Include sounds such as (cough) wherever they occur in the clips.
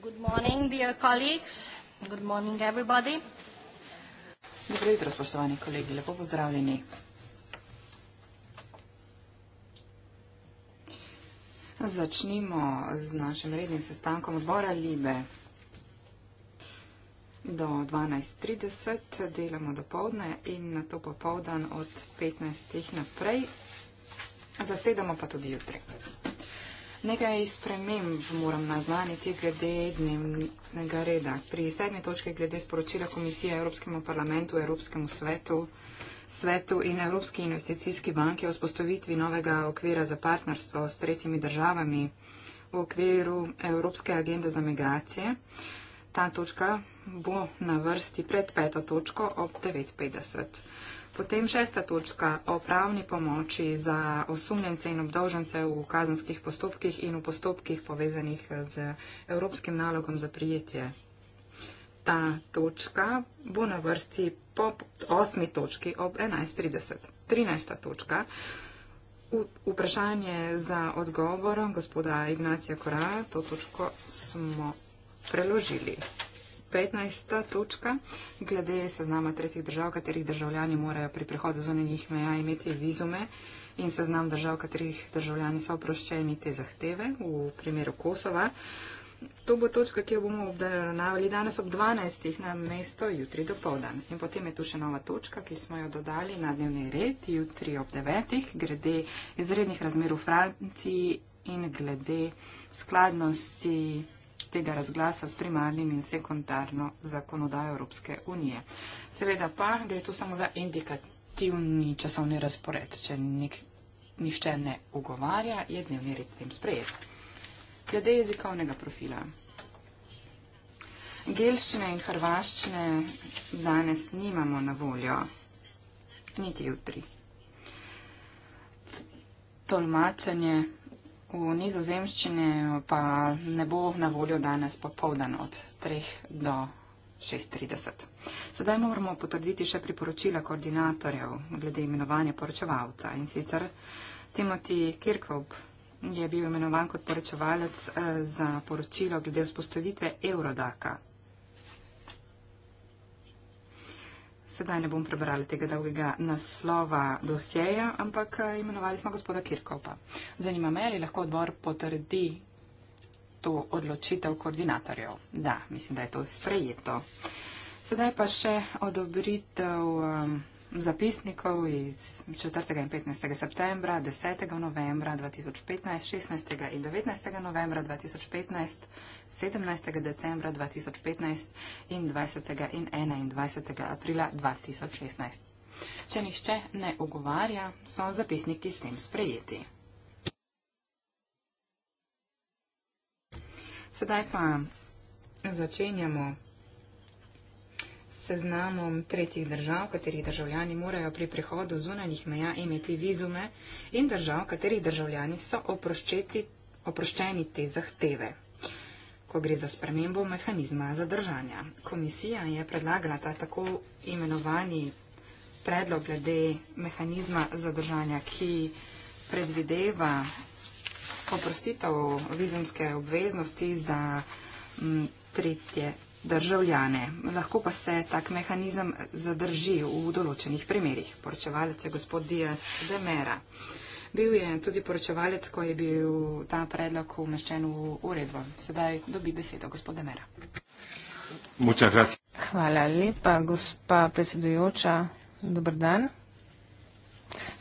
Good morning, dear colleagues. Good morning, everybody. Dobro jutro, spoštovani kolegi. Lepo pozdravljeni. Začnimo z našim rednim sestankom odbora Libe. Do 12.30 delamo do povdne in na to popovdan od 15.00 naprej. Zasedamo pa tudi jutri. Nekaj sprememb moram naznaniti glede dnevnega reda. Pri sedmi točki glede sporočila Komisije Evropskemu parlamentu, Evropskemu svetu, svetu in Evropski investicijski banki o spostavitvi novega okvira za partnerstvo s tretjimi državami v okviru Evropske agende za migracije. Ta točka bo na vrsti pred peto točko ob 9.50. Potem šesta točka o pravni pomoči za osumljence in obdolžence v kazanskih postopkih in v postopkih povezanih z evropskim nalogom za prijetje. Ta točka bo na vrsti po osmi točki ob 11.30. Trinajsta točka. Vprašanje za odgovor gospoda Ignacija Kora. To točko smo preložili. 15. točka glede seznama tretjih držav, katerih državljani morajo pri prehodu zunanjih meja imeti vizume in seznam držav, katerih državljani so oproščeni te zahteve v primeru Kosova. To bo točka, ki jo bomo obdelovali danes ob 12. na mesto, jutri do povdan. In potem je tu še nova točka, ki smo jo dodali na dnevni red, jutri ob 9. glede izrednih razmer v Franciji in glede skladnosti tega razglasa s primarnim in sekundarno zakonodajo Evropske unije. Seveda pa gre tu samo za indikativni časovni razpored. Če nik, nišče ne ugovarja, je dnevni red s tem sprejet. Glede jezikovnega profila. Gelščine in hrvaščine danes nimamo na voljo, niti jutri. Tolmačenje v nizozemščini pa ne bo na voljo danes popovdan od 3 do 6.30. Sedaj moramo potrditi še priporočila koordinatorjev glede imenovanja poročevalca in sicer Timothy Kirkhoop je bil imenovan kot poročevalec eh, za poročilo glede vzpostavitve Eurodaka sedaj ne bom prebrala tega dolgega naslova dosjeja, ampak eh, imenovali smo gospoda Kirkopa. Zanima me, ali lahko odbor potrdi to odločitev koordinatorjev. Da, mislim, da je to sprejeto. Sedaj pa še odobritev eh, zapisnikov iz 4. in 15. septembra, 10. novembra 2015, 16. in 19. novembra 2015. 17. decembra 2015 in 20. in 21. aprila 2016. Če nišče ne ugovarja, so zapisniki s tem sprejeti. Sedaj pa začenjamo seznamom tretjih držav, katerih državljani morajo pri prihodu zunanjih meja imeti vizume in držav, katerih državljani so oproščeni te zahteve ko gre za spremembo mehanizma zadržanja. Komisija je predlagala ta tako imenovani predlog glede mehanizma zadržanja, ki predvideva oprostitev vizumske obveznosti za m, mm, tretje državljane. Lahko pa se tak mehanizem zadrži v določenih primerjih. Poročevalec je gospod Dias Demera. Bil je tudi poročevalec, ko je bil ta predlog umeščen v uredbo. Sedaj dobi besedo gospod Demera. Hvala lepa, gospa predsedujoča. Dobr dan.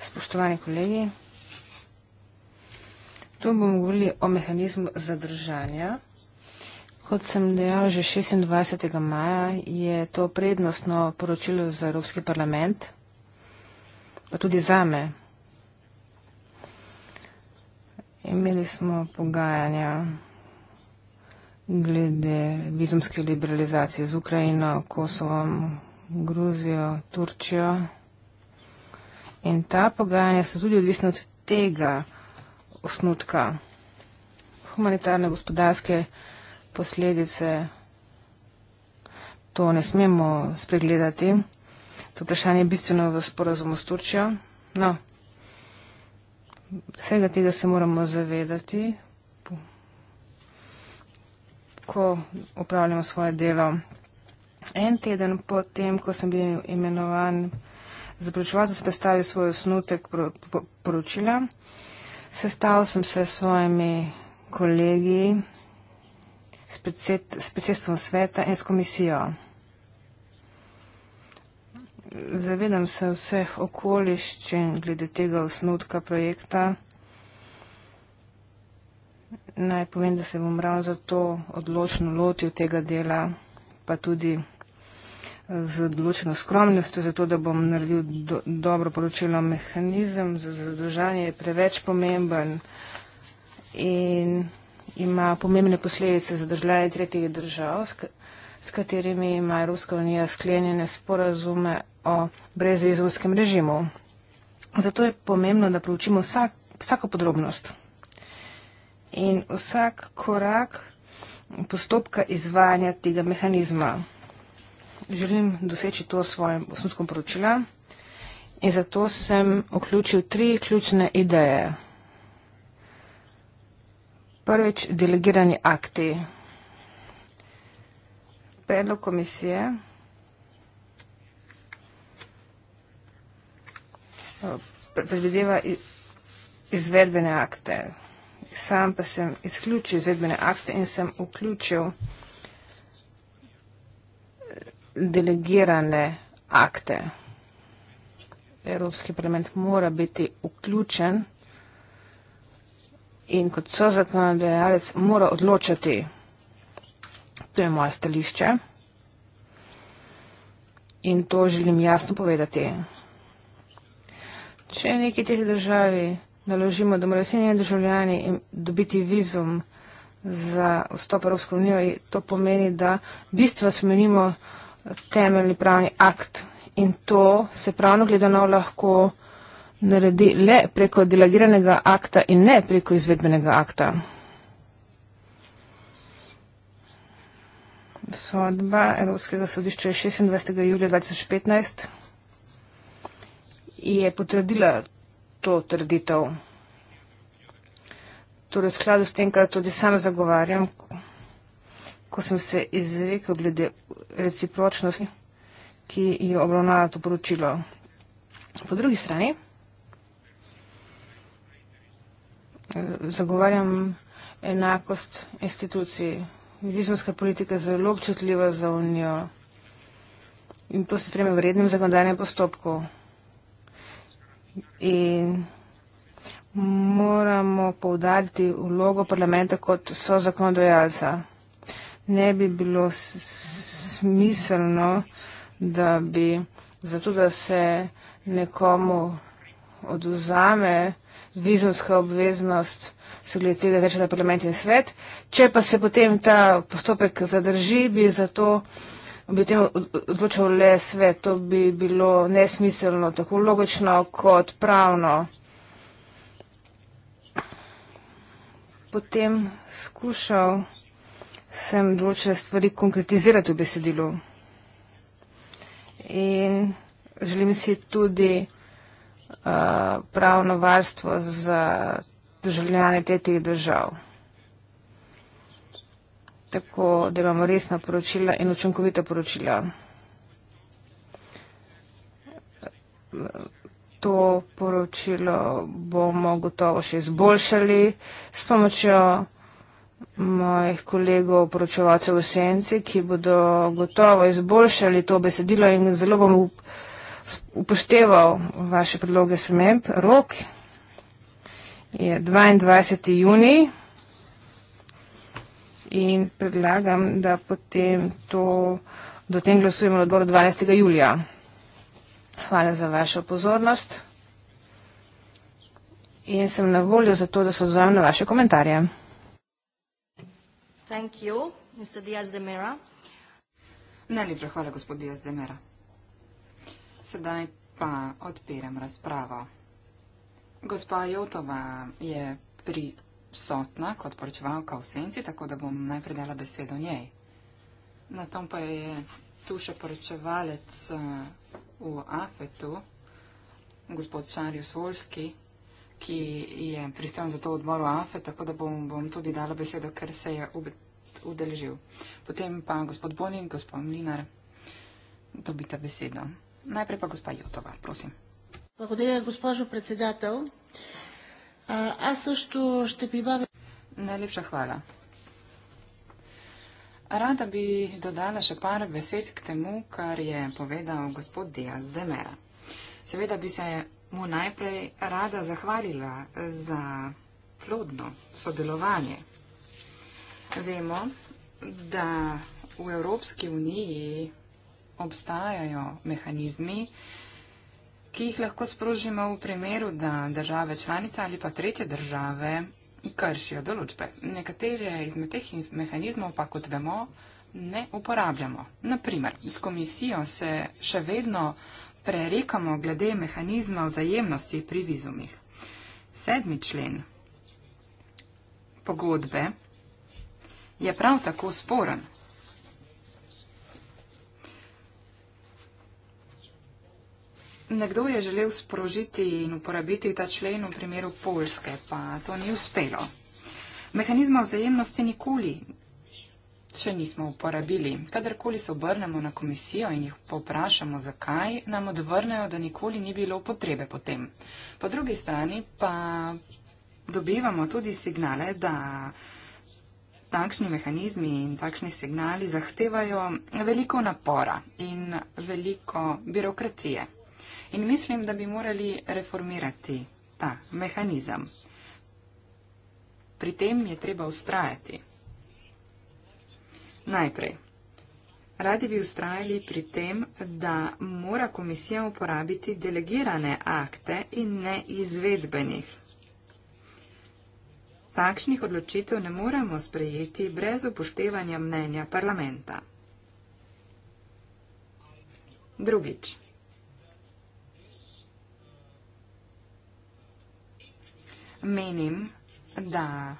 Spoštovani kolegi. Tu bomo govorili o mehanizmu zadržanja. Kot sem dejal, že 26. maja je to prednostno poročilo za Evropski parlament, pa tudi za me, Imeli smo pogajanja glede vizumske liberalizacije z Ukrajino, Kosovom, Gruzijo, Turčijo. In ta pogajanja so tudi odvisna od tega osnutka humanitarne gospodarske posledice. To ne smemo spregledati. To vprašanje je bistveno v sporazumu s Turčijo. No, vsega tega se moramo zavedati, ko upravljamo svoje delo. En teden po tem, ko sem bil imenovan za pričevalce, sem predstavil svoj osnutek poročila. Sestal sem se s svojimi kolegi, s predsedstvom sveta in s komisijo. Zavedam se vseh okoliščin glede tega osnutka projekta. Naj povem, da se bom ravno zato odločno lotil tega dela, pa tudi eh, z odločeno skromnostjo, zato da bom naredil do, dobro poročilo. Mehanizem za zadržanje je preveč pomemben in ima pomembne posledice za državljanje tretjih držav s katerimi ima Evropska unija sklenjene sporazume o brezvizumskem režimu. Zato je pomembno, da proučimo vsak, vsako podrobnost in vsak korak postopka izvajanja tega mehanizma. Želim doseči to svojem osnovskom poročila in zato sem vključil tri ključne ideje. Prvič, delegirani akti predlog komisije predvideva izvedbene akte. Sam pa sem izključil izvedbene akte in sem vključil eh, delegirane akte. Evropski parlament mora biti vključen in kot so zakonodajalec mora odločati vsega. To je moje stališče. In to želim jasno povedati. Če neki tej državi naložimo, da morajo vsi njeni državljani dobiti vizum za vstop v Evropsko unijo, to pomeni, da bistveno spremenimo temeljni pravni akt. In to se pravno gledano lahko naredi le preko delegiranega akta in ne preko izvedbenega akta. sodba Evropskega sodišča 26. julija 2015 je potrdila to trditev. Torej, v skladu s tem, kar tudi sam zagovarjam, ko sem se izrekel glede recipročnosti, ki jo obravnava to poročilo. Po drugi strani eh, zagovarjam enakost institucij. Lizbonska politika je zelo občutljiva za unijo in to se spreme vrednim zakonodajnim postopkom. In moramo povdariti vlogo parlamenta kot so zakonodajalca. Ne bi bilo smiselno, da bi zato, da se nekomu oduzame, vizumska obveznost, se glede tega začne parlament in svet. Če pa se potem ta postopek zadrži, bi za to bi tem odločal le svet. To bi bilo nesmiselno, tako logično kot pravno. Potem skušal sem določene stvari konkretizirati v besedilu. In želim si tudi uh, pravno varstvo za državljane tretjih držav. Tako da imamo resna poročila in učinkovita poročila. To poročilo bomo gotovo še izboljšali s pomočjo mojih kolegov poročevalcev v Senci, ki bodo gotovo izboljšali to besedilo in zelo bomo upravljali upošteval vaše predloge sprememb. Rok je 22. juni in predlagam, da potem to, do tem glasujemo na odboru 12. julija. Hvala za vašo pozornost in sem na voljo za to, da se odzovem na vaše komentarje. Thank you, Mr. Diaz de Mera. Najlepša hvala, gospod Diaz de Mera. Sedaj pa odpiram razpravo. Gospa Jotova je prisotna kot poročevalka v senci, tako da bom najprej dala besedo njej. Na tom pa je tu še poročevalec eh, v AFET-u, gospod Šarjus Volski, ki je pristojen za to odmor v AFET, tako da bom, bom tudi dala besedo, ker se je udeležil. Potem pa gospod Bonin, gospod Mlinar, dobita besedo. Najprej pa gospa Jotova, prosim. Благодаря, госпожо председател. А, аз също ще прибавя... Najlepša hvala. Rada bi dodala še par besed k temu, kar je povedal gospod Diaz de Mera. Seveda bi se mu najprej rada zahvalila za plodno sodelovanje. Vemo, da v Evropski uniji obstajajo mehanizmi, ki jih lahko sprožimo v primeru, da države članice ali pa tretje države kršijo določbe. Nekatere izmed teh mehanizmov pa, kot vemo, ne uporabljamo. Naprimer, s komisijo se še vedno prerekamo glede mehanizma vzajemnosti pri vizumih. Sedmi člen pogodbe je prav tako sporen. Nekdo je želel sprožiti in uporabiti ta člen v primeru Polske, pa to ni uspelo. Mehanizma vzajemnosti nikoli še nismo uporabili. Kadarkoli se obrnemo na komisijo in jih poprašamo, zakaj, nam odvrnejo, da nikoli ni bilo potrebe potem. Po drugi strani pa dobivamo tudi signale, da takšni mehanizmi in takšni signali zahtevajo veliko napora in veliko birokracije. In mislim, da bi morali reformirati ta mehanizem. Pri tem je treba ustrajati. Najprej. Radi bi ustrajali pri tem, da mora komisija uporabiti delegirane akte in ne izvedbenih. Takšnih odločitev ne moremo sprejeti brez upoštevanja mnenja parlamenta. Drugič. Menim, da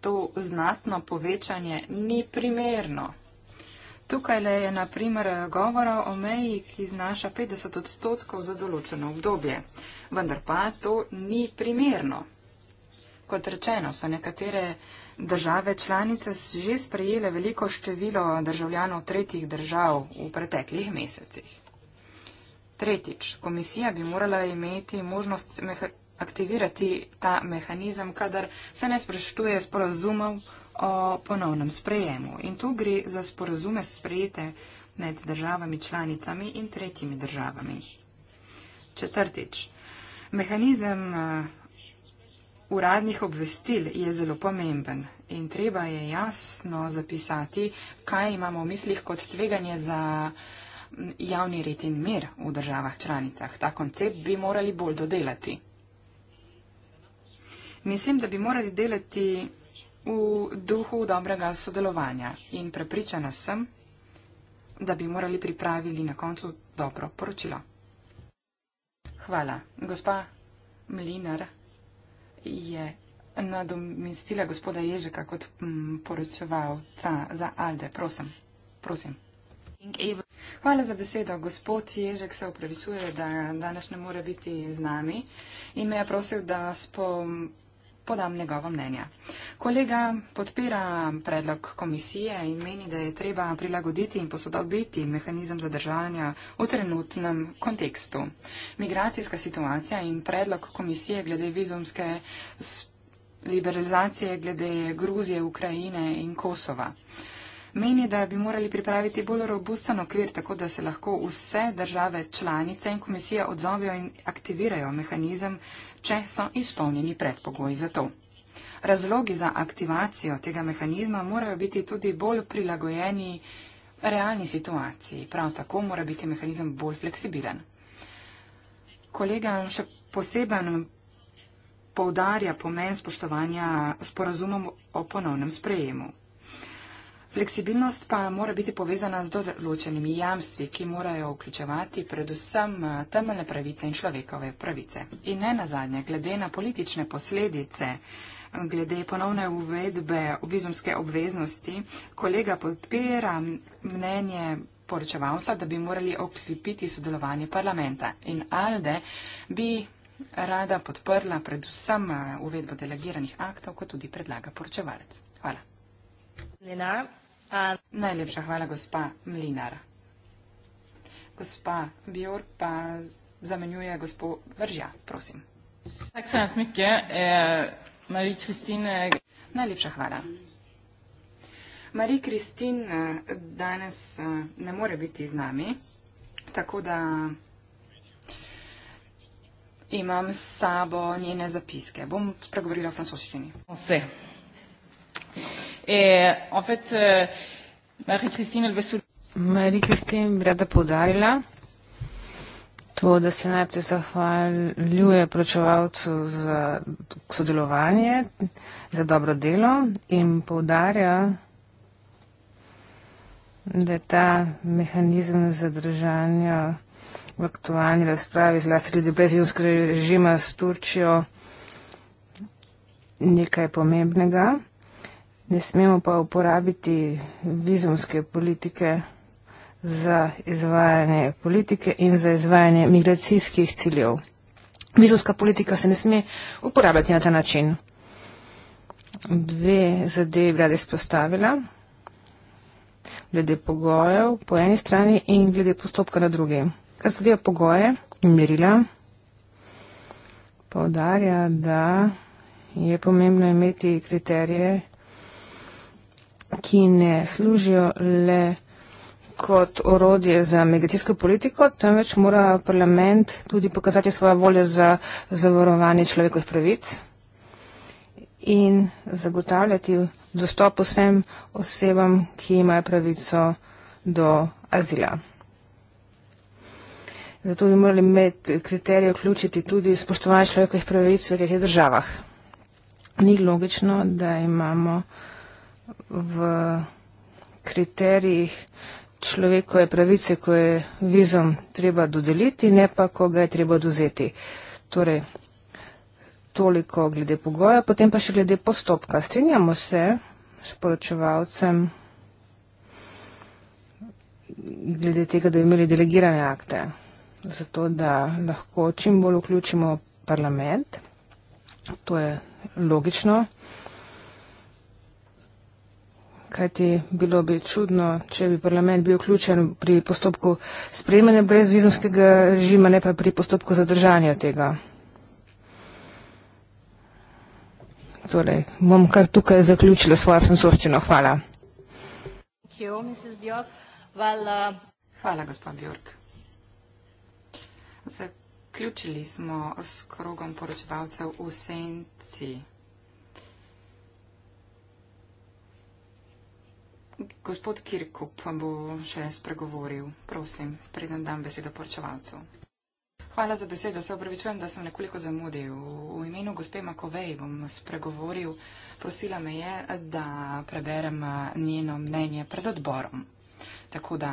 to znatno povečanje ni primerno. Tukaj le je naprimer govora o meji, ki znaša 50 odstotkov za določeno obdobje. Vendar pa to ni primerno. Kot rečeno, so nekatere države članice že sprejele veliko število državljanov tretjih držav v preteklih mesecih. Tretjič, komisija bi morala imeti možnost aktivirati ta mehanizem, kadar se ne spreštuje sporazumov o ponovnem sprejemu. In tu gre za sporazume sprejete med državami članicami in tretjimi državami. Četrtič. Mehanizem eh, uradnih obvestil je zelo pomemben in treba je jasno zapisati, kaj imamo v mislih kot tveganje za mm, javni red in mir v državah članicah. Ta koncept bi morali bolj dodelati. Mislim, da bi morali delati v duhu dobrega sodelovanja in prepričana sem, da bi morali pripraviti na koncu dobro poročilo. Hvala. Gospa Mlinar je nadomestila gospoda Ježeka kot mm, poročevalca za Alde. Prosim. Prosim. Hvala za besedo. Gospod Ježek se upravičuje, da danes ne more biti z nami in me je prosil, da spom podam njegovo mnenje. Kolega podpira predlog komisije in meni, da je treba prilagoditi in posodobiti mehanizem zadržanja v trenutnem kontekstu. Migracijska situacija in predlog komisije glede vizumske liberalizacije glede Gruzije, Ukrajine in Kosova meni, da bi morali pripraviti bolj robusten okvir, tako da se lahko vse države članice in komisija odzovejo in aktivirajo mehanizem, če so izpolnjeni predpogoji za to. Razlogi za aktivacijo tega mehanizma morajo biti tudi bolj prilagojeni realni situaciji. Prav tako mora biti mehanizem bolj fleksibilen. Kolega še poseben poudarja pomen spoštovanja sporazumom o ponovnem sprejemu. Fleksibilnost pa mora biti povezana z določenimi jamstvi, ki morajo vključevati predvsem eh, temeljne pravice in človekove pravice. In ne nazadnje, glede na politične posledice, glede ponovne uvedbe vizumske obveznosti, kolega podpira mnenje poročevalca, da bi morali okrepiti sodelovanje parlamenta. In Alde bi rada podprla predvsem eh, uvedbo delegiranih aktov, kot tudi predlaga poročevalec. Hvala. 你哪儿？Najlepša hvala, gospa Mlinar. Gospa Bjor pa zamenjuje gospo Vržja, prosim. Tak se nas mikje, eh, Marij Kristine. Eh, Najlepša hvala. Marij Kristin eh, danes ne more biti z nami, tako da imam s sabo njene zapiske. Bom spregovorila v francoščini. Vse. Vse. Et eh, en fait, euh, Marie-Christine, elle veut souligner. Marie-Christine, Brada Poudarila. To, da se najprej zahvaljuje pročevalcu za sodelovanje, za dobro delo in povdarja, da je ta mehanizem zadržanja v aktualni razpravi zlasti glede brezvizumskega režima s Turčijo nekaj pomembnega. Ne smemo pa uporabiti vizumske politike za izvajanje politike in za izvajanje migracijskih ciljev. Vizumska politika se ne sme uporabljati na ta način. Dve zadeve vlada izpostavila, glede pogojev po eni strani in glede postopka na drugi. Kar zadeva pogoje in merila, povdarja, da je pomembno imeti kriterije, ki ne služijo le kot orodje za medicinsko politiko, temveč mora parlament tudi pokazati svojo voljo za zavarovanje človekovih pravic in zagotavljati dostop vsem osebam, ki imajo pravico do azila. Zato bi morali med kriterije vključiti tudi spoštovanje človekovih pravic v teh državah. Ni logično, da imamo uh, v kriterijih človekove pravice, ko je vizom treba dodeliti, ne pa, ko ga je treba dozeti. Torej, toliko glede pogoja, potem pa še glede postopka. Strinjamo se s poročevalcem glede tega, da bi imeli delegirane akte, zato da lahko čim bolj vključimo parlament. To je logično kajti bilo bi čudno, če bi parlament bil vključen pri postopku sprejmene brezvizumskega režima, ne pa pri postopku zadržanja tega. Torej, bom kar tukaj zaključila svojo francoščino. Hvala. Uh, Hvala, gospod Bjork. Zaključili smo s krogom poročevalcev v senci. gospod Kirkup bo še spregovoril. Prosim, preden dam besedo poročevalcu. Hvala za besedo. Se upravičujem, da sem nekoliko zamudil. V imenu gospe Makovej bom spregovoril. Prosila me je, da preberem eh, njeno mnenje pred odborom. Tako da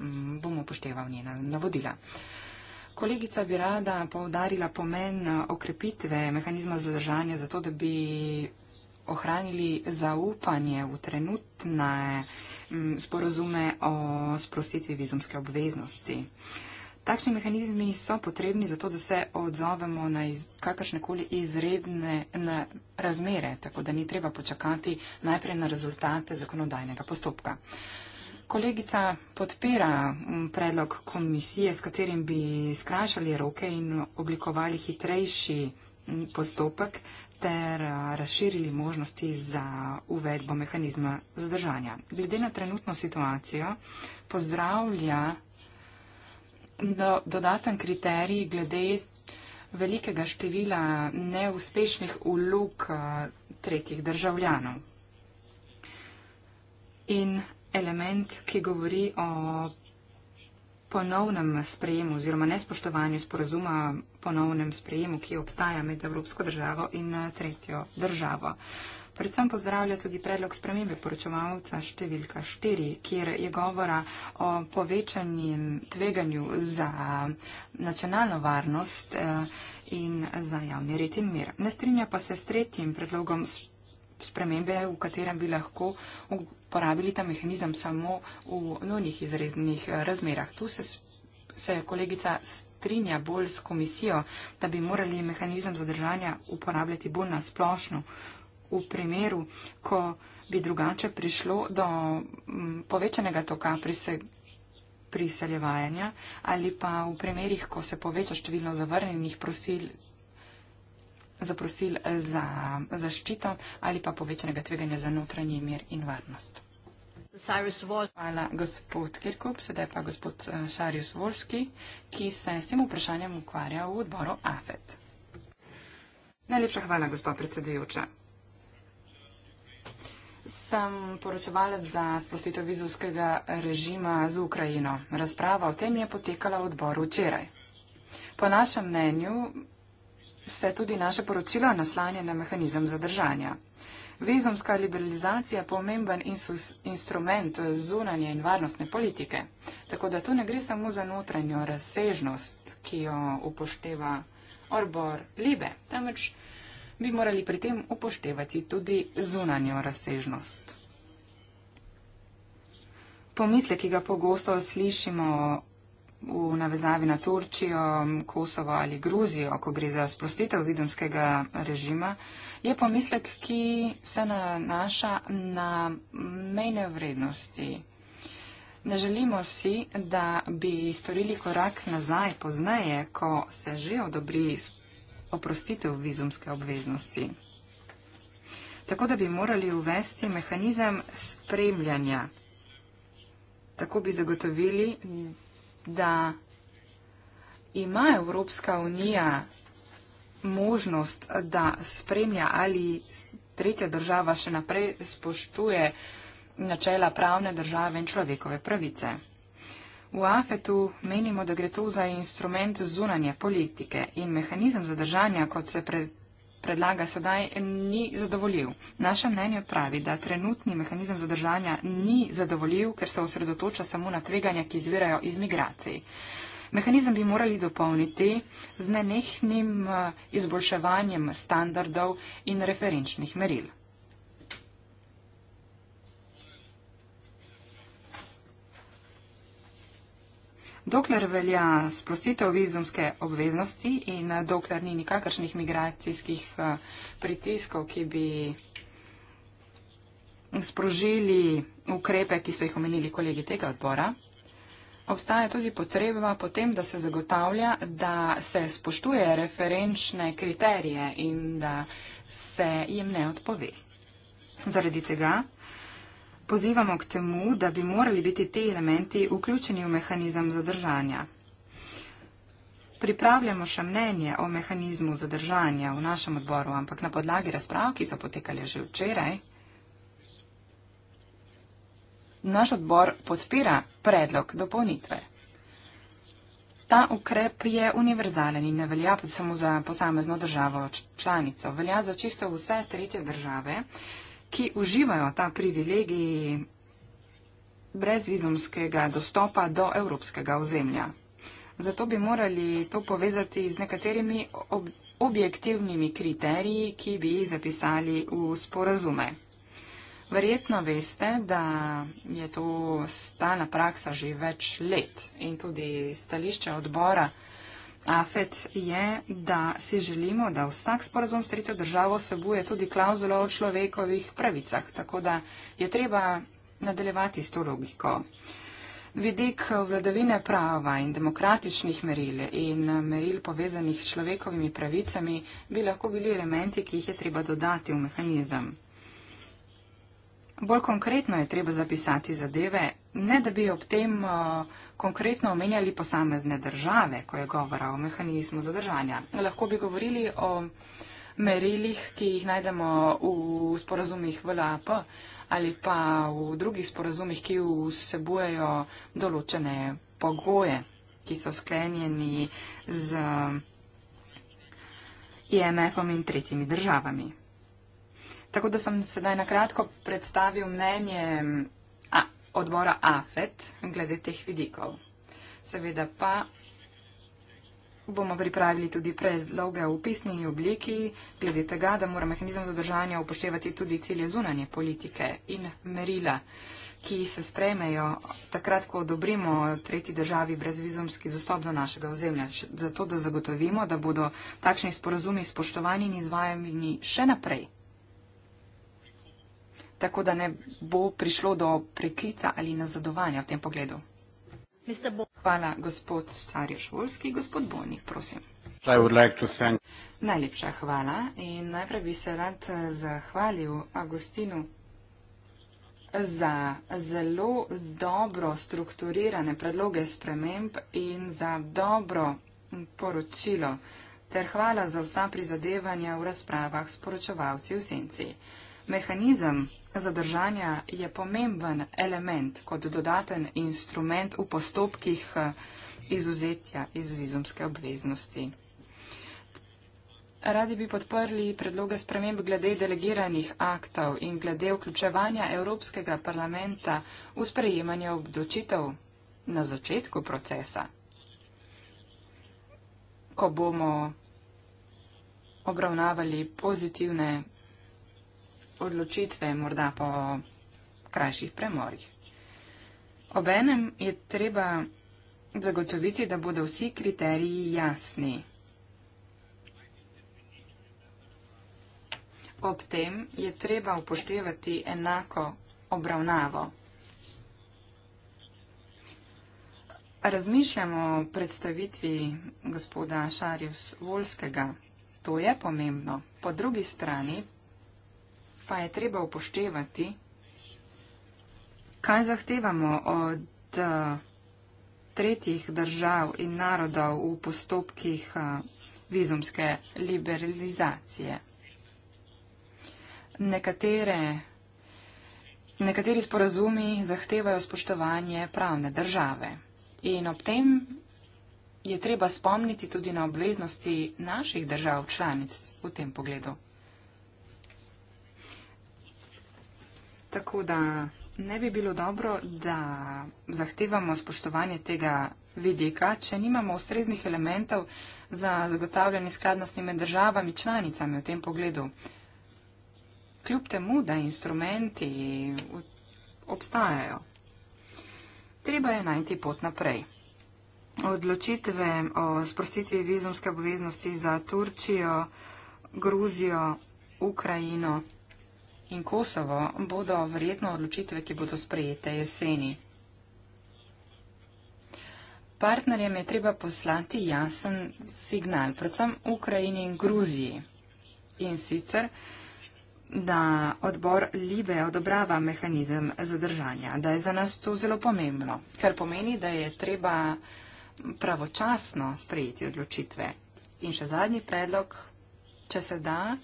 mm, bom upošteval njena navodila. Kolegica bi rada povdarila pomen eh, okrepitve mehanizma zadržanja, zato da bi ohranili zaupanje v trenutne mm, sporozume o sprostitvi vizumske obveznosti. Takšni mehanizmi so potrebni zato, da se odzovemo na iz, kakršnekoli izredne na razmere, tako da ni treba počakati najprej na rezultate zakonodajnega postopka. Kolegica podpira mm, predlog komisije, s katerim bi skrajšali roke in oblikovali hitrejši mm, postopek ter eh, razširili možnosti za uvedbo mehanizma zadržanja. Glede na trenutno situacijo pozdravlja do, dodaten kriterij glede velikega števila neuspešnih ulog eh, tretjih državljanov. In element, ki govori o ponovnem sprejemu oziroma nespoštovanju sporazuma ponovnem sprejemu, ki obstaja med Evropsko državo in eh, tretjo državo. Predvsem pozdravlja tudi predlog spremembe poročevalca številka 4, kjer je govora o povečanjem tveganju za eh, nacionalno varnost eh, in za javni red in mir. Ne strinja pa se s tretjim predlogom spremembe, v katerem bi lahko uporabili ta mehanizem samo v nujnih izreznih eh, razmerah. Tu se, se kolegica strinja bolj s komisijo, da bi morali mehanizem zadržanja uporabljati bolj na splošno v primeru, ko bi drugače prišlo do mm, povečanega toka priseljevanja ali pa v primerih, ko se poveča število zavrnjenih prosil zaprosil eh, za zaščito ali pa povečanega tveganja za notranji mir in varnost. Hvala, gospod Kirkup, sedaj pa gospod eh, Šarjus Volski, ki se s tem vprašanjem ukvarja v odboru AFET. Najlepša hvala, gospod predsedujoča. Sem poročevalec za sprostitev vizovskega režima z Ukrajino. Razprava o tem je potekala v odboru včeraj. Po našem mnenju se tudi naše poročilo naslanja na mehanizem zadržanja. Vizumska liberalizacija je pomemben instrument zunanje in varnostne politike. Tako da tu ne gre samo za notranjo razsežnost, ki jo upošteva Orbor Libe, temveč bi morali pri tem upoštevati tudi zunanjo razsežnost. Pomisle, ki ga pogosto slišimo v navezavi na Turčijo, Kosovo ali Gruzijo, ko gre za sprostitev vidumskega režima, je pomislek, ki se nanaša na mejne vrednosti. Ne želimo si, da bi storili korak nazaj pozneje, ko se že odobri oprostitev vizumske obveznosti. Tako da bi morali uvesti mehanizem spremljanja. Tako bi zagotovili, da ima Evropska unija možnost, da spremlja ali tretja država še naprej spoštuje načela pravne države in človekove pravice. V AFET-u menimo, da gre to za instrument zunanje politike in mehanizem zadržanja, kot se pred predlaga sedaj, ni zadovoljiv. Naše mnenje pravi, da trenutni mehanizem zadržanja ni zadovoljiv, ker se osredotoča samo na tveganja, ki izvirajo iz migracij. Mehanizem bi morali dopolniti z nenehnim eh, izboljševanjem standardov in referenčnih meril. Dokler velja sprostitev vizumske obveznosti in eh, dokler ni nikakršnih migracijskih eh, pritiskov, ki bi sprožili ukrepe, ki so jih omenili kolegi tega odbora, obstaja tudi potreba potem, da se zagotavlja, da se spoštuje referenčne kriterije in da se jim ne odpove. Zaradi tega pozivamo k temu, da bi morali biti ti elementi vključeni v mehanizem zadržanja. Pripravljamo še mnenje o mehanizmu zadržanja v našem odboru, ampak na podlagi razprav, ki so potekali že včeraj, naš odbor podpira predlog dopolnitve. Ta ukrep je univerzalen in ne velja samo za posamezno državo članico, velja za čisto vse tretje države, ki uživajo ta privilegij brezvizumskega dostopa do evropskega ozemlja. Zato bi morali to povezati z nekaterimi ob objektivnimi kriteriji, ki bi jih zapisali v sporazume. Verjetno veste, da je to stana praksa že več let in tudi stališče odbora AFET je, da si želimo, da vsak sporazum s tretjo državo vsebuje tudi klauzulo o človekovih pravicah. Tako da je treba nadaljevati s to logiko. Vidik vladavine prava in demokratičnih meril in meril povezanih s človekovimi pravicami bi lahko bili elementi, ki jih je treba dodati v mehanizem bolj konkretno je treba zapisati zadeve, ne da bi ob tem eh, konkretno omenjali posamezne države, ko je govora o mehanizmu zadržanja. Lahko bi govorili o merilih, ki jih najdemo v sporazumih VLAP ali pa v drugih sporazumih, ki vsebujejo določene pogoje, ki so sklenjeni z IMF-om in tretjimi državami. Tako da sem sedaj na kratko predstavil mnenje mm, odbora AFET glede teh vidikov. Seveda pa bomo pripravili tudi predloge v pisni obliki glede tega, da mora mehanizem zadržanja upoštevati tudi cilje zunanje politike in merila, ki se spremejo takrat, ko odobrimo tretji državi brez vizumski dostop do našega ozemlja, zato da zagotovimo, da bodo takšni sporazumi spoštovani in izvajani še naprej tako da ne bo prišlo do preklica ali nazadovanja v tem pogledu. Hvala, gospod Sarjo Šolski. Gospod Boni, prosim. Like Najlepša hvala in najprej bi se rad eh, zahvalil Agustinu za zelo dobro strukturirane predloge sprememb in za dobro poročilo ter hvala za vsa prizadevanja v razpravah s poročevalci v senci. Mehanizem zadržanja je pomemben element kot dodaten instrument v postopkih eh, izuzetja iz vizumske obveznosti. Radi bi podprli predloge sprememb glede delegiranih aktov in glede vključevanja Evropskega parlamenta v sprejemanje odločitev na začetku procesa, ko bomo obravnavali pozitivne odločitve, morda po krajših premorih. Obenem je treba zagotoviti, da bodo vsi kriteriji jasni. Ob tem je treba upoštevati enako obravnavo. Razmišljamo o predstavitvi gospoda Šarjus Volskega. To je pomembno. Po drugi strani pa je treba upoštevati, kaj zahtevamo od eh, tretjih držav in narodov v postopkih eh, vizumske liberalizacije. Nekatere, nekateri sporazumi zahtevajo spoštovanje pravne države in ob tem je treba spomniti tudi na obveznosti naših držav članic v tem pogledu. Tako da ne bi bilo dobro, da zahtevamo spoštovanje tega vidika, če nimamo ustreznih elementov za zagotavljanje skladnosti med državami članicami v tem pogledu. Kljub temu, da instrumenti obstajajo. Treba je najti pot naprej. Odločitve o sprostitvi vizumske obveznosti za Turčijo, Gruzijo, Ukrajino, in Kosovo bodo verjetno odločitve, ki bodo sprejete jeseni. Partnerjem je treba poslati jasen signal, predvsem Ukrajini in Gruziji. In sicer, da odbor Libe odobrava mehanizem zadržanja, da je za nas to zelo pomembno, kar pomeni, da je treba pravočasno sprejeti odločitve. In še zadnji predlog, če se da,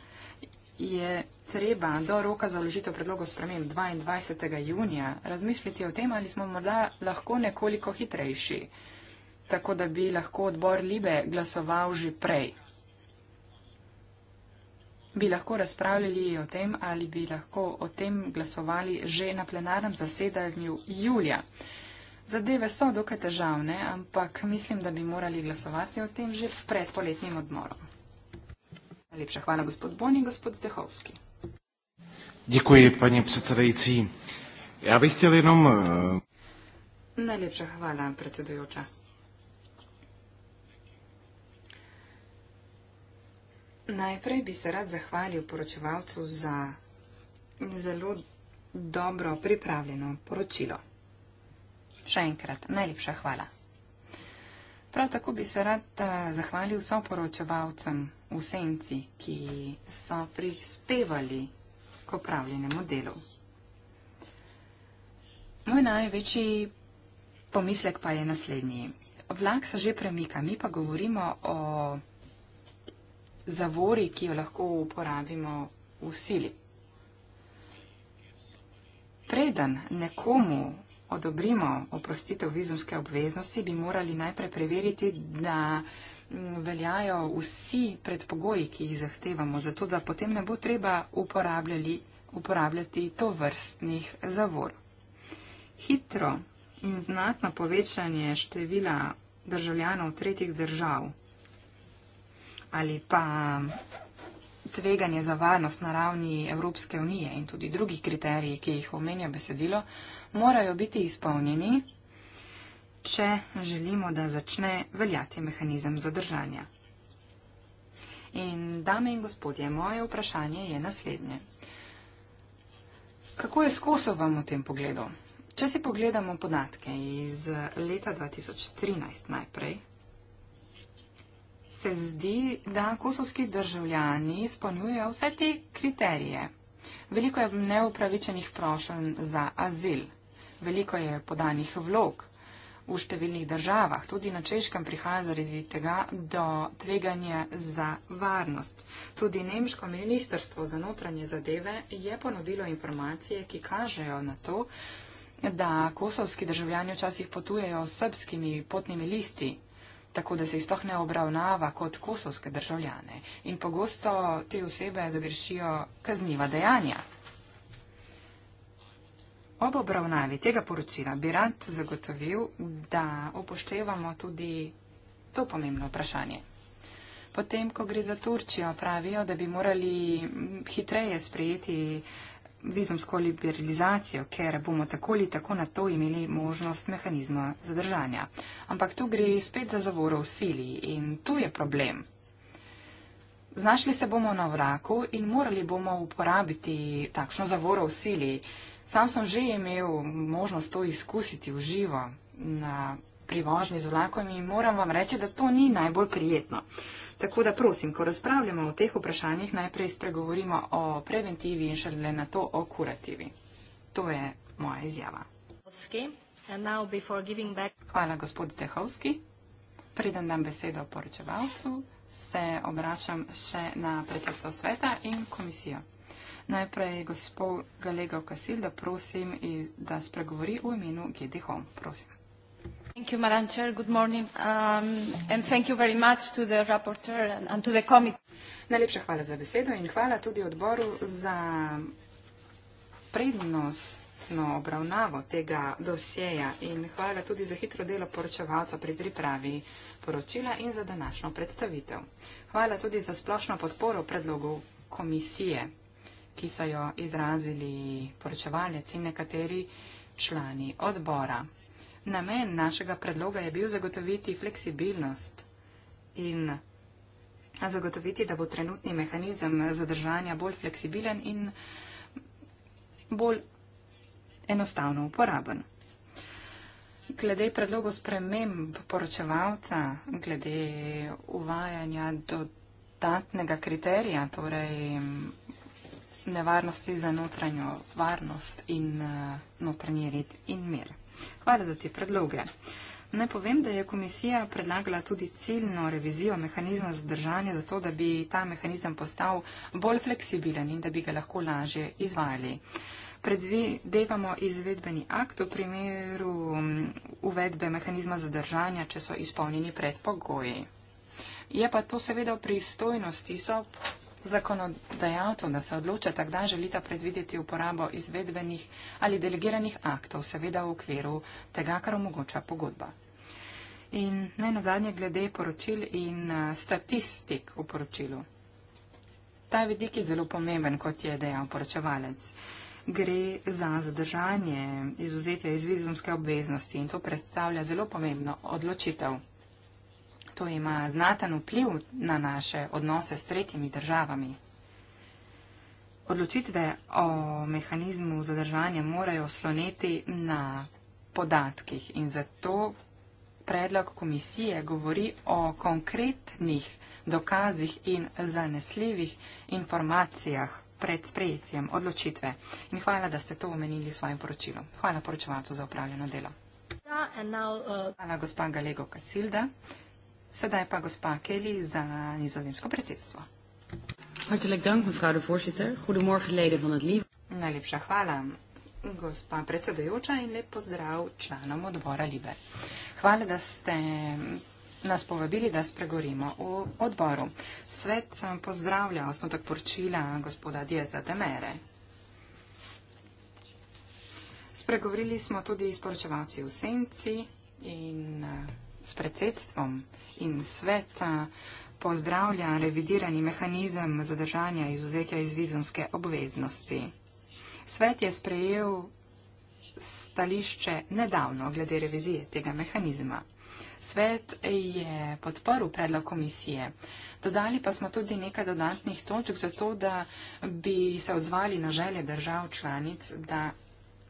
je treba do roka za vložitev predlogov sprememb 22. junija razmišljati o tem, ali smo morda lahko nekoliko hitrejši, tako da bi lahko odbor Libe glasoval že prej. Bi lahko razpravljali o tem, ali bi lahko o tem glasovali že na plenarnem zasedanju julija. Zadeve so dokaj težavne, ampak mislim, da bi morali glasovati o tem že pred poletnim odmorom. Najlepša hvala, gospod Boni, gospod Zdehovski. Děkuji, paní předsedající. Já bych chtěl jenom... Eh, Nejlepší chvála, předsedujúča. Najprej bi se rad zahvalil poročevalcu za zelo dobro pripravljeno poročilo. Še enkrat, najlepša hvala. Prav tako bi se rad eh, zahvalil soporočevalcem v senci, ki so prispevali opravljenemu delu. Moj največji pomislek pa je naslednji. Vlak se že premika, mi pa govorimo o zavori, ki jo lahko uporabimo v sili. Preden nekomu odobrimo oprostitev vizumske obveznosti, bi morali najprej preveriti, da veljajo vsi predpogoji, ki jih zahtevamo, zato da potem ne bo treba uporabljali, uporabljati to vrstnih zavor. Hitro in znatno povečanje števila državljanov tretjih držav ali pa tveganje za varnost na ravni Evropske unije in tudi drugih kriterijev, ki jih omenja besedilo, morajo biti izpolnjeni če želimo, da začne veljati mehanizem zadržanja. In dame in gospodje, moje vprašanje je naslednje. Kako je s Kosovom v tem pogledu? Če si pogledamo podatke iz leta 2013 najprej, se zdi, da kosovski državljani izpolnjujejo vse te kriterije. Veliko je neupravičenih prošenj za azil, veliko je podanih vlog, v številnih državah. Tudi na češkem prihaja zaradi tega do tveganja za varnost. Tudi nemško ministrstvo za notranje zadeve je ponudilo informacije, ki kažejo na to, da kosovski državljani včasih potujejo s srbskimi potnimi listi tako da se jih sploh ne obravnava kot kosovske državljane in pogosto te osebe zagrešijo kazniva dejanja. Ob obravnavi tega poročila bi rad zagotovil, da upoštevamo tudi to pomembno vprašanje. Potem, ko gre za Turčijo, pravijo, da bi morali hitreje sprejeti vizumsko liberalizacijo, ker bomo tako ali tako na to imeli možnost mehanizma zadržanja. Ampak tu gre spet za zavoro v sili in tu je problem. Znašli se bomo na vraku in morali bomo uporabiti takšno zavoro v sili. Sam sem že imel možnost to izkusiti v živo na privožnji z vlakom in moram vam reči, da to ni najbolj prijetno. Tako da prosim, ko razpravljamo o teh vprašanjih, najprej spregovorimo o preventivi in šele na to o kurativi. To je moja izjava. Hvala, gospod Stehovski. Preden dam besedo poročevalcu, se obračam še na predsedstvo sveta in komisijo. Najprej gospod Galega Kasil, da prosim, da spregovori v imenu GD Home. Prosim. Thank you, Madam Chair. Good morning. Um, and thank you very much to the rapporteur and, and to the committee. Najlepša hvala za besedo in hvala tudi odboru za prednostno obravnavo tega dosjeja in hvala tudi za hitro delo poročevalca pri pripravi poročila in za današnjo predstavitev. Hvala tudi za splošno podporo predlogov komisije ki so jo izrazili poročevalec in nekateri člani odbora. Namen našega predloga je bil zagotoviti fleksibilnost in zagotoviti, da bo trenutni mehanizem zadržanja bolj fleksibilen in bolj enostavno uporaben. Glede predlogo sprememb poročevalca, glede uvajanja dodatnega kriterija, torej nevarnosti za notranjo varnost in uh, notranji red in mir. Hvala za te predloge. Naj povem, da je komisija predlagala tudi ciljno revizijo mehanizma zadržanja, zato da bi ta mehanizem postal bolj fleksibilen in da bi ga lahko lažje izvajali. Predvidevamo izvedbeni akt v primeru mm, uvedbe mehanizma zadržanja, če so izpolnjeni predpogoji. Je pa to seveda v pristojnosti, so zakonodajalcev, da se odloča takdaj želita predvideti uporabo izvedbenih ali delegiranih aktov, seveda v okviru tega, kar omogoča pogodba. In ne na zadnje glede poročil in eh, statistik v poročilu. Ta vidik je zelo pomemben, kot je dejal poročevalec. Gre za zadržanje izuzetja iz vizumske obveznosti in to predstavlja zelo pomembno odločitev. To ima znaten vpliv na naše odnose s tretjimi državami. Odločitve o mehanizmu zadržanja morajo sloneti na podatkih in zato predlog komisije govori o konkretnih dokazih in zanesljivih informacijah pred sprejetjem odločitve. In hvala, da ste to omenili v svojem poročilu. Hvala poročevalcu za upravljeno delo. Ja, uh, hvala gospa Galego Kasilda. Sedaj pa gospa Kelly za nizozemsko predsedstvo. Hartelijk dank, mevrouw de voorzitter. Goedemorgen, leden van het LIBE. Najlepša hvala, gospa predsedujoča in lep pozdrav članom odbora LIBE. Hvala, da ste nas povabili, da spregovorimo v odboru. Svet eh, pozdravlja osnotek poročila gospoda Dieza Demere. Spregovorili smo tudi s poročevalci v Senci in eh, s predsedstvom in sveta pozdravlja revidirani mehanizem zadržanja izuzetja iz vizumske obveznosti. Svet je sprejel stališče nedavno glede revizije tega mehanizma. Svet je podprl predlog komisije. Dodali pa smo tudi nekaj dodatnih točk za to, da bi se odzvali na želje držav članic, da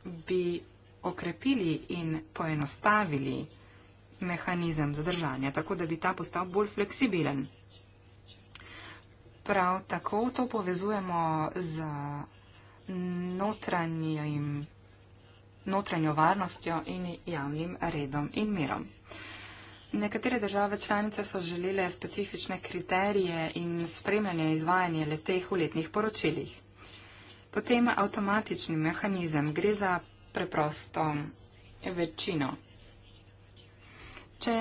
bi okrepili in poenostavili mehanizem zadržanja, tako da bi ta postal bolj fleksibilen. Prav tako to povezujemo z notranjim, notranjo varnostjo in javnim redom in mirom. Nekatere države članice so želele specifične kriterije in spremljanje izvajanja leteh v letnih poročilih. Potem avtomatični mehanizem gre za preprosto večino če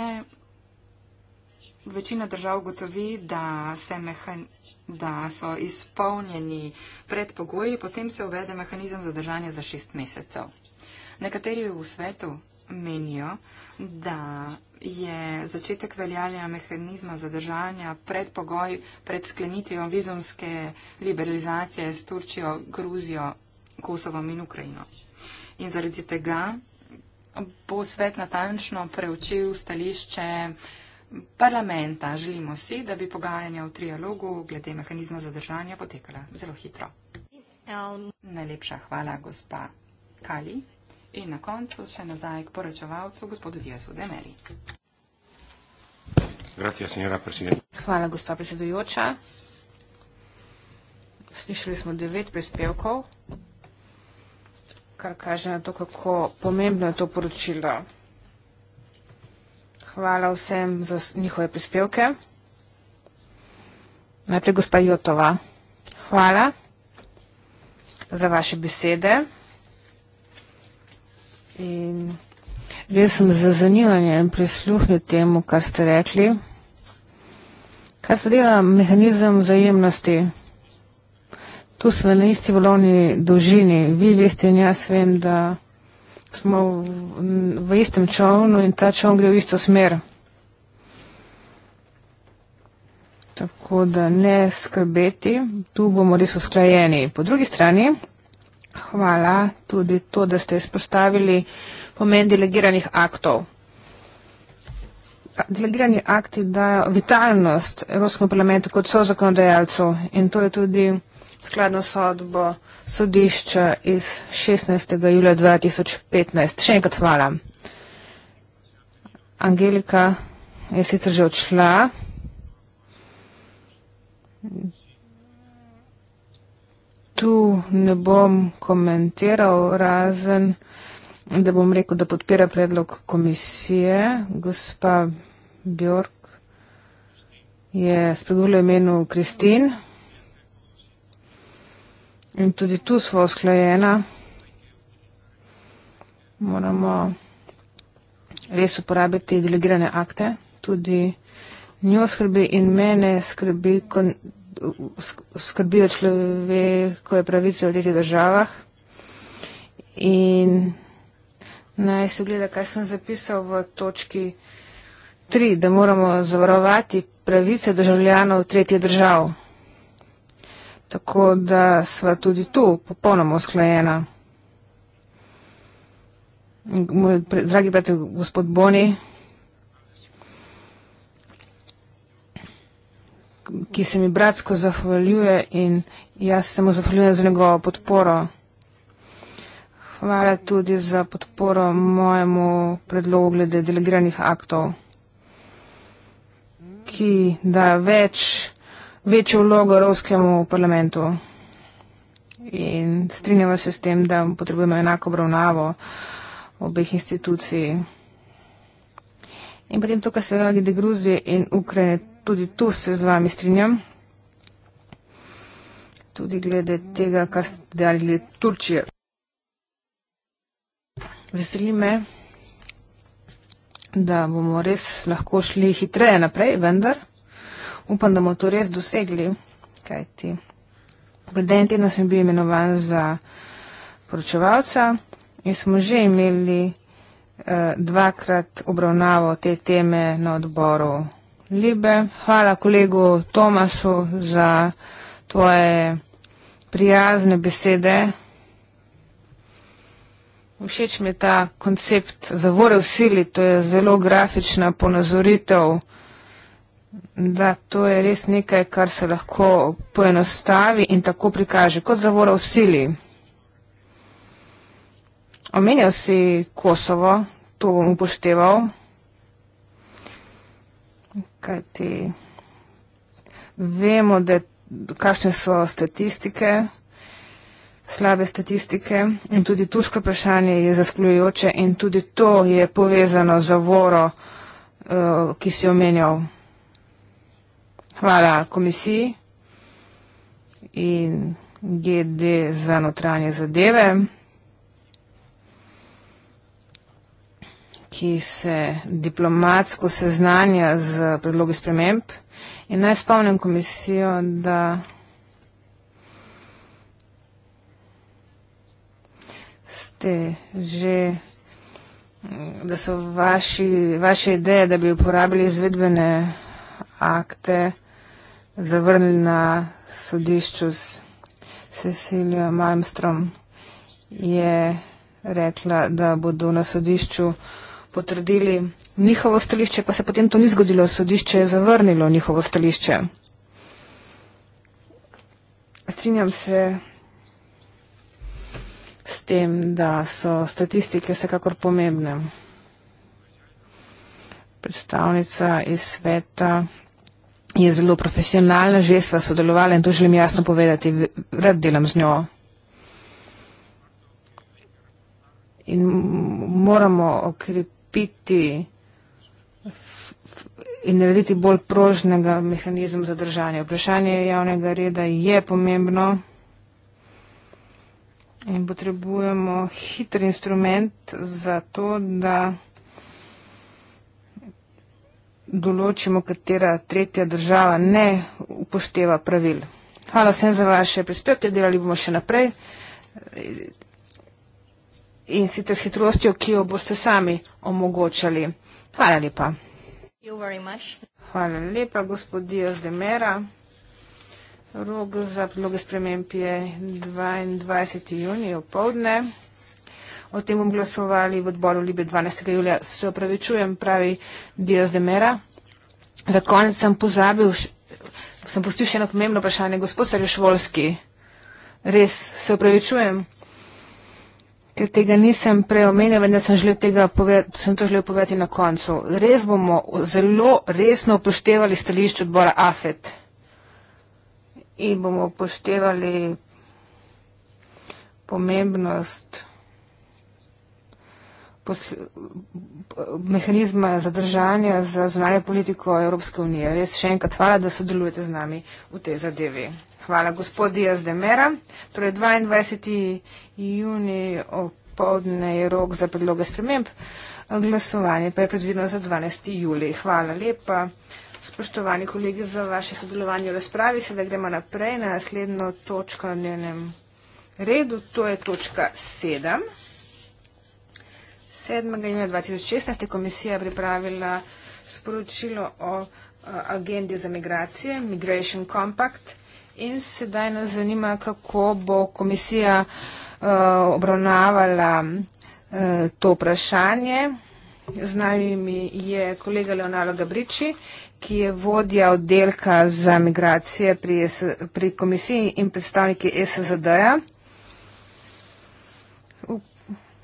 večina držav gotovi, da, mehan, da so izpolnjeni predpogoji, potem se uvede mehanizem zadržanja za šest mesecev. Nekateri v svetu menijo, da je začetek veljavljanja mehanizma zadržanja predpogoj pred sklenitvijo vizumske liberalizacije s Turčijo, Gruzijo, Kosovom in Ukrajino. In zaradi tega bo svet natančno preučil stališče parlamenta. Želimo si, da bi pogajanja v trialogu glede mehanizma zadržanja potekala zelo hitro. Najlepša hvala, gospa Kali. In na koncu še nazaj k poročevalcu, gospodu Diasu Demeri. Hvala, gospa predsedujoča. Slišali smo devet prispevkov kar kaže na to, kako pomembno je to poročilo. Hvala vsem za njihove prispevke. Najprej gospa Jotova. Hvala za vaše besede. In res sem za zanimanje in prisluhnil temu, kar ste rekli. Kar se dela mehanizem vzajemnosti? tu smo na isti valovni dolžini. Vi veste in jaz vem, da smo v, v istem čovnu in ta čovn gre v isto smer. Tako da ne skrbeti, tu bomo res usklajeni. Po drugi strani, hvala tudi to, da ste izpostavili pomen delegiranih aktov. Delegirani akti dajo vitalnost Evropskemu parlamentu kot so zakonodajalcu in to je tudi skladno sodbo sodišča iz 16. julija 2015. Še enkrat hvala. Angelika je sicer že odšla. Tu ne bom komentiral razen, da bom rekel, da podpira predlog komisije. Gospa Bjork je spregovorila imenu Kristin. In tudi tu smo usklajena. Moramo res uporabiti delegirane akte. Tudi njo skrbi in mene skrbi, skrbijo človekove pravice v teh državah. In naj se gleda, kaj sem zapisal v točki. Tri, da moramo zavarovati pravice državljanov tretjih držav. Tako da sva tudi tu popolnoma usklajena. Moj dragi prijatelj, gospod Boni, ki se mi bratsko zahvaljuje in jaz se mu zahvaljujem za njegovo podporo. Hvala tudi za podporo mojemu predlogu glede delegiranih aktov, ki da več večjo vlogo ruskemu parlamentu. In strinjava se s tem, da potrebujemo enako obravnavo obeh institucij. In potem to, kar se radi de Gruzije in Ukrajine, tudi tu se z vami strinjam. Tudi glede tega, kar ste dali glede Turčije. Veseli me, da bomo res lahko šli hitreje naprej, vendar upam, da bomo to res dosegli, kajti pred en teden sem bil imenovan za poročevalca in smo že imeli eh, dvakrat obravnavo te teme na odboru Libe. Hvala kolegu Tomasu za tvoje prijazne besede. Všeč mi je ta koncept zavore v sili, to je zelo grafična ponazoritev. Da, to je res nekaj, kar se lahko poenostavi in tako prikaže kot zavora v sili. Omenjal si Kosovo, to bom upošteval. Kajti vemo, da kakšne so statistike, slabe statistike in tudi tuško vprašanje je zasklujujoče in tudi to je povezano z zavoro, eh, ki si omenjal. Hvala komisiji in GD za notranje zadeve, ki se diplomatsko seznanja z predlogi sprememb. In naj spomnim komisijo, da ste že da so vaši, vaše ideje, da bi uporabili izvedbene akte zavrnili na sodišču s Cecilijo Malmstrom, je rekla, da bodo na sodišču potrdili njihovo stališče, pa se potem to ni zgodilo. Sodišče je zavrnilo njihovo stališče. Strinjam se s tem, da so statistike vsekakor pomembne. Predstavnica iz sveta je zelo profesionalna, že sva sodelovala in to želim jasno povedati, rad delam z njo. In moramo okrepiti in narediti bolj prožnega mehanizma za držanje. Vprašanje javnega reda je pomembno in potrebujemo hiter instrument za to, da določimo, katera tretja država ne upošteva pravil. Hvala vsem za vaše prispevke, delali bomo še naprej in sicer s hitrostjo, ki jo boste sami omogočali. Hvala lepa. Hvala lepa, gospod Dias de Mera. Rok za predloge sprememb je 22. junija v povdne. O tem bom glasovali v odboru Libe 12. julija. Se opravičujem, pravi Dias de Mera. Za konec sem pozabil, sem postil še eno pomembno vprašanje. Gospod Sarjošvolski, res se opravičujem, ker tega nisem preomenil, vendar sem, sem to želel povedati na koncu. Res bomo zelo resno upoštevali stališče odbora AFET in bomo upoštevali pomembnost mehanizma zadržanja za zunanje politiko Evropske unije. Res še enkrat hvala, da sodelujete z nami v tej zadevi. Hvala, gospod Diaz de Mera. Torej, 22. juni opoldne je rok za predloge sprememb, glasovanje pa je predvideno za 12. juli. Hvala lepa, spoštovani kolegi, za vaše sodelovanje v razpravi. Sedaj gremo naprej na naslednjo točko na dnevnem redu, to je točka 7. 7. junija 2016 je komisija pripravila sporočilo o agendi za migracije, Migration Compact, in sedaj nas zanima, kako bo komisija obravnavala to vprašanje. Z nami je kolega Leonardo Gabriči, ki je vodja oddelka za migracije pri, pri komisiji in predstavniki SZD-ja.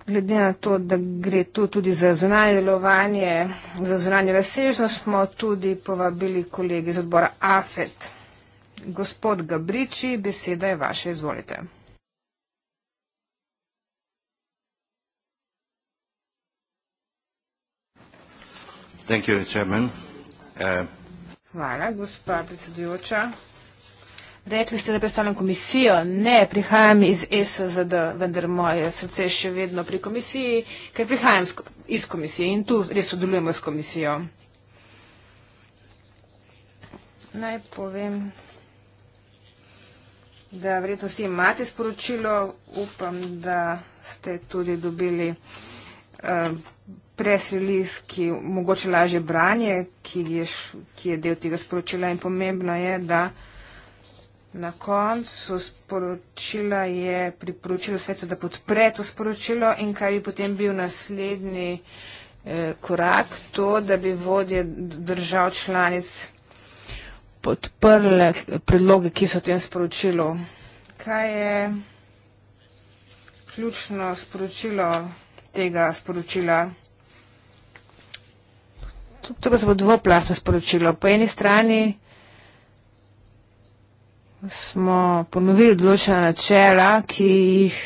Glede na to, da gre tu tudi za zunanje delovanje, za zunanje razsežnost, smo tudi povabili kolegi iz odbora AFET. Gospod Gabriči, beseda je vaša, izvolite. Uh, Hvala, gospa predsedujoča. Rekli ste, da predstavljam komisijo. Ne, prihajam iz SZD, vendar moje srce je še vedno pri komisiji, ker prihajam iz komisije in tu res sodelujemo s komisijo. Naj povem, da verjetno vsi imate sporočilo. Upam, da ste tudi dobili eh, presreliz, ki mogoče laže branje, ki je del tega sporočila in pomembno je, da Na koncu sporočila je priporočilo svetu, da podpre to sporočilo in kaj bi potem bil naslednji eh, korak, to, da bi vodje držav članic podprle predloge, ki so v tem sporočilu. Kaj je ključno sporočilo tega sporočila? To, to bo dvoplastno sporočilo. Po eni strani smo ponovili določena načela, ki, jih,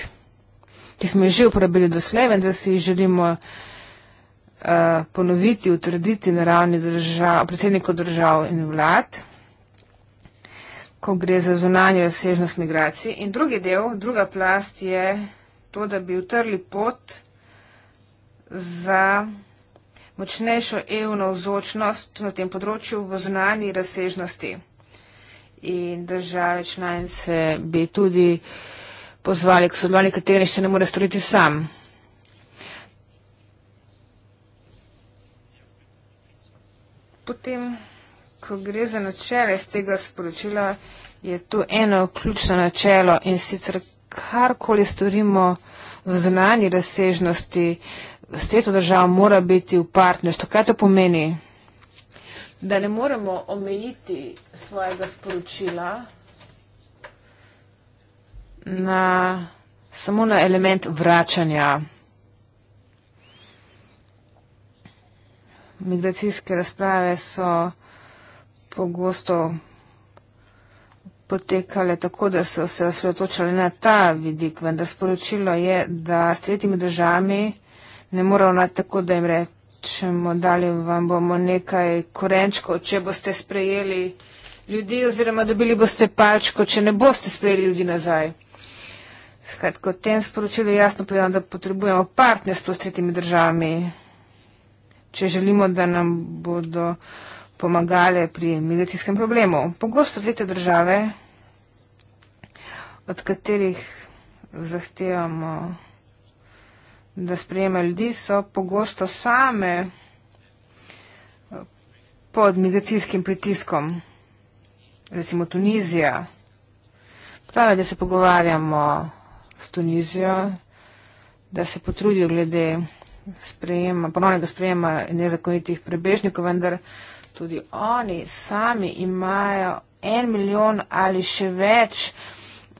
ki smo jih že uporabili doslej, vendar si jih želimo uh, ponoviti, utrditi na ravni držav, predsednikov držav in vlad, ko gre za zunanjo razsežnost migracij. In drugi del, druga plast je to, da bi utrli pot za močnejšo EU navzočnost na tem področju v zunanji razsežnosti in države članice bi tudi pozvali k sodelovanju, ker tega nišče ne more storiti sam. Potem, ko gre za načele iz tega sporočila, je tu eno ključno načelo in sicer karkoli storimo v zunanji razsežnosti, s teto državo mora biti v partnerstvu. Kaj to pomeni? da ne moremo omejiti svojega sporočila na, samo na element vračanja migracijske razprave so pogosto potekale tako, da so se osredotočali na ta vidik, vendar sporočilo je, da s tretjimi državami ne moramo na tako, da jim reče hočemo, dali vam bomo nekaj korenčkov, če boste sprejeli ljudi oziroma dobili boste palčko, če ne boste sprejeli ljudi nazaj. Skratka, v tem sporočilu jasno povedam, da potrebujemo partnerstvo s tretjimi državami, če želimo, da nam bodo pomagale pri medicinskem problemu. Pogosto tretje države, od katerih zahtevamo da sprejema ljudi, so pogosto same eh, pod migracijskim pritiskom. Recimo Tunizija. Pravi, da se pogovarjamo s Tunizijo, da se potrudijo glede sprejema, ponovnega sprejema nezakonitih prebežnikov, vendar tudi oni sami imajo en milijon ali še več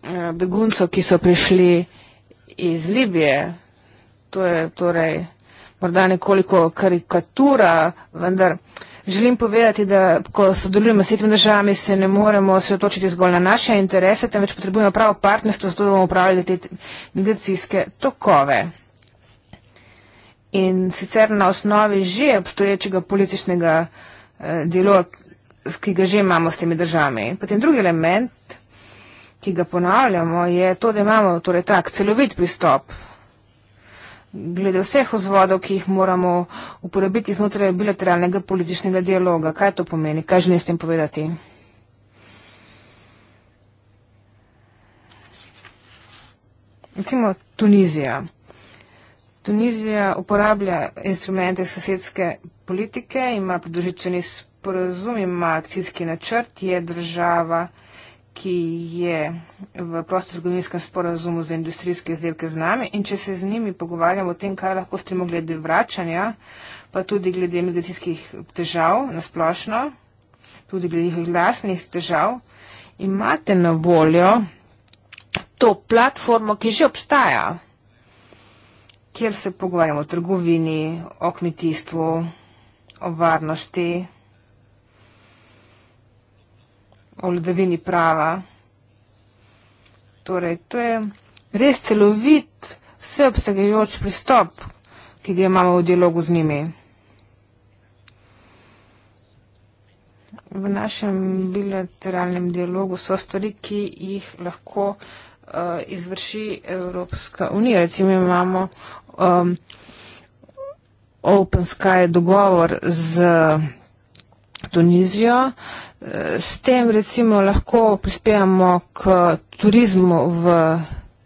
eh, beguncev, ki so prišli iz Libije, To je torej morda nekoliko karikatura, vendar želim povedati, da ko sodelujemo s tretjimi državami, se ne moremo osredotočiti zgolj na naše interese, temveč potrebujemo pravo partnerstvo, zato da bomo upravljali te migracijske tokove. In sicer na osnovi že obstoječega političnega eh, dialoga, ki ga že imamo s temi državami. Potem drugi element, ki ga ponavljamo, je to, da imamo torej, tak celovit pristop glede vseh vzvodov, ki jih moramo uporabiti znotraj bilateralnega političnega dialoga. Kaj to pomeni? Kaj želim s tem povedati? Recimo Tunizija. Tunizija uporablja instrumente sosedske politike, ima pridružitveni sporazum, ima akcijski načrt, je država ki je v prostorgovinskem sporazumu za industrijske izdelke z nami in če se z njimi pogovarjamo o tem, kaj lahko stremo glede vračanja, pa tudi glede medicinskih težav na splošno, tudi glede njihovih lastnih težav, imate na voljo to platformo, ki že obstaja, kjer se pogovarjamo o trgovini, o kmetijstvu, o varnosti o vladavini prava. Torej, to je res celovit, vseobsegajoč pristop, ki ga imamo v dialogu z njimi. V našem bilateralnem dialogu so stvari, ki jih lahko uh, izvrši Evropska unija. Recimo imamo um, Open Sky dogovor z. Uh, Tunizijo. Eh, s tem recimo lahko prispevamo k turizmu v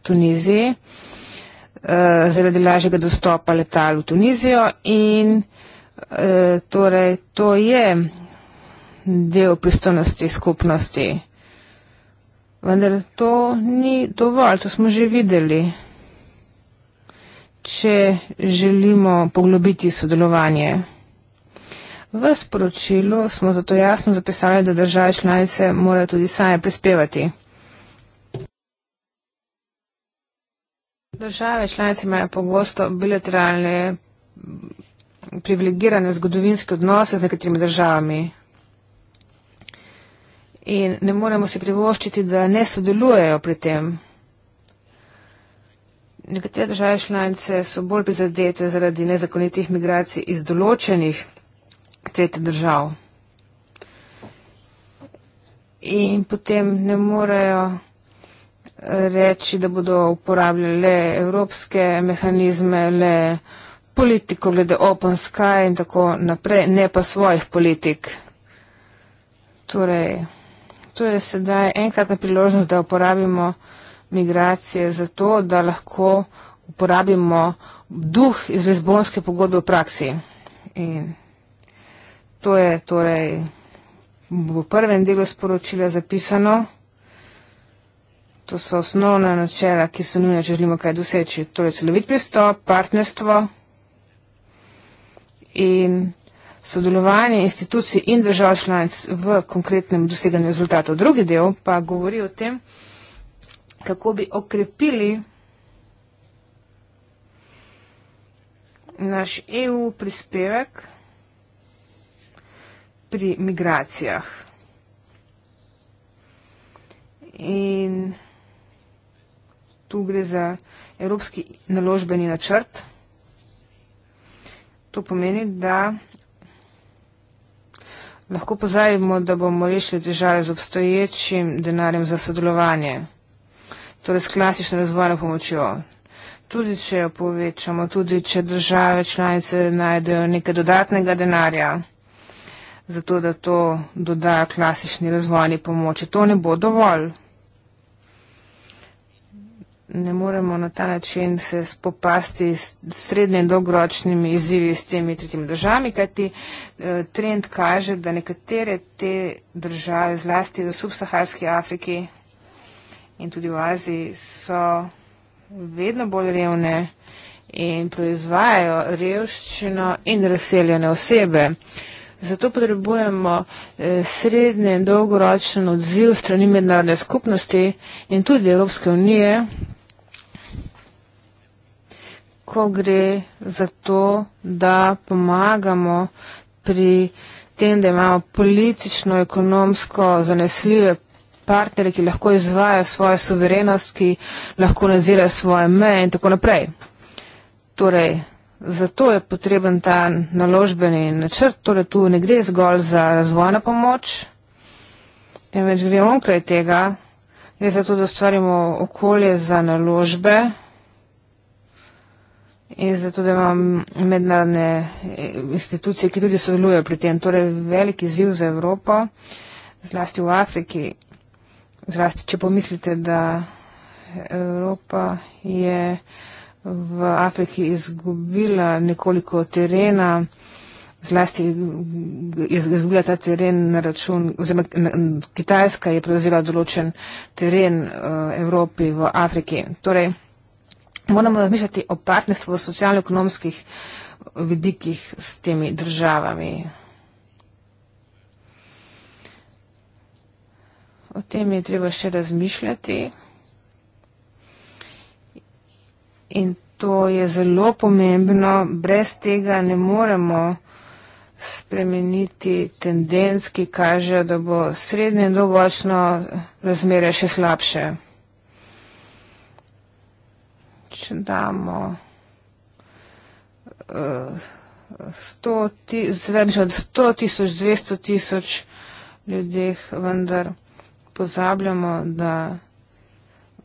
Tuniziji eh, zaradi lažjega dostopa letal v Tunizijo in eh, torej to je del pristojnosti skupnosti. Vendar to ni dovolj, to smo že videli, če želimo poglobiti sodelovanje. V sporočilu smo zato jasno zapisali, da države članice morajo tudi same prispevati. Države članice imajo pogosto bilateralne privilegirane zgodovinske odnose z nekaterimi državami. In ne moremo si privoščiti, da ne sodelujejo pri tem. Nekatere države članice so bolj prizadete zaradi nezakonitih migracij iz določenih tretje držav. In potem ne morejo reči, da bodo uporabljali le evropske mehanizme, le politiko glede Open Sky in tako naprej, ne pa svojih politik. Torej, to je sedaj enkratna priložnost, da uporabimo migracije za to, da lahko uporabimo duh iz Lizbonske pogodbe v praksi. In To je torej v prvem delu sporočila zapisano. To so osnovna načela, ki so nujna, če želimo kaj doseči. Torej celovit pristop, partnerstvo in sodelovanje institucij in držav članic v konkretnem doseganju rezultatov. Drugi del pa govori o tem, kako bi okrepili naš EU prispevek pri migracijah. In tu gre za evropski naložbeni načrt. To pomeni, da lahko pozajemo, da bomo rešili težave z obstoječim denarjem za sodelovanje, torej s klasično razvojno pomočjo. Tudi če jo povečamo, tudi če države članice najdejo nekaj dodatnega denarja zato da to dodajo klasični razvojni pomoči. To ne bo dovolj. Ne moremo na ta način se spopasti s srednje in dolgoročnimi izzivi s temi tretjimi državami, kajti eh, trend kaže, da nekatere te države, zlasti v subsaharski Afriki in tudi v Aziji, so vedno bolj revne in proizvajajo revščino in razseljene osebe. Zato potrebujemo eh, srednje in dolgoročen odziv strani mednarodne skupnosti in tudi Evropske unije, ko gre za to, da pomagamo pri tem, da imamo politično, ekonomsko zanesljive partnere, ki lahko izvajo svojo suverenost, ki lahko nazirajo svoje meje in tako naprej. Torej, Zato je potreben ta naložbeni načrt, torej tu ne gre zgolj za razvojno pomoč, temveč gre onkraj tega, gre za to, da ustvarimo okolje za naložbe in zato, da imamo mednarodne eh, institucije, ki tudi sodelujejo pri tem. Torej veliki ziv za Evropo, zlasti v Afriki, zlasti, če pomislite, da Evropa je v Afriki izgubila nekoliko terena, zlasti izgubila ta teren na račun, oziroma Kitajska je prevzela določen teren eh, Evropi v Afriki. Torej, moramo razmišljati o partnerstvu v socialno-ekonomskih vidikih s temi državami. O tem je treba še razmišljati in to je zelo pomembno. Brez tega ne moremo spremeniti tendenc, ki kaže, da bo srednje in dolgočno razmere še slabše. Če damo z eh, več od 100 tisoč, 200 tisoč ljudeh, vendar pozabljamo, da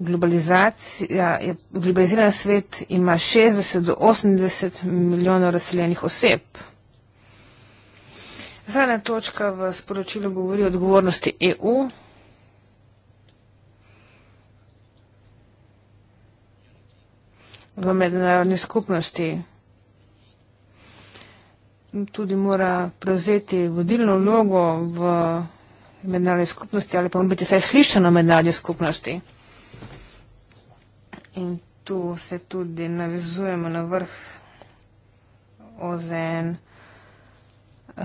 globalizacija, globaliziran svet ima 60 do 80 milijonov razseljenih oseb. Zadnja točka v sporočilu govori o odgovornosti EU. V mednarodni skupnosti tudi mora prevzeti vodilno vlogo v mednarodni skupnosti ali pa mora biti vsaj slišeno mednarodni skupnosti. In tu se tudi navezujemo na vrh OZN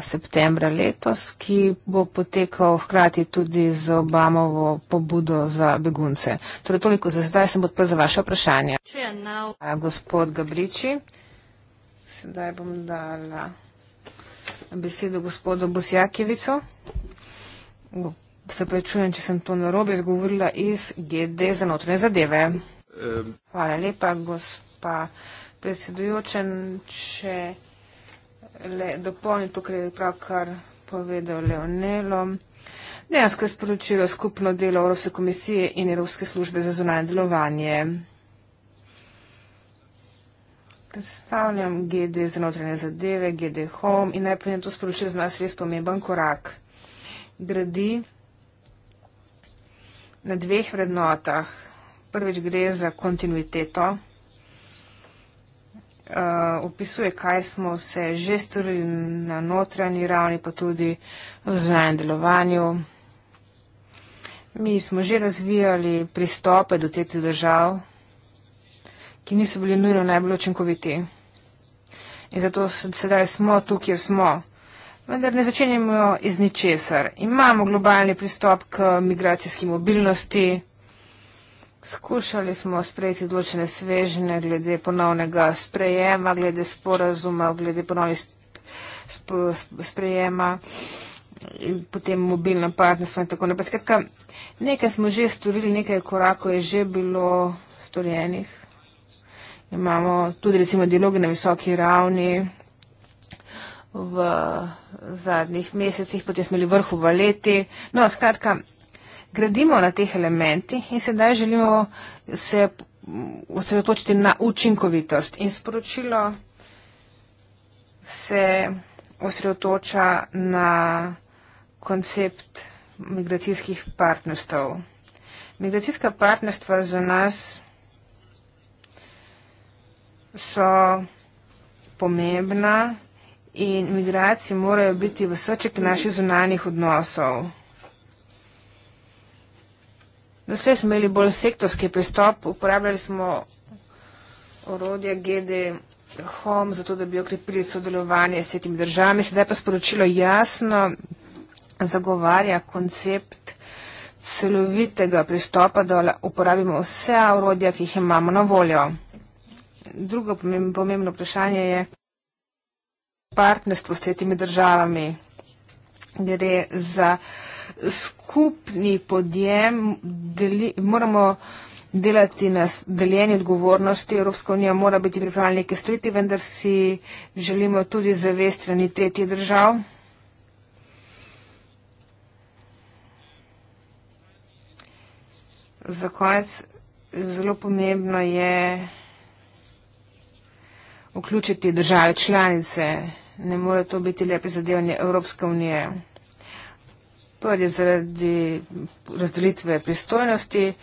septembra letos, ki bo potekal hkrati tudi z Obamovo pobudo za begunce. Torej, toliko za zdaj sem odprl za vaše vprašanje. Gospod Gabriči, sedaj bom dala besedo gospodu Bosjakevicu. Se prečujem, če sem to narobe izgovorila iz GD za notranje zadeve. Hvala lepa, gospa predsedujoča. Če le dopolnim to, kar je pravkar povedal Leonelo. Dejansko je sporočilo skupno delo Evropske komisije in Evropske službe za zunanje delovanje. Predstavljam GD za notranje zadeve, GD Home in najprej je to sporočilo za nas res pomemben korak. Gradi na dveh vrednotah. Prvič gre za kontinuiteto. Uh, opisuje, kaj smo se že storili na notranji ravni, pa tudi v zvanjem delovanju. Mi smo že razvijali pristope do teh držav, ki niso bili nujno najbolj učinkoviti. In zato sedaj smo tu, kjer smo. Vendar ne začenjamo iz ničesar. Imamo globalni pristop k migracijski mobilnosti. Skušali smo sprejeti odločene svežne glede ponovnega sprejema, glede sporazuma, glede ponovnih sp sp sprejema, potem mobilno partnerstvo in tako naprej. Skratka, nekaj smo že storili, nekaj korakov je že bilo storjenih. Imamo tudi recimo dialoge na visoki ravni v zadnjih mesecih, potem smo imeli vrhu v leti. No, skratka, gradimo na teh elementih in sedaj želimo se osredotočiti na učinkovitost. In sporočilo se osredotoča na koncept migracijskih partnerstv. Migracijska partnerstva za nas so pomembna in migracije morajo biti v srček naših zunanjih odnosov. No, sve smo imeli bolj sektorski pristop, uporabljali smo orodje GD HOM, zato da bi okrepili sodelovanje s svetimi državami. Sedaj pa sporočilo jasno zagovarja koncept celovitega pristopa, da uporabimo vse orodja, ki jih imamo na voljo. Drugo pomembno vprašanje je partnerstvo s tretjimi državami. Gre za uh, skupni podjem, deli, moramo delati na deljeni odgovornosti. Evropska unija mora biti pripravljena nekaj storiti, vendar si želimo tudi zavestveni tretji držav. Za konec zelo pomembno je vključiti države članice. Ne more to biti le prizadevanje Evropske unije. Odprt je zaradi razdelitve pristojnosti,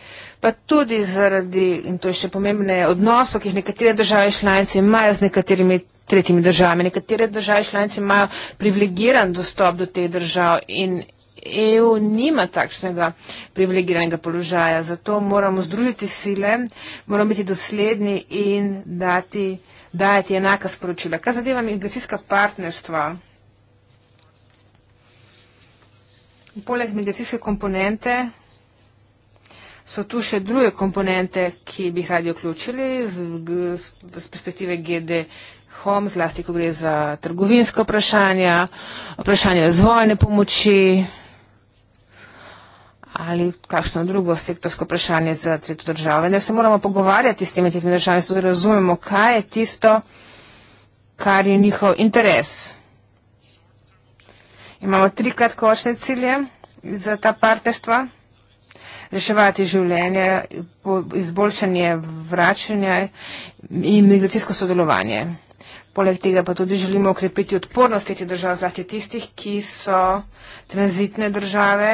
pa tudi zaradi, in to je še pomembneje, odnosov, ki jih nekatere države članice imajo z nekaterimi tretjimi državami. Nekatere države članice imajo privilegiran dostop do teh držav in EU nima takšnega privilegiranega položaja. Zato moramo združiti sile, moramo biti dosledni in dati, dajati enaka sporočila. Kar zadeva migracijska partnerstva, Poleg medicinske komponente so tu še druge komponente, ki bi radi vključili z, z, z perspektive GD HOM, zlasti, ko gre za trgovinsko vprašanje, vprašanje razvojne pomoči ali kakšno drugo sektorsko vprašanje za tretjo državo. Ne se moramo pogovarjati s temi tretjimi državami, da razumemo, kaj je tisto, kar je njihov interes. Imamo tri kratkoročne cilje za ta partnerstva. Reševati življenje, izboljšanje vračanja in migracijsko sodelovanje. Poleg tega pa tudi želimo ukrepiti odpornost teh držav, zlasti tistih, ki so tranzitne države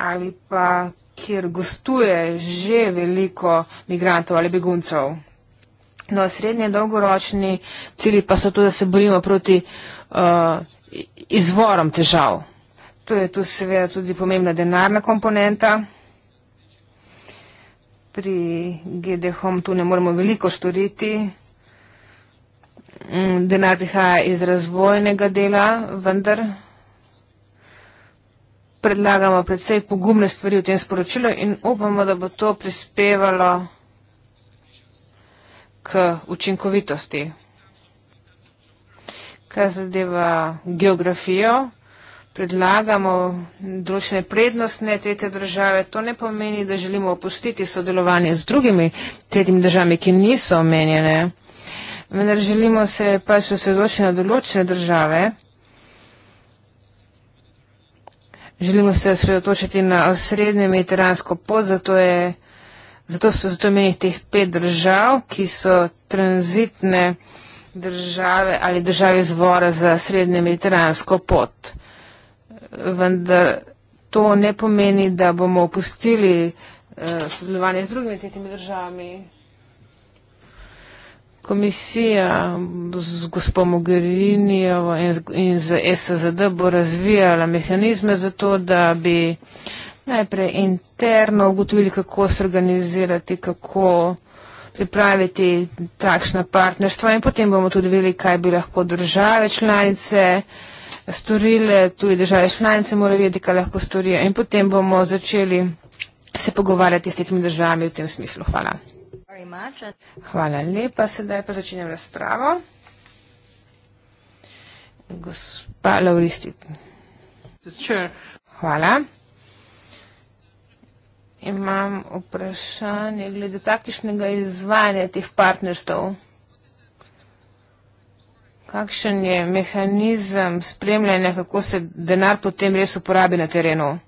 ali pa kjer gostuje že veliko migrantov ali beguncev. No, srednje dolgoročni cilji pa so to, da se borimo proti uh, izvorom težav. To je tu seveda tudi pomembna denarna komponenta. Pri GDHOM tu ne moremo veliko storiti. Mm, denar prihaja iz razvojnega dela, vendar predlagamo predvsej pogumne stvari v tem sporočilu in upamo, da bo to prispevalo k učinkovitosti kar zadeva geografijo, predlagamo določene prednostne tretje države. To ne pomeni, da želimo opustiti sodelovanje z drugimi tretjimi državami, ki niso omenjene. Vendar želimo se pač osredotočiti na določene države. Želimo se osredotočiti na srednje mediteransko pot, zato, je, zato so zato menih teh pet držav, ki so tranzitne države ali države zvora za srednje mediteransko pot. Vendar to ne pomeni, da bomo opustili uh, sodelovanje z drugimi tretjimi državami. Komisija z gospod Mogherinijevo in, in z SSD bo razvijala mehanizme za to, da bi najprej interno ugotovili, kako se organizirati, kako pripraviti takšna partnerstva in potem bomo tudi videli, kaj bi lahko države članice storile, tudi države članice morajo vedeti, kaj lahko storijo in potem bomo začeli se pogovarjati s tistimi državami v tem smislu. Hvala. Hvala lepa, sedaj pa začenjam razpravo. Gospa Lauristi. Hvala. Imam vprašanje glede taktičnega izvajanja teh partnerstv. Kakšen je mehanizem spremljanja, kako se denar potem res uporabi na terenu?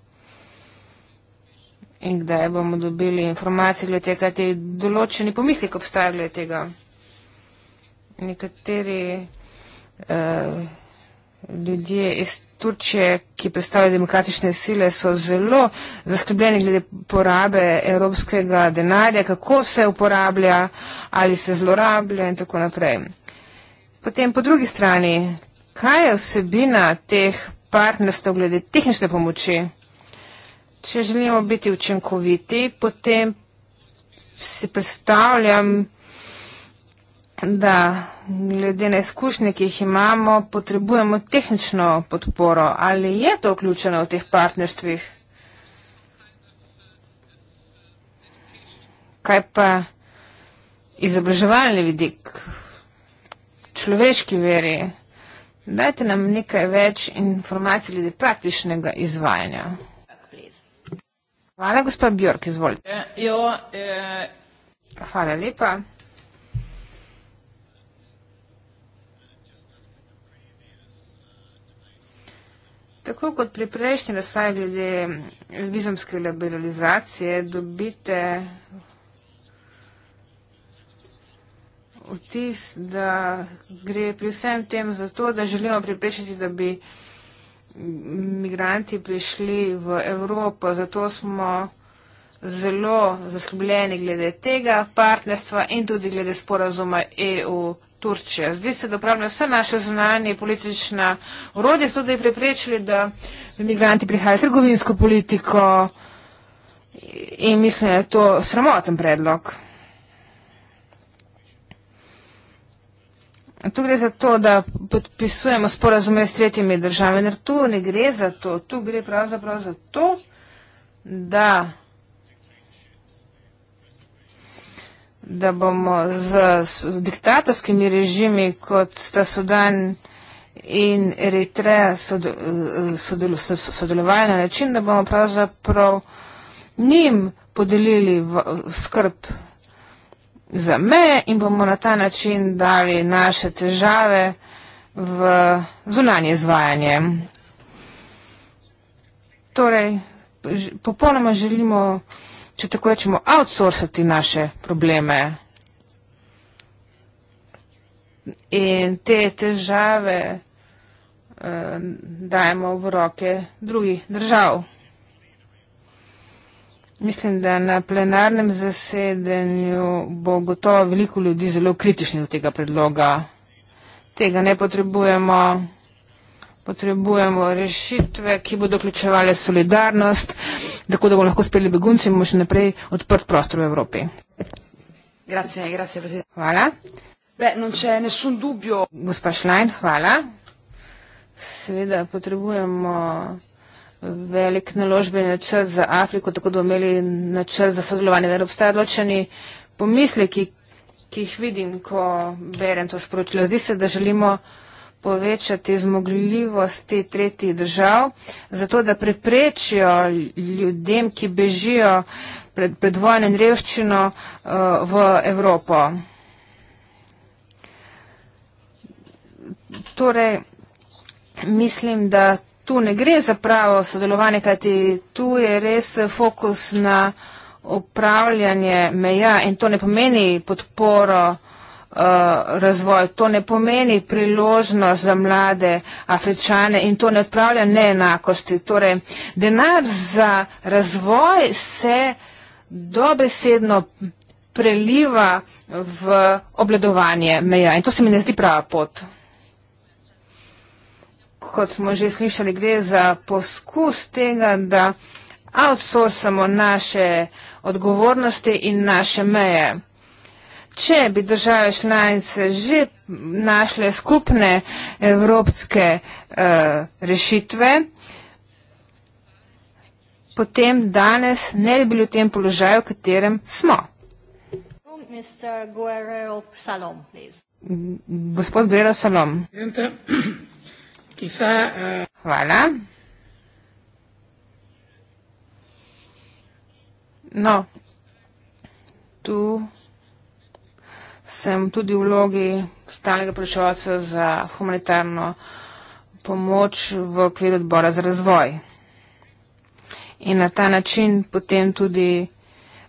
In kdaj bomo dobili informacije glede tega, kaj te določeni pomisli, ko obstaja glede tega? Nekateri eh, ljudje iz Turčije, ki predstavljajo demokratične sile, so zelo zaskrbljeni glede porabe evropskega denarja, kako se uporablja, ali se zlorablja in tako naprej. Potem po drugi strani, kaj je vsebina teh partnerstv glede tehnične pomoči? Če želimo biti učinkoviti, potem si predstavljam, da glede na izkušnje, ki jih imamo, potrebujemo tehnično podporo. Ali je to vključeno v teh partnerstvih? Kaj pa izobraževalni vidik, človeški veri? Dajte nam nekaj več informacij glede praktičnega izvajanja. Hvala, gospod Bjork, izvolite. Eh, eh, Hvala lepa. Tako kot pri prejšnji razpravi glede vizumske liberalizacije, dobite vtis, da gre pri vsem tem za to, da želimo priprečiti, da bi migranti prišli v Evropo. Zato smo zelo zaskrbljeni glede tega partnerstva in tudi glede sporazuma EU Turčija. Zdi se, da upravljajo vse naše zunanje politična urodje, so da je preprečili, da imigranti prihajajo trgovinsko politiko in mislim, da je to sramoten predlog. Tu gre za to, da podpisujemo sporazume s tretjimi državami, ker tu ne gre za to, tu gre pravzaprav za to, da. da bomo z diktatorskimi režimi, kot sta Sudan in Eritreja, sodelovali na način, da bomo pravzaprav njim podelili skrb za meje in bomo na ta način dali naše težave v zunanje izvajanje. Torej, popolnoma želimo če tako rečemo, outsourcati naše probleme. In te težave uh, dajemo v roke drugih držav. Mislim, da na plenarnem zasedenju bo gotovo veliko ljudi zelo kritičnih do tega predloga. Tega ne potrebujemo. Potrebujemo rešitve, ki bodo vključevale solidarnost, tako da bomo lahko speli begunci in bomo še naprej odprt prostor v Evropi. Grazie, grazie, hvala. Beh, non c'è nessun dubbio. Gospa Šlajn, hvala. Seveda potrebujemo velik naložbeni načrt za Afriko, tako da bomo imeli načrt za sodelovanje, ker obstajajo določeni pomisleki, ki jih vidim, ko berem to sporočilo. Zdi se, da želimo povečati zmogljivosti tretjih držav, zato da preprečijo ljudem, ki bežijo pred, pred vojno in revščino uh, v Evropo. Torej, mislim, da tu ne gre za pravo sodelovanje, kajti tu je res fokus na upravljanje meja in to ne pomeni podporo. Eh, razvoj. To ne pomeni priložnost za mlade afričane in to ne odpravlja neenakosti. Torej, denar za razvoj se dobesedno preliva v obledovanje meja in to se mi ne zdi prava pot. Kot smo že slišali, gre za poskus tega, da outsourcamo naše odgovornosti in naše meje. Če bi države članice že našle skupne evropske eh, rešitve, potem danes ne bi bili v tem položaju, v katerem smo. Gospod Guerrero Salom. (clears throat) Eh, Hvala. No, tu sem tudi v vlogi stalnega prečevalca za humanitarno pomoč v okviru odbora za razvoj. In na ta način potem tudi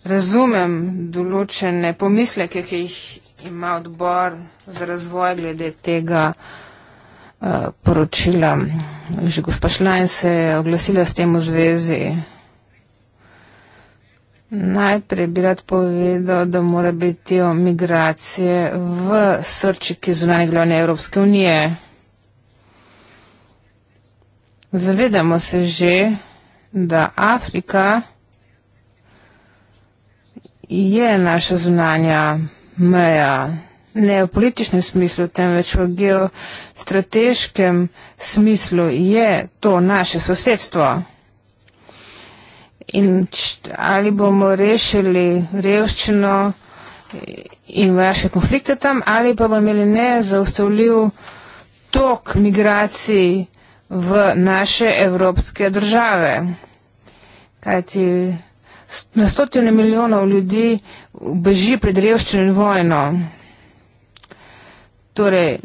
razumem določene pomisleke, ki jih ima odbor za razvoj glede tega uh, poročila. Že gospa Šlajn se je oglasila s tem v zvezi. Najprej bi rad povedal, da mora biti migracije v srčiki zunanje glavne Evropske unije. Zavedamo se že, da Afrika je naša zunanja meja. Ne v političnem smislu, temveč v geostrateškem smislu je to naše sosedstvo in ali bomo rešili revščino in vojaške konflikte tam, ali pa bomo imeli nezaustavljiv tok migracij v naše evropske države. Kajti na stotine milijonov ljudi beži pred revščino in vojno. Torej,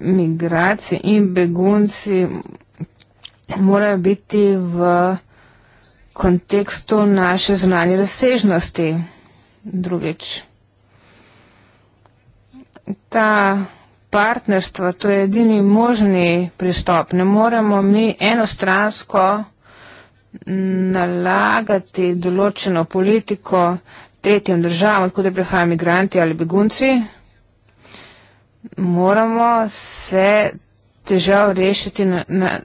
migracije in begunci morajo biti v kontekstu naše zunanje razsežnosti. Drugič, ta partnerstvo, to je edini možni pristop. Ne moremo mi enostransko nalagati določeno politiko tretjim državam, odkud prihajajo migranti ali begunci. Moramo se težav rešiti, na, na,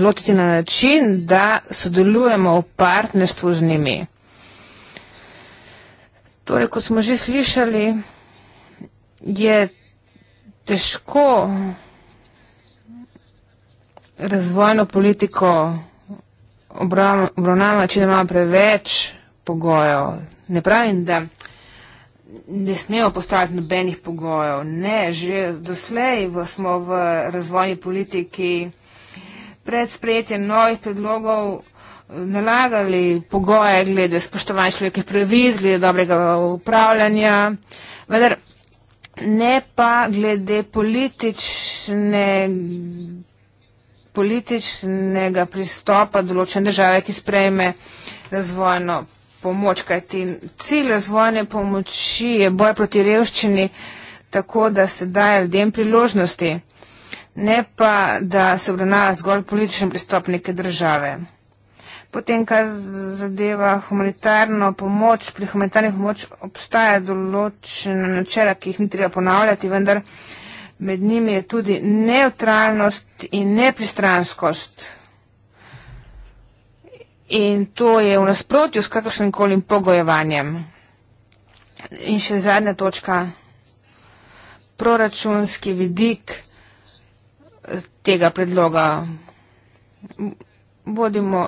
lotiti na način, da sodelujemo v partnerstvu z njimi. Torej, ko smo že slišali, je težko razvojno politiko obravnavati, obravna, da imamo preveč pogojev. Ne pravim, da ne smemo postaviti nobenih pogojev. Ne, že doslej v, smo v razvojni politiki pred sprejetjem novih predlogov nalagali pogoje glede spoštovanja človekovih pravic, glede dobrega upravljanja, vendar ne pa glede politične, političnega pristopa določene države, ki sprejme razvojno politiko pomoč, kaj ti cilj razvojne pomoči je boj proti revščini, tako da se daje ljudem priložnosti, ne pa, da se obrnava zgolj politične pristopnike države. Potem, kar zadeva humanitarno pomoč, pri humanitarni pomoč obstaja določena načela, ki jih ni treba ponavljati, vendar med njimi je tudi neutralnost in nepristranskost. In to je v nasprotju s kakršnim koli pogojevanjem. In še zadnja točka, proračunski vidik eh, tega predloga. Bodimo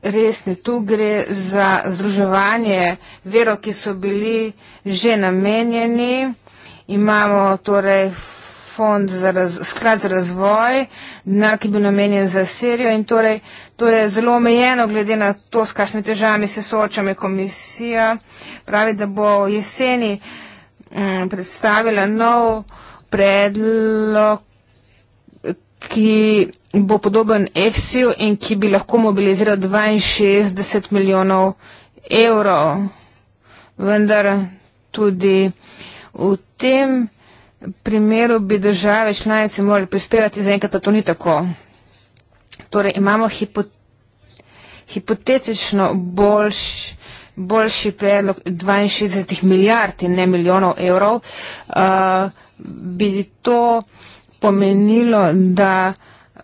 resni, tu gre za združevanje verov, ki so bili že namenjeni. Imamo torej fond za raz, sklad za razvoj, na, ki bi namenjen za Sirijo in torej to je zelo omejeno glede na to, s kakšnimi težavami se soočame. Komisija pravi, da bo jeseni m, mm, predstavila nov predlog, ki bo podoben EFSI-ju in ki bi lahko mobiliziral 62 milijonov evrov. Vendar tudi v tem primeru bi države članice morali prispevati, zaenkrat pa to ni tako. Torej imamo hipo, hipotetično boljš, boljši predlog 62 milijard in ne milijonov evrov. Uh, bi to pomenilo, da uh,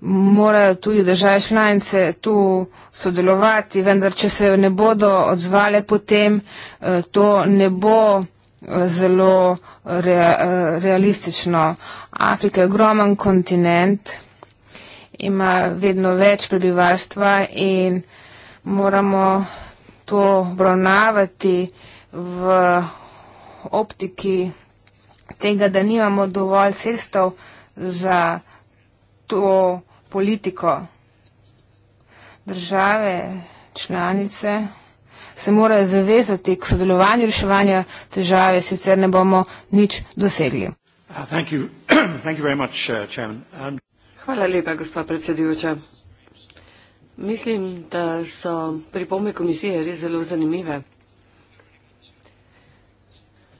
morajo tudi države članice tu sodelovati, vendar če se ne bodo odzvale potem, uh, to ne bo zelo rea, realistično. Afrika je ogromen kontinent, ima vedno več prebivalstva in moramo to obravnavati v optiki tega, da nimamo dovolj sestav za to politiko države, članice se morajo zavezati k sodelovanju reševanja težave, sicer ne bomo nič dosegli. Uh, (clears throat) uh, um, Hvala lepa, gospa predsedujoča. Mislim, da so pripombe komisije res zelo zanimive.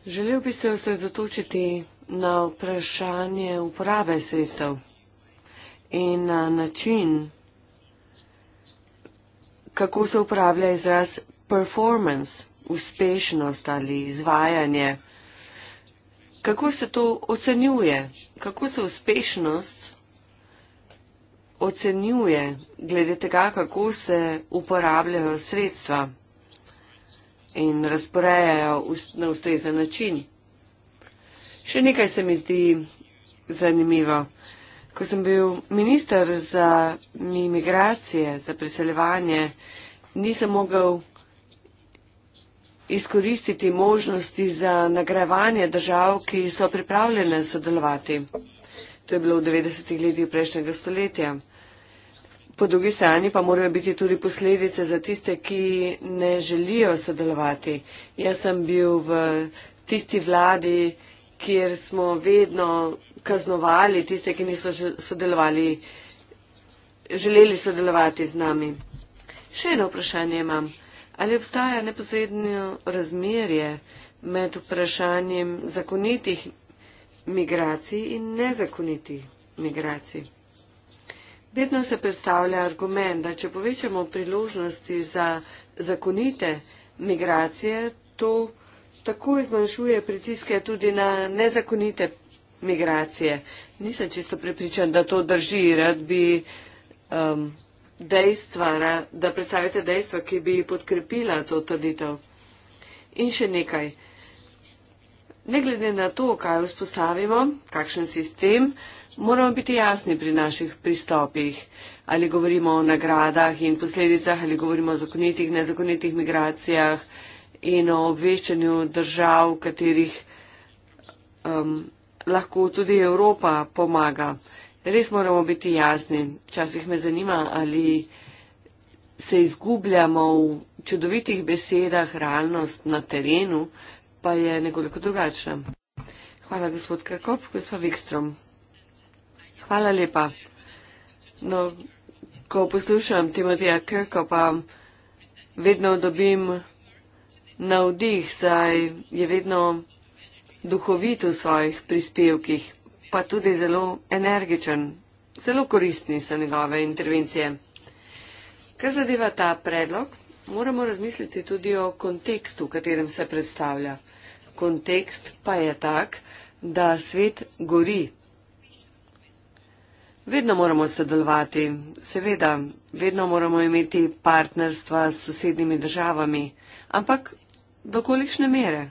Želel bi se osredotočiti na vprašanje uporabe sredstev in na način, kako se uporablja izraz performance, uspešnost ali izvajanje. Kako se to ocenjuje? Kako se uspešnost ocenjuje glede tega, kako se uporabljajo sredstva in razporejajo na ustrezen način? Še nekaj se mi zdi zanimivo. Ko sem bil minister za imigracije, za priseljevanje, nisem mogel izkoristiti možnosti za nagrajevanje držav, ki so pripravljene sodelovati. To je bilo v 90-ih letih prejšnjega stoletja. Po drugi strani pa morajo biti tudi posledice za tiste, ki ne želijo sodelovati. Jaz sem bil v tisti vladi, kjer smo vedno kaznovali tiste, ki niso sodelovali, želeli sodelovati z nami. Še eno vprašanje imam ali obstaja neposredno razmerje med vprašanjem zakonitih migracij in nezakonitih migracij. Vedno se predstavlja argument, da če povečamo priložnosti za zakonite migracije, to tako izmanjšuje pritiske tudi na nezakonite migracije. Nisem čisto prepričan, da to drži. Rad bi um, dejstva, da predstavite dejstva, ki bi podkrepila to trditev. In še nekaj. Ne glede na to, kaj vzpostavimo, kakšen sistem, moramo biti jasni pri naših pristopih. Ali govorimo o nagradah in posledicah, ali govorimo o zakonitih, nezakonitih migracijah in o obveščanju držav, katerih um, lahko tudi Evropa pomaga res moramo biti jasni. Včasih me zanima, ali se izgubljamo v čudovitih besedah, realnost na terenu pa je nekoliko drugačna. Hvala, gospod Krkop, gospod Vikstrom. Hvala lepa. No, ko poslušam Timoteja Krkopa, vedno dobim navdih, saj je vedno duhovit v svojih prispevkih pa tudi zelo energičen. Zelo koristni so njegove intervencije. Kar zadeva ta predlog, moramo razmisliti tudi o kontekstu, v katerem se predstavlja. Kontekst pa je tak, da svet gori. Vedno moramo sodelovati, seveda, vedno moramo imeti partnerstva s sosednjimi državami, ampak do kolikšne mere?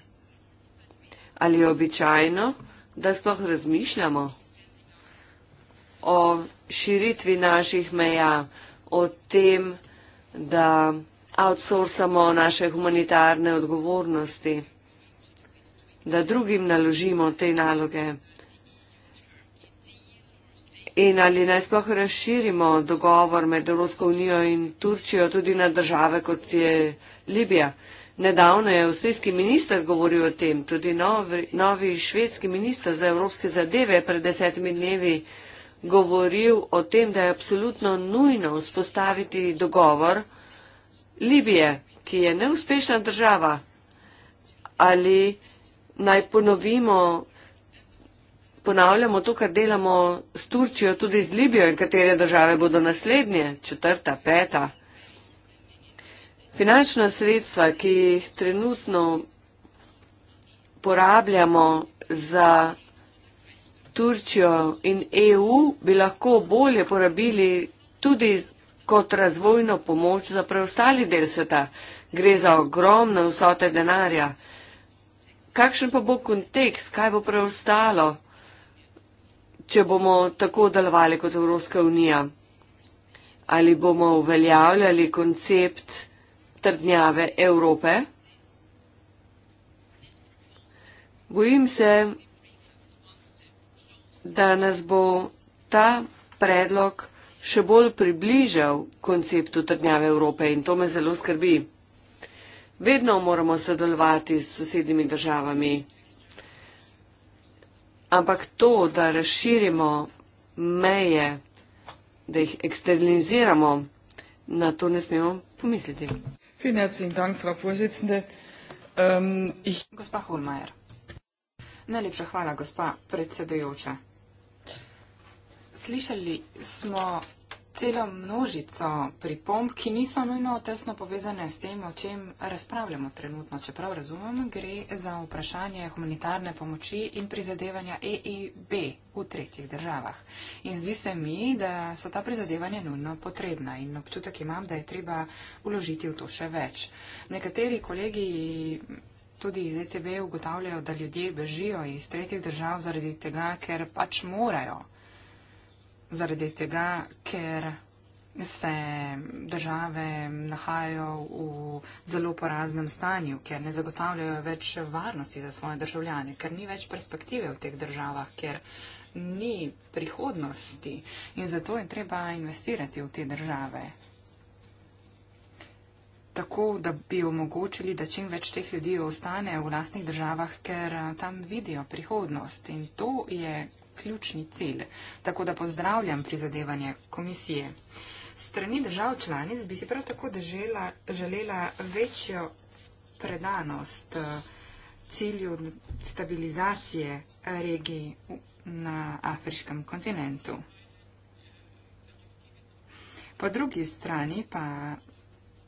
Ali običajno da sploh razmišljamo o širitvi naših meja, o tem, da outsourcamo naše humanitarne odgovornosti, da drugim naložimo te naloge in ali naj sploh razširimo dogovor med Evropsko unijo in Turčijo tudi na države, kot je Libija. Nedavno je avstrijski minister govoril o tem, tudi novi, novi švedski minister za evropske zadeve je pred desetimi dnevi govoril o tem, da je absolutno nujno vzpostaviti dogovor Libije, ki je neuspešna država. Ali naj ponovimo, ponavljamo to, kar delamo s Turčijo, tudi z Libijo in katere države bodo naslednje, četrta, peta. Finančna sredstva, ki jih trenutno porabljamo za Turčijo in EU, bi lahko bolje porabili tudi kot razvojno pomoč za preostali del sveta. Gre za ogromne vsote denarja. Kakšen pa bo kontekst, kaj bo preostalo, če bomo tako delovali kot Evropska unija? Ali bomo uveljavljali koncept, trdnjave Evrope. Bojim se, da nas bo ta predlog še bolj približal konceptu trdnjave Evrope in to me zelo skrbi. Vedno moramo sodelovati s sosednjimi državami, ampak to, da razširimo meje, da jih eksterniziramo, na to ne smemo pomisliti. Ähm, gospa Hohlmeier. Najlepša hvala, gospa predsedujoča. Slišali smo celo množico pripomb, ki niso nujno tesno povezane s tem, o čem razpravljamo trenutno. Čeprav razumem, gre za vprašanje humanitarne pomoči in prizadevanja EIB v tretjih državah. In zdi se mi, da so ta prizadevanja nujno potrebna in občutek imam, da je treba uložiti v to še več. Nekateri kolegi. Tudi iz ECB ugotavljajo, da ljudje bežijo iz tretjih držav zaradi tega, ker pač morajo zaradi tega, ker se države nahajajo v zelo poraznem stanju, ker ne zagotavljajo več varnosti za svoje državljane, ker ni več perspektive v teh državah, ker ni prihodnosti in zato je treba investirati v te države. Tako, da bi omogočili, da čim več teh ljudi ostane v lastnih državah, ker eh, tam vidijo prihodnost. In to je ključni cilj. Tako da pozdravljam prizadevanje komisije. Strani držav članic bi si prav tako držela, želela večjo predanost eh, cilju stabilizacije eh, regiji na afriškem kontinentu. Po drugi strani pa,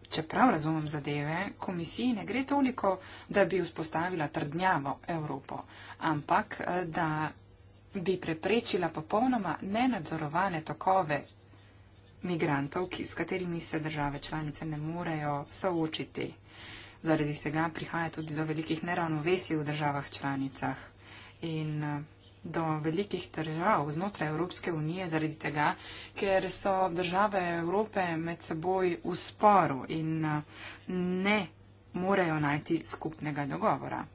čeprav razumem zadeve, komisiji ne gre toliko, da bi vzpostavila trdnjavo Evropo, ampak eh, da bi preprečila popolnoma nenadzorovane tokove migrantov, ki, s katerimi se države članice ne morejo soočiti. Zaradi tega prihaja tudi do velikih neravnovesij v državah članicah in eh, do velikih držav znotraj Evropske unije zaradi tega, ker so države Evrope med seboj v sporu in eh, ne morejo najti skupnega dogovora.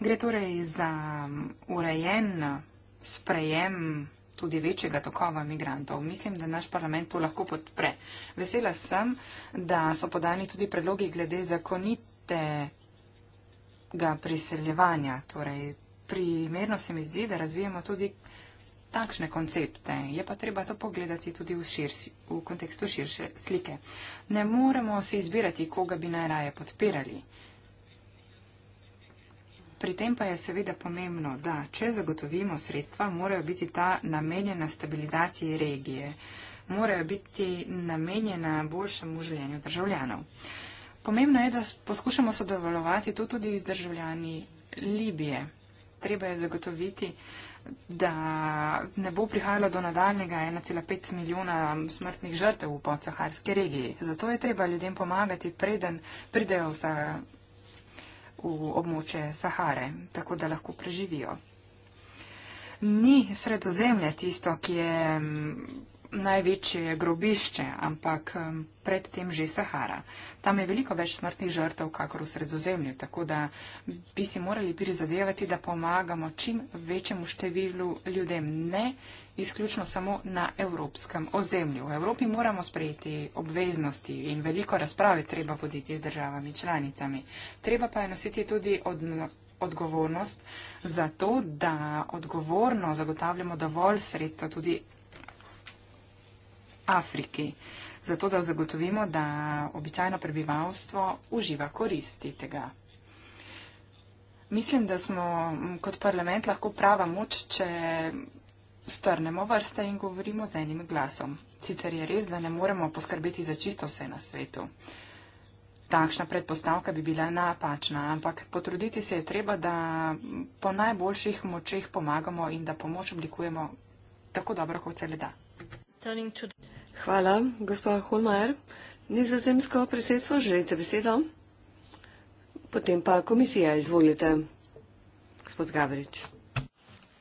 Gre torej za mm, urejen sprejem tudi večjega tokova migrantov. Mislim, da naš parlament to lahko podpre. Vesela sem, da so podani tudi predlogi glede zakonitega priseljevanja. Torej, primerno se mi zdi, da razvijemo tudi takšne koncepte. Je pa treba to pogledati tudi v, širši, v kontekstu širše slike. Ne moremo si izbirati, koga bi najraje podpirali. Pri tem pa je seveda pomembno, da če zagotovimo sredstva, morajo biti ta namenjena stabilizaciji regije, morajo biti namenjena boljšemu življenju državljanov. Pomembno je, da poskušamo sodelovati to tudi z državljani Libije. Treba je zagotoviti, da ne bo prihajalo do nadaljnega 1,5 milijona smrtnih žrtev v podsaharske regiji. Zato je treba ljudem pomagati, preden pridejo vsa v območje Sahare, tako da lahko preživijo. Ni sredozemlje tisto, ki je mm, največje grobišče, ampak mm, predtem že Sahara. Tam je veliko več smrtnih žrtev, kakor v sredozemlju, tako da bi si morali prizadevati, da pomagamo čim večjemu številu ljudem. Ne izključno samo na evropskem ozemlju. V Evropi moramo sprejeti obveznosti in veliko razprave treba voditi z državami članicami. Treba pa je nositi tudi od odgovornost za to, da odgovorno zagotavljamo dovolj sredstva tudi Afriki, zato da zagotovimo, da običajno prebivalstvo uživa koristi tega. Mislim, da smo kot parlament lahko prava moč, če strnemo vrste in govorimo z enim glasom. Sicer je res, da ne moremo poskrbeti za čisto vse na svetu. Takšna predpostavka bi bila napačna, ampak potruditi se je treba, da po najboljših močeh pomagamo in da pomoč oblikujemo tako dobro, kot se le da. Hvala, gospod Holmajer. Nizozemsko predsedstvo, želite besedo? Potem pa komisija, izvolite. Gospod Gavrič.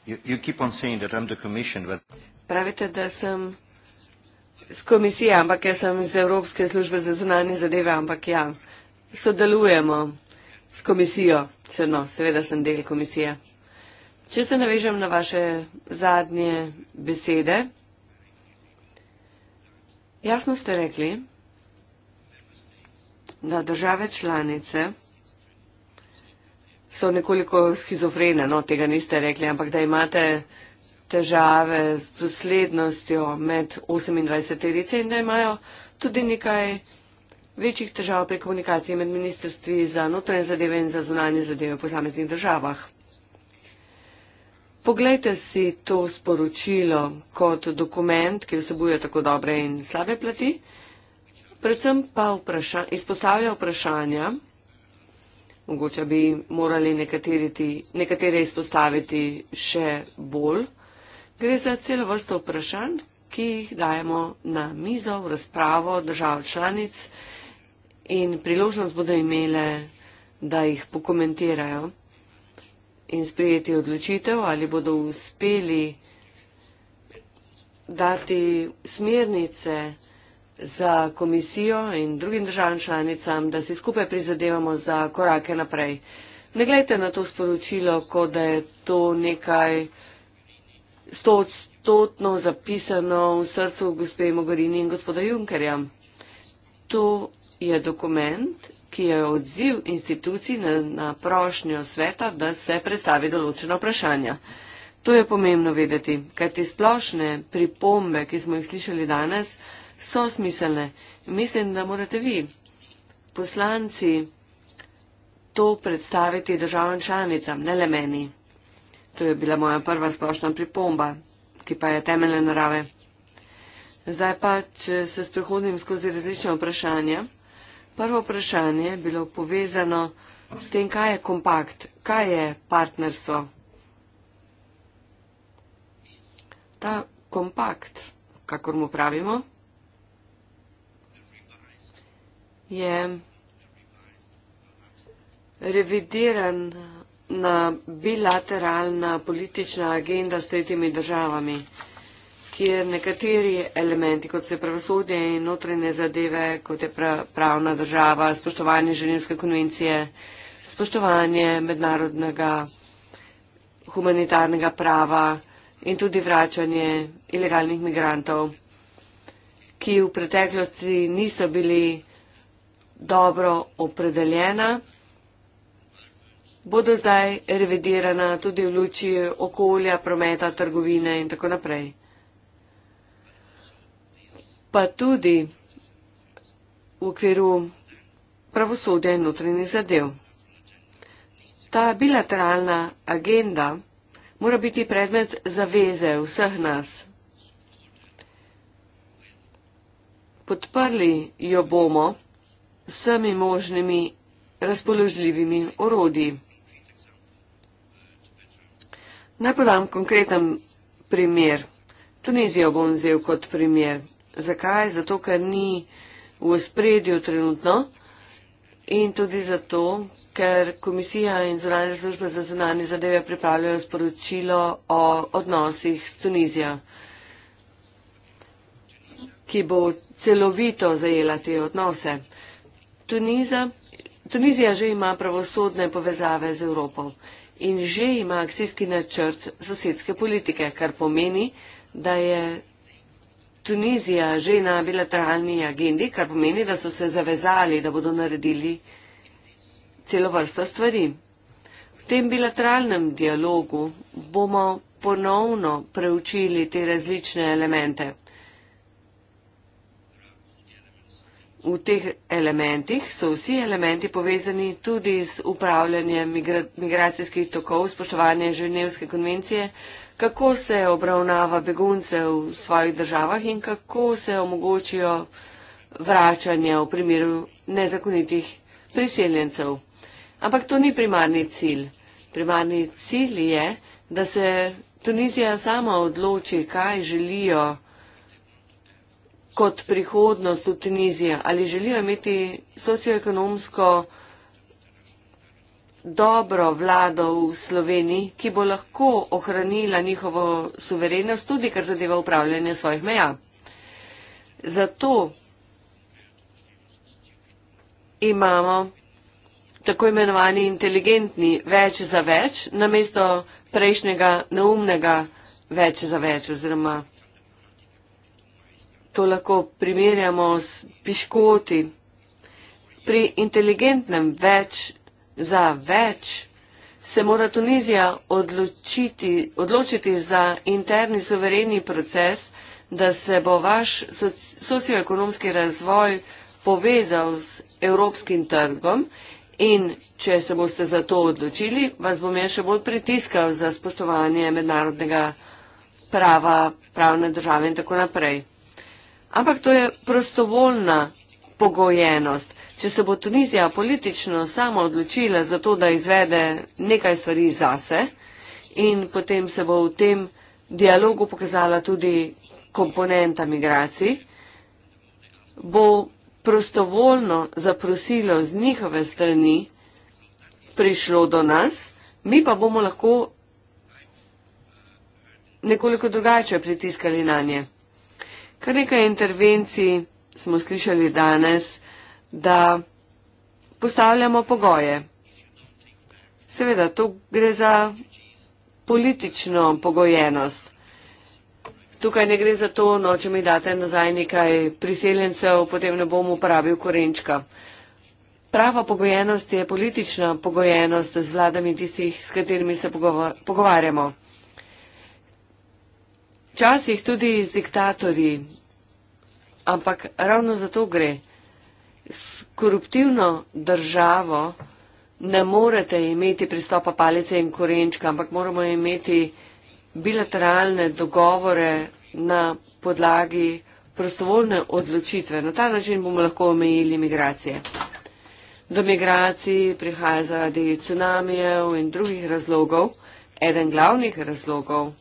You, you that I'm the but... Pravite, da sem z komisije, ampak jaz sem iz Evropske službe za zunanje zadeve, ampak ja, sodelujemo s komisijo, se no, seveda sem del komisije. Če se navežem na vaše zadnje besede, jasno ste rekli, da države članice so nekoliko schizofrene, no, tega niste rekli, ampak da imate težave z doslednostjo med 28-terice in da imajo tudi nekaj večjih težav pri komunikaciji med ministrstvi za notranje zadeve in za zunanje zadeve po zameznih državah. Poglejte si to sporočilo kot dokument, ki vsebuje tako dobre in slabe plati, predvsem pa vpraša, izpostavlja vprašanja, mogoče bi morali ti, nekatere izpostaviti še bolj. Gre za celo vrsto vprašanj, ki jih dajemo na mizo v razpravo držav članic in priložnost bodo imele, da jih pokomentirajo in sprijeti odločitev, ali bodo uspeli dati smernice, za komisijo in drugim državam članicam, da si skupaj prizadevamo za korake naprej. Ne gledajte na to sporočilo, kot da je to nekaj stotno zapisano v srcu gospe Mogorini in gospoda Junkerja. To je dokument, ki je odziv institucij na, na prošnjo sveta, da se predstavi določena vprašanja. To je pomembno vedeti, kajti splošne pripombe, ki smo jih slišali danes, so smiselne. Mislim, da morate vi, poslanci, to predstaviti državam članicam, ne le meni. To je bila moja prva splošna pripomba, ki pa je temeljne narave. Zdaj pa, če se sprehodim skozi različne vprašanja. Prvo vprašanje je bilo povezano s tem, kaj je kompakt, kaj je partnerstvo. Ta kompakt, kakor mu pravimo, je revidiran na bilateralna politična agenda s tretjimi državami, kjer nekateri elementi, kot se pravosodje in notranje zadeve, kot je pravna država, spoštovanje Ženevske konvencije, spoštovanje mednarodnega humanitarnega prava in tudi vračanje ilegalnih migrantov, ki v preteklosti niso bili dobro opredeljena, bodo zdaj revidirana tudi v luči okolja, prometa, trgovine in tako naprej. Pa tudi v okviru pravosodja in notranjih zadev. Ta bilateralna agenda mora biti predmet zaveze vseh nas. Podprli jo bomo, vsemi možnimi razpoložljivimi orodji. Naj podam konkreten primer. Tunizijo bom vzel kot primer. Zakaj? Zato, ker ni v spredju trenutno in tudi zato, ker komisija in zunanje službe za zunanje zadeve pripravljajo sporočilo o odnosih s Tunizijo, ki bo celovito zajela te odnose. Tuniza, Tunizija že ima pravosodne povezave z Evropo in že ima akcijski načrt sosedske politike, kar pomeni, da je Tunizija že na bilateralni agendi, kar pomeni, da so se zavezali, da bodo naredili celo vrsto stvari. V tem bilateralnem dialogu bomo ponovno preučili te različne elemente. V teh elementih so vsi elementi povezani tudi z upravljanjem migra migracijskih tokov, spoštovanje Ženevske konvencije, kako se obravnava begunce v svojih državah in kako se omogočijo vračanje v primeru nezakonitih priseljencev. Ampak to ni primarni cilj. Primarni cilj je, da se Tunizija sama odloči, kaj želijo kot prihodnost v Tunizijo? Ali želijo imeti socioekonomsko dobro vlado v Sloveniji, ki bo lahko ohranila njihovo suverenost, tudi kar zadeva upravljanje svojih meja? Zato imamo tako imenovani inteligentni več za več, namesto prejšnjega neumnega več za več oziroma to lahko primerjamo s piškoti. Pri inteligentnem več za več se mora Tunizija odločiti, odločiti za interni soverenni proces, da se bo vaš socioekonomski razvoj povezal s evropskim trgom in če se boste za to odločili, vas bom jaz še bolj pritiskal za spoštovanje mednarodnega prava, pravne države in tako naprej. Ampak to je prostovoljna pogojenost. Če se bo Tunizija politično sama odločila za to, da izvede nekaj stvari zase in potem se bo v tem dialogu pokazala tudi komponenta migracij, bo prostovoljno zaprosilo z njihove strani prišlo do nas, mi pa bomo lahko nekoliko drugače pritiskali na nje. Kar nekaj intervencij smo slišali danes, da postavljamo pogoje. Seveda, tu gre za politično pogojenost. Tukaj ne gre za to, no, če mi date nazaj nekaj priseljencev, potem ne bom uporabil korenčka. Prava pogojenost je politična pogojenost z vladami tistih, s katerimi se pogovarjamo včasih tudi z diktatorji, ampak ravno zato gre. S koruptivno državo ne morete imeti pristopa palice in korenčka, ampak moramo imeti bilateralne dogovore na podlagi prostovoljne odločitve. Na ta način bomo lahko omejili migracije. Do migracij prihaja zaradi tsunamijev in drugih razlogov. Eden glavnih razlogov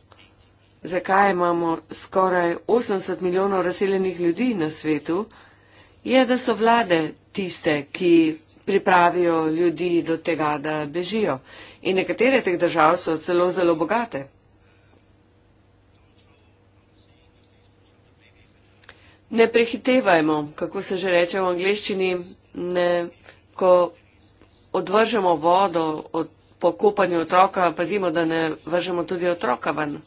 zakaj imamo skoraj 80 milijonov razseljenih ljudi na svetu, je, da so vlade tiste, ki pripravijo ljudi do tega, da bežijo. In nekatere teh držav so celo zelo bogate. Ne prehitevajmo, kako se že reče v angliščini, ne, ko odvržemo vodo od pokopanja otroka, pazimo, da ne vržemo tudi otroka ven.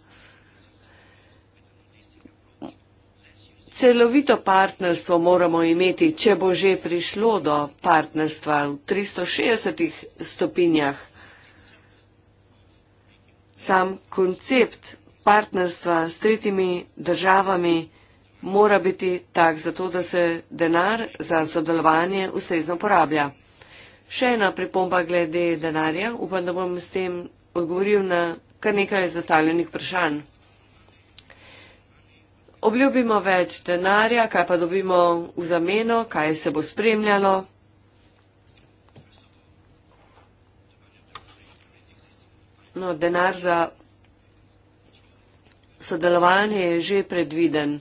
Celovito partnerstvo moramo imeti, če bo že prišlo do partnerstva v 360 stopinjah. Sam koncept partnerstva s tretjimi državami mora biti tak, zato da se denar za sodelovanje ustrezno porablja. Še ena pripomba glede denarja. Upam, da bom s tem odgovoril na kar nekaj zastavljenih vprašanj. Obljubimo več denarja, kaj pa dobimo v zameno, kaj se bo spremljalo. No, denar za sodelovanje je že predviden,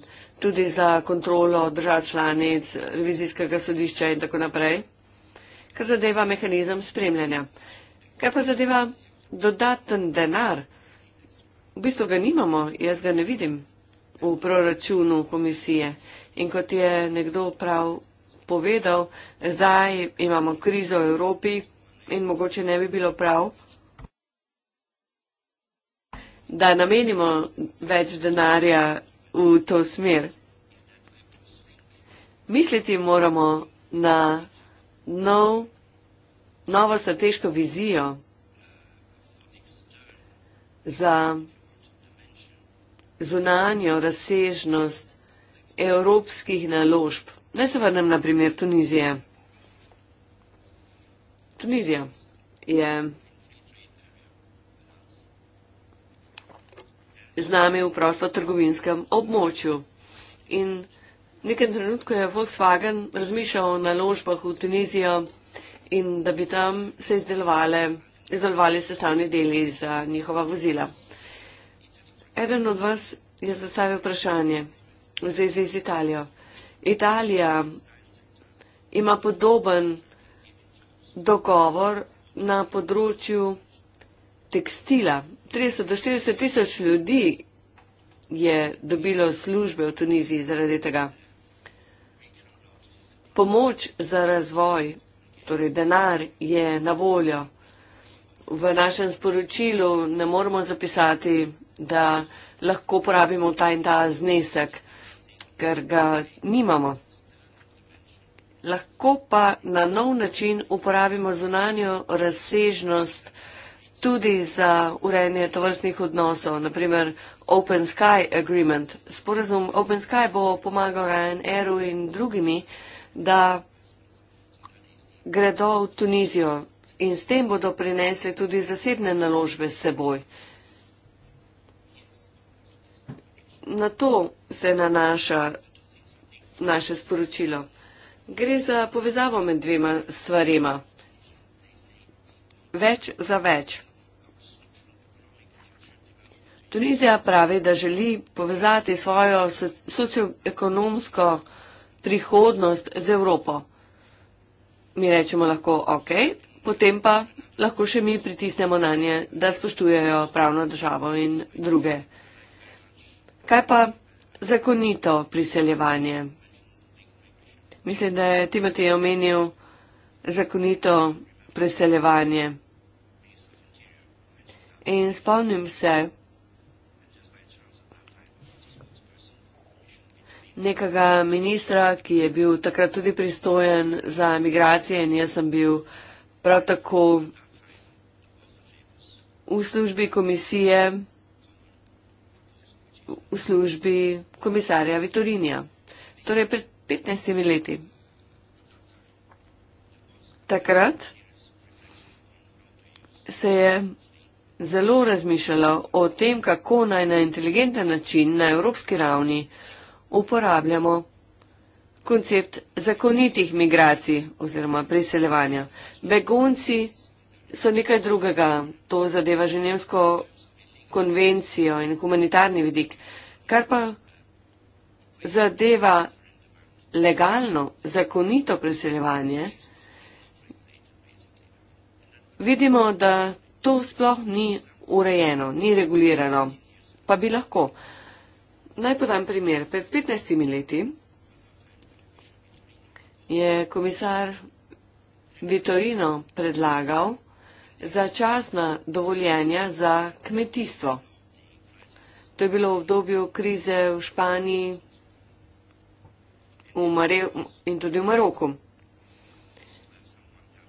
tudi za kontrolo držav članic, revizijskega sodišča in tako naprej, kar zadeva mehanizem spremljanja. Kaj pa zadeva dodaten denar? V bistvu ga nimamo, jaz ga ne vidim v proračunu komisije. In kot je nekdo prav povedal, zdaj imamo krizo v Evropi in mogoče ne bi bilo prav, da namenimo več denarja v to smer. Misliti moramo na nov, novo strateško vizijo za zunanjo razsežnost evropskih naložb. Naj se vrnem na primer Tunizije. Tunizija je z nami v prostotrgovinskem območju in v nekem trenutku je Volkswagen razmišljal o naložbah v Tunizijo in da bi tam se izdelovali sestavni deli za njihova vozila. Eden od vas je zastavil vprašanje v zvezi z Italijo. Italija ima podoben dogovor na področju tekstila. 30 do 40 tisoč ljudi je dobilo službe v Tuniziji zaradi tega. Pomoč za razvoj, torej denar, je na voljo. V našem sporočilu ne moremo zapisati da lahko porabimo ta in ta znesek, ker ga nimamo. Lahko pa na nov način uporabimo zunanjo razsežnost tudi za urejanje tovrstnih odnosov, naprimer Open Sky Agreement. Sporazum Open Sky bo pomagal Ryanairu in drugimi, da gredo v Tunizijo in s tem bodo prinesli tudi zasebne naložbe s seboj. na to se nanaša naše sporočilo. Gre za povezavo med dvema stvarima. Več za več. Tunizija pravi, da želi povezati svojo socioekonomsko prihodnost z Evropo. Mi rečemo lahko ok, potem pa lahko še mi pritisnemo na nje, da spoštujejo pravno državo in druge. Kaj pa zakonito priseljevanje? Mislim, da je Timati je omenil zakonito priseljevanje. In spomnim se nekega ministra, ki je bil takrat tudi pristojen za migracije in jaz sem bil prav tako v službi komisije v službi komisarja Vitorinja, torej pred 15 leti. Takrat se je zelo razmišljalo o tem, kako naj na inteligenten način na evropski ravni uporabljamo koncept zakonitih migracij oziroma priseljevanja. Begunci so nekaj drugega, to zadeva ženevsko konvencijo in humanitarni vidik. Kar pa zadeva legalno, zakonito preseljevanje, vidimo, da to sploh ni urejeno, ni regulirano. Pa bi lahko. Naj podam primer. Pred 15 leti je komisar Vitorino predlagal, začasna dovoljenja za kmetijstvo. To je bilo v obdobju krize v Španiji v Mare, in tudi v Maroku.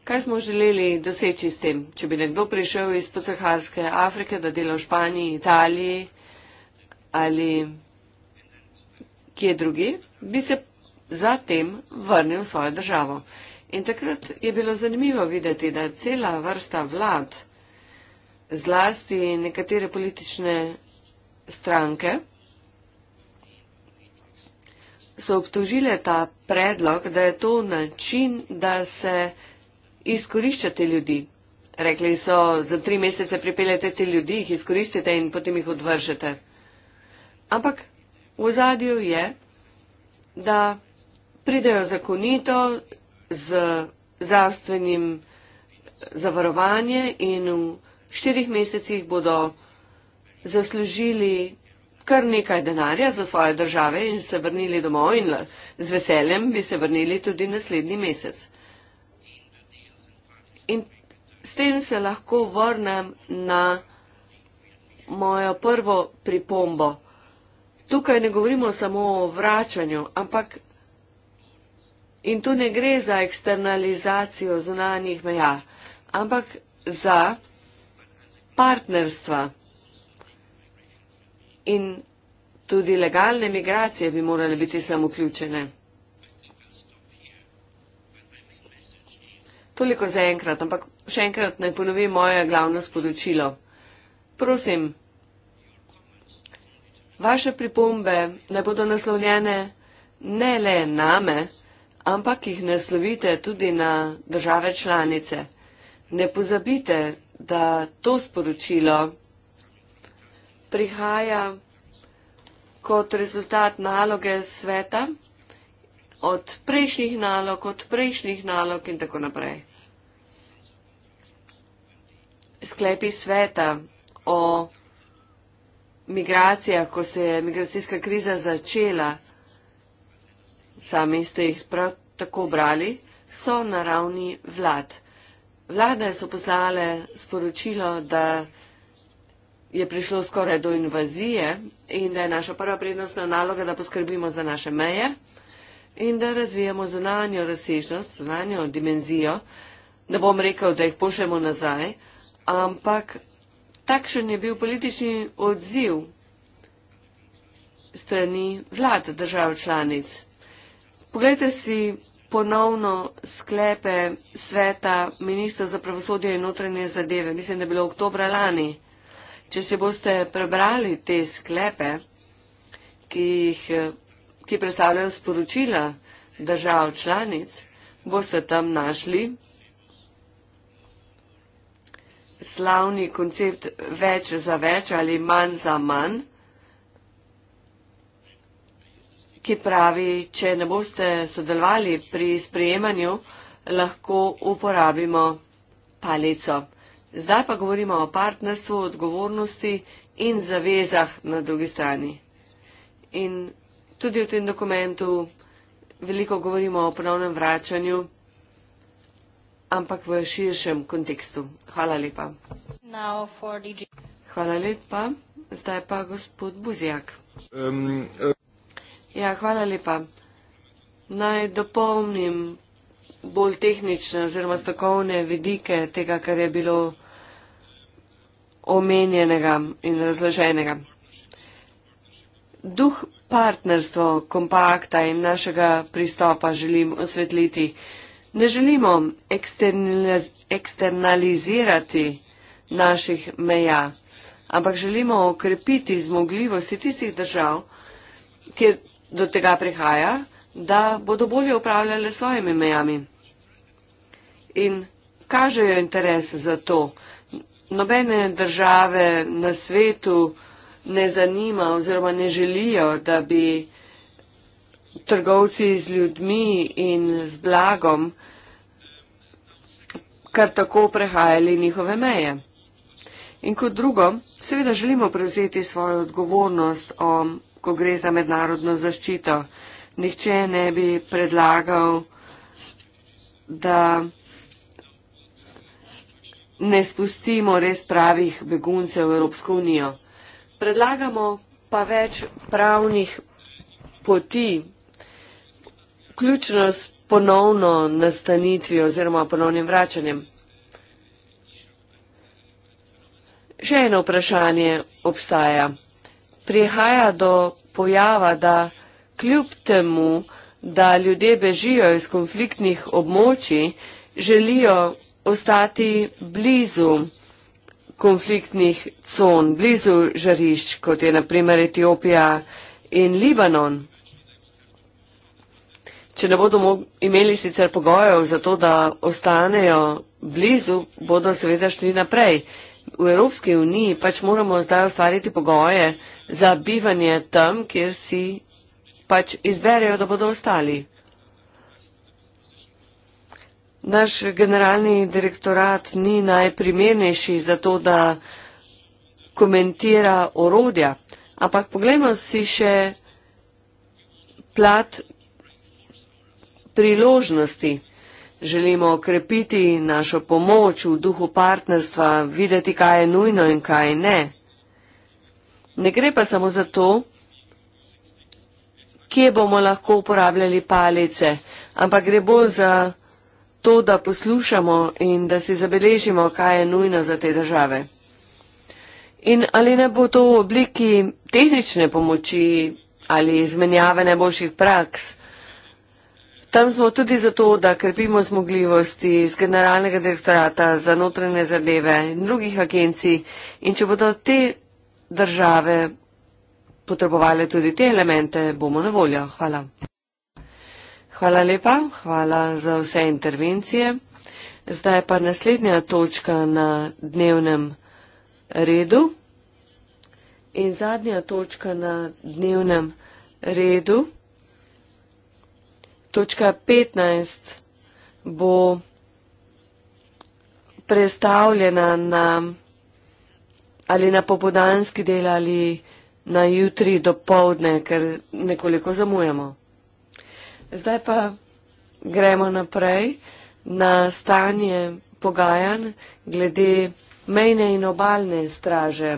Kaj smo želeli doseči s tem? Če bi nekdo prišel iz Potreharske Afrike, da dela v Španiji, Italiji ali kje drugi, bi se zatem vrnil v svojo državo. In takrat je bilo zanimivo videti, da cela vrsta vlad, zlasti nekatere politične stranke, so obtožile ta predlog, da je to način, da se izkoriščate ljudi. Rekli so, za tri mesece pripeljete te ljudi, jih izkoristite in potem jih odvržete. Ampak v zadju je, da pridejo zakonito, z zdravstvenim zavarovanje in v štirih mesecih bodo zaslužili kar nekaj denarja za svoje države in se vrnili domov in z veseljem bi se vrnili tudi naslednji mesec. In s tem se lahko vrnem na mojo prvo pripombo. Tukaj ne govorimo samo o vračanju, ampak In tu ne gre za eksternalizacijo zunanjih meja, ampak za partnerstva. In tudi legalne migracije bi morale biti samoključene. Toliko za enkrat, ampak še enkrat naj ponovim moje glavno sporočilo. Prosim, vaše pripombe ne bodo naslovljene ne le name, ampak jih naslovite tudi na države članice. Ne pozabite, da to sporočilo prihaja kot rezultat naloge sveta, od prejšnjih nalog, od prejšnjih nalog in tako naprej. Sklepi sveta o migracijah, ko se je migracijska kriza začela sami ste jih prav tako brali, so na ravni vlad. Vlade so poslale sporočilo, da je prišlo skoraj do invazije in da je naša prva prednostna naloga, da poskrbimo za naše meje in da razvijamo zunanjo razsežnost, zunanjo dimenzijo. Ne bom rekel, da jih pošljemo nazaj, ampak takšen je bil politični odziv strani vlad držav članic. Poglejte si ponovno sklepe sveta ministra za pravosodje in notranje zadeve. Mislim, da je bilo oktobra lani. Če si boste prebrali te sklepe, ki, jih, ki predstavljajo sporočila držav članic, boste tam našli slavni koncept več za več ali manj za manj. ki pravi, če ne boste sodelovali pri sprejemanju, lahko uporabimo palico. Zdaj pa govorimo o partnerstvu, odgovornosti in zavezah na drugi strani. In tudi v tem dokumentu veliko govorimo o ponovnem vračanju, ampak v širšem kontekstu. Hvala lepa. Hvala lepa. Zdaj pa gospod Buzjak. Um, uh... Ja, hvala lepa. Naj dopolnim bolj tehnične oziroma strokovne vidike tega, kar je bilo omenjenega in razloženega. Duh partnerstva, kompakta in našega pristopa želim osvetliti. Ne želimo eksternalizirati naših meja, ampak želimo okrepiti zmogljivosti tistih držav, kjer do tega prihaja, da bodo bolje upravljale svojimi mejami. In kažejo interes za to. Nobene države na svetu ne zanima oziroma ne želijo, da bi trgovci z ljudmi in z blagom kar tako prehajali njihove meje. In kot drugo, seveda želimo prevzeti svojo odgovornost o ko gre za mednarodno zaščito. Nihče ne bi predlagal, da ne spustimo res pravih beguncev v Evropsko unijo. Predlagamo pa več pravnih poti, ključno s ponovno nastanitvijo oziroma ponovnim vračanjem. Še eno vprašanje obstaja prihaja do pojava, da kljub temu, da ljudje bežijo iz konfliktnih območij, želijo ostati blizu konfliktnih con, blizu žarišč, kot je naprimer Etiopija in Libanon. Če ne bodo imeli sicer pogojev za to, da ostanejo blizu, bodo seveda šli naprej v Evropski uniji pač moramo zdaj ustvariti pogoje za bivanje tam, kjer si pač izberejo, da bodo ostali. Naš generalni direktorat ni najprimernejši za to, da komentira orodja, ampak poglejmo si še plat priložnosti. Želimo okrepiti našo pomoč v duhu partnerstva, videti, kaj je nujno in kaj ne. Ne gre pa samo za to, kje bomo lahko uporabljali palice, ampak gre bolj za to, da poslušamo in da si zabeležimo, kaj je nujno za te države. In ali ne bo to v obliki tehnične pomoči ali izmenjave najboljših praks. Tam smo tudi zato, da krepimo zmogljivosti z generalnega direktorata za notranje zadeve in drugih agencij in če bodo te države potrebovali tudi te elemente, bomo na voljo. Hvala. Hvala lepa, hvala za vse intervencije. Zdaj pa naslednja točka na dnevnem redu. In zadnja točka na dnevnem redu. Točka 15 bo predstavljena na ali na popodanski del ali na jutri do povdne, ker nekoliko zamujamo. Zdaj pa gremo naprej na stanje pogajanj glede mejne in obalne straže.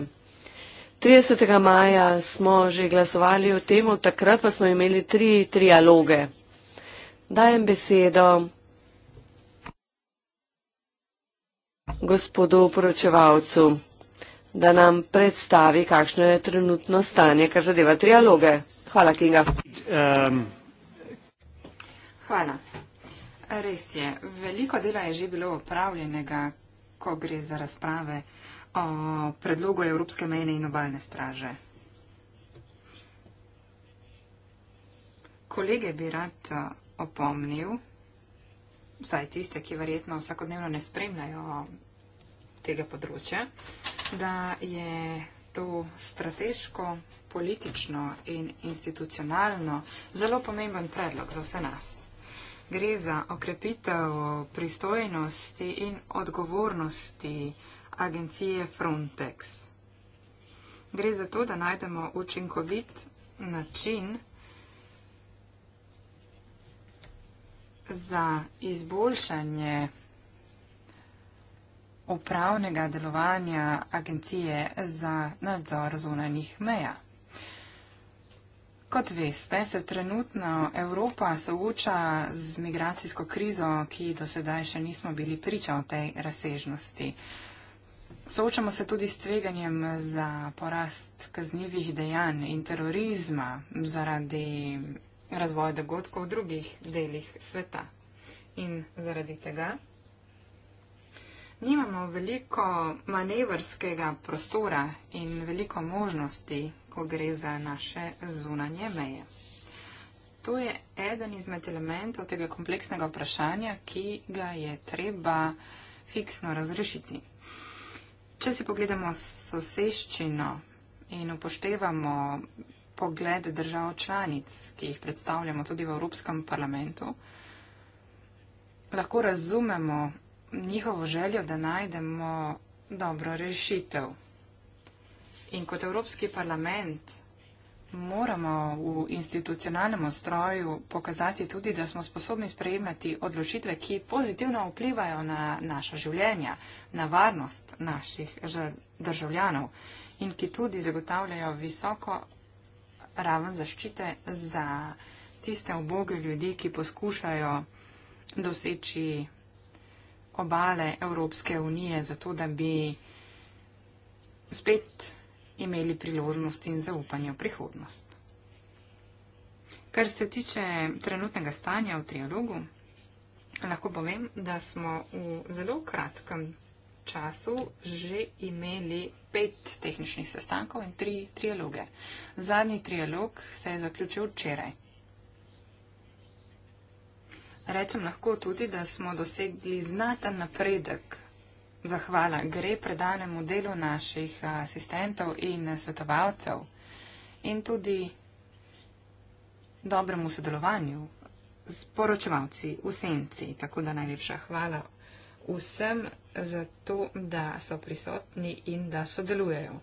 30. maja smo že glasovali o tem, takrat pa smo imeli tri trialoge dajem besedo gospodu poročevalcu, da nam predstavi, kakšno je trenutno stanje, kar zadeva trialoge. Hvala, Kinga. Um, Hvala. Res je, veliko dela je že bilo opravljenega, ko gre za razprave o predlogu Evropske mejne in obalne straže. Kolege bi rad opomnil, vsaj tiste, ki verjetno vsakodnevno ne spremljajo tega področja, da je to strateško, politično in institucionalno zelo pomemben predlog za vse nas. Gre za okrepitev pristojnosti in odgovornosti agencije Frontex. Gre za to, da najdemo učinkovit način, za izboljšanje upravnega delovanja Agencije za nadzor zunanih meja. Kot veste, se trenutno Evropa sooča z migracijsko krizo, ki do sedaj še nismo bili priča o tej razsežnosti. Soočamo se tudi s tveganjem za porast kaznjivih dejanj in terorizma zaradi razvoja dogodkov v drugih delih sveta. In zaradi tega nimamo veliko manevrskega prostora in veliko možnosti, ko gre za naše zunanje meje. To je eden izmed elementov tega kompleksnega vprašanja, ki ga je treba fiksno razrešiti. Če si pogledamo soseščino in upoštevamo pogled držav članic, ki jih predstavljamo tudi v Evropskem parlamentu, lahko razumemo njihovo željo, da najdemo dobro rešitev. In kot Evropski parlament moramo v institucionalnem ostroju pokazati tudi, da smo sposobni sprejemati odločitve, ki pozitivno vplivajo na naša življenja, na varnost naših državljanov in ki tudi zagotavljajo visoko raven zaščite za tiste oboge ljudi, ki poskušajo doseči obale Evropske unije, zato da bi spet imeli priložnost in zaupanje v prihodnost. Kar se tiče trenutnega stanja v trialogu, lahko povem, da smo v zelo kratkem času že imeli pet tehničnih sestankov in tri trialoge. Zadnji trialog se je zaključil včeraj. Rečem lahko tudi, da smo dosegli znaten napredek. Zahvala gre predanemu delu naših asistentov in svetovalcev in tudi dobremu sodelovanju s poročevalci v senci. Tako da najlepša hvala vsem za to, da so prisotni in da sodelujejo.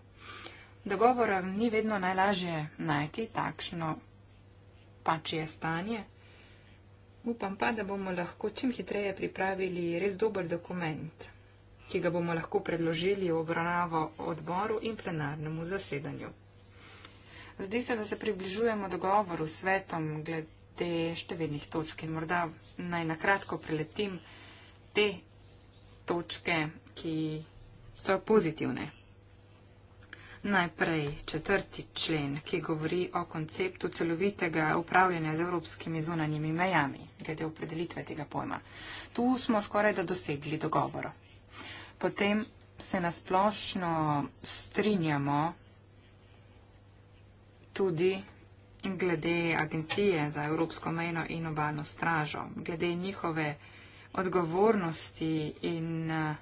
Dogovorom ni vedno najlažje najti takšno pač je stanje. Upam pa, da bomo lahko čim hitreje pripravili res dober dokument, ki ga bomo lahko predložili v obravnavo odboru in plenarnemu zasedanju. Zdi se, da se približujemo dogovoru s svetom glede številnih točk in morda naj nakratko preletim te točke, ki so pozitivne. Najprej četrti člen, ki govori o konceptu celovitega upravljanja z evropskimi zunanjimi mejami, glede opredelitve tega pojma. Tu smo skoraj da dosegli dogovor. Potem se nasplošno strinjamo tudi glede Agencije za Evropsko mejno in obalno stražo, glede njihove odgovornosti in eh,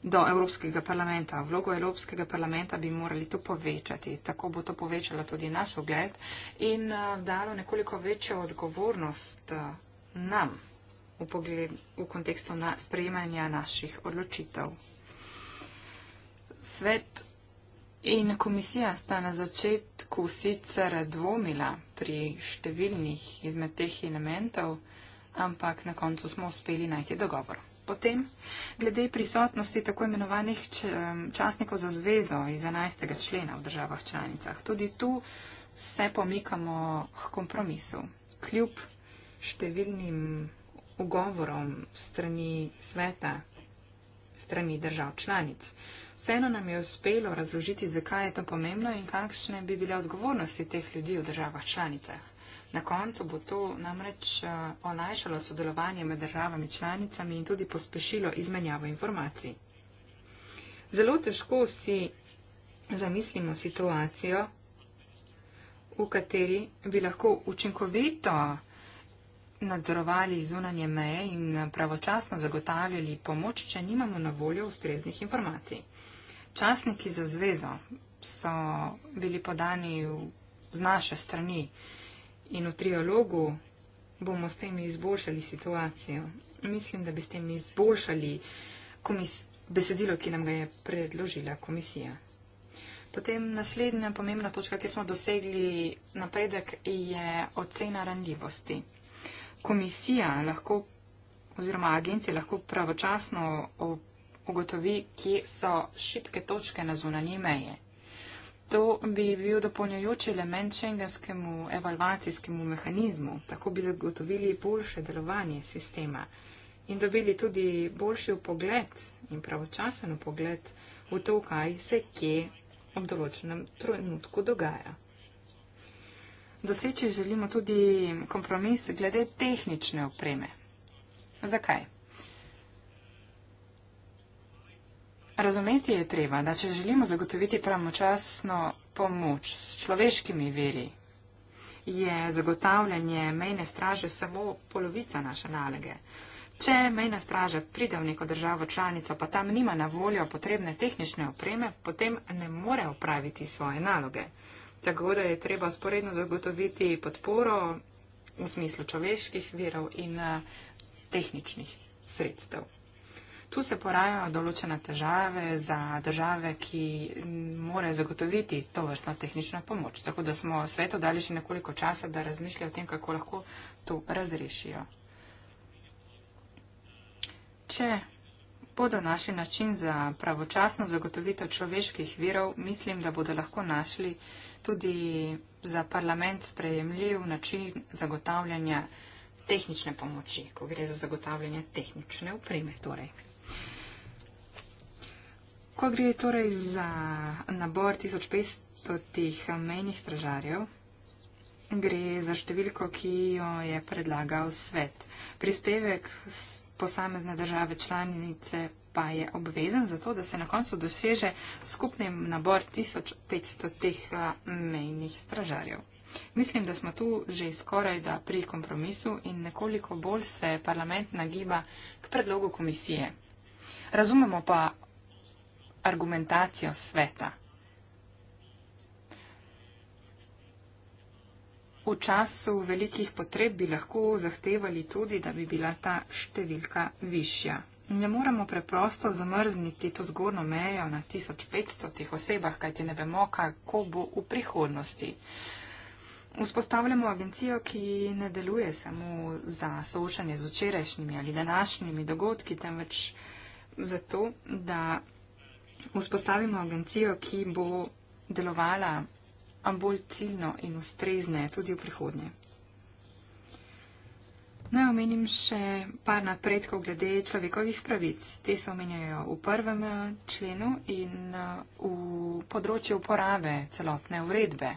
do Evropskega parlamenta. Vlogo Evropskega parlamenta bi morali to povečati. Tako bo to povečalo tudi naš ogled in eh, dalo nekoliko večjo odgovornost eh, nam v, pogled, v kontekstu na sprejemanja naših odločitev. Svet in komisija sta na začetku sicer dvomila pri številnih izmed teh elementov, ampak na koncu smo uspeli najti dogovor. Potem, glede prisotnosti tako imenovanih častnikov za zvezo iz 11. člena v državah članicah, tudi tu se pomikamo k kompromisu. Kljub številnim ugovorom strani sveta, strani držav članic, vseeno nam je uspelo razložiti, zakaj je to pomembno in kakšne bi bile odgovornosti teh ljudi v državah članicah. Na koncu bo to namreč eh, olajšalo sodelovanje med državami članicami in tudi pospešilo izmenjavo informacij. Zelo težko si zamislimo situacijo, v kateri bi lahko učinkovito nadzorovali zunanje meje in pravočasno zagotavljali pomoč, če nimamo na voljo ustreznih informacij. Časniki za zvezo so bili podani z naše strani in v trialogu bomo s tem izboljšali situacijo. Mislim, da bi s tem izboljšali komis, besedilo, ki nam ga je predložila komisija. Potem naslednja pomembna točka, ki smo dosegli napredek, je ocena ranljivosti. Komisija lahko oziroma agencija lahko pravočasno ugotovi, kje so šipke točke na zunanji meji. To bi bil dopolnjujoč element šengenskemu evalvacijskemu mehanizmu. Tako bi zagotovili boljše delovanje sistema in dobili tudi boljši upogled in pravočasen upogled v to, kaj se kje ob določenem trenutku dogaja. Doseči želimo tudi kompromis glede tehnične opreme. Zakaj? Razumeti je treba, da če želimo zagotoviti pravočasno pomoč s človeškimi veri, je zagotavljanje mejne straže samo polovica naše naloge. Če mejna straža pride v neko državo članico, pa tam nima na voljo potrebne tehnične opreme, potem ne more opraviti svoje naloge. Tako da je treba sporedno zagotoviti podporo v smislu človeških virov in eh, tehničnih sredstev. Tu se porajajo določene težave za države, ki morajo zagotoviti to vrstno tehnično pomoč. Tako da smo svetu dali še nekoliko časa, da razmišljajo o tem, kako lahko to razrešijo. Če bodo našli način za pravočasno zagotovitev človeških virov, mislim, da bodo lahko našli tudi za parlament sprejemljiv način zagotavljanja tehnične pomoči, ko gre za zagotavljanje tehnične upreme. Torej. Ko gre torej za nabor 1500 teh mejnih stražarjev, gre za številko, ki jo je predlagal svet. Prispevek posamezne države članice pa je obvezen za to, da se na koncu doseže skupni nabor 1500 teh mejnih stražarjev. Mislim, da smo tu že skoraj da pri kompromisu in nekoliko bolj se parlament nagiba k predlogu komisije. Razumemo pa argumentacijo sveta. V času velikih potreb bi lahko zahtevali tudi, da bi bila ta številka višja. Ne moremo preprosto zamrzniti to zgornjo mejo na 1500 teh osebah, kajti ne vemo, kako bo v prihodnosti. Vzpostavljamo agencijo, ki ne deluje samo za soočanje z včerajšnjimi ali današnjimi dogodki, temveč zato, da vzpostavimo agencijo, ki bo delovala bolj ciljno in ustrezne tudi v prihodnje. Naj omenim še par napredkov glede človekovih pravic. Te se omenjajo v prvem eh, členu in eh, v področju uporabe celotne uredbe.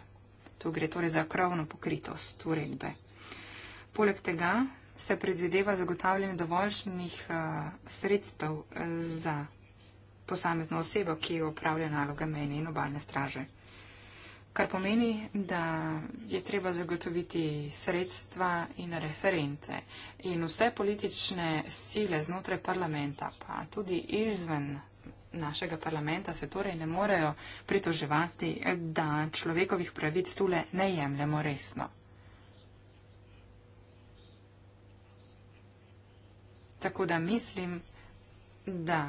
Tu gre torej za krovno pokritost uredbe. Poleg tega se predvideva zagotavljanje dovoljšnih eh, sredstev za posamezno osebo, ki opravlja naloge mejne in obalne straže. Kar pomeni, da je treba zagotoviti sredstva in reference in vse politične sile znotraj parlamenta, pa tudi izven našega parlamenta se torej ne morejo pritoževati, da človekovih pravic tule ne jemljemo resno. Tako da mislim, da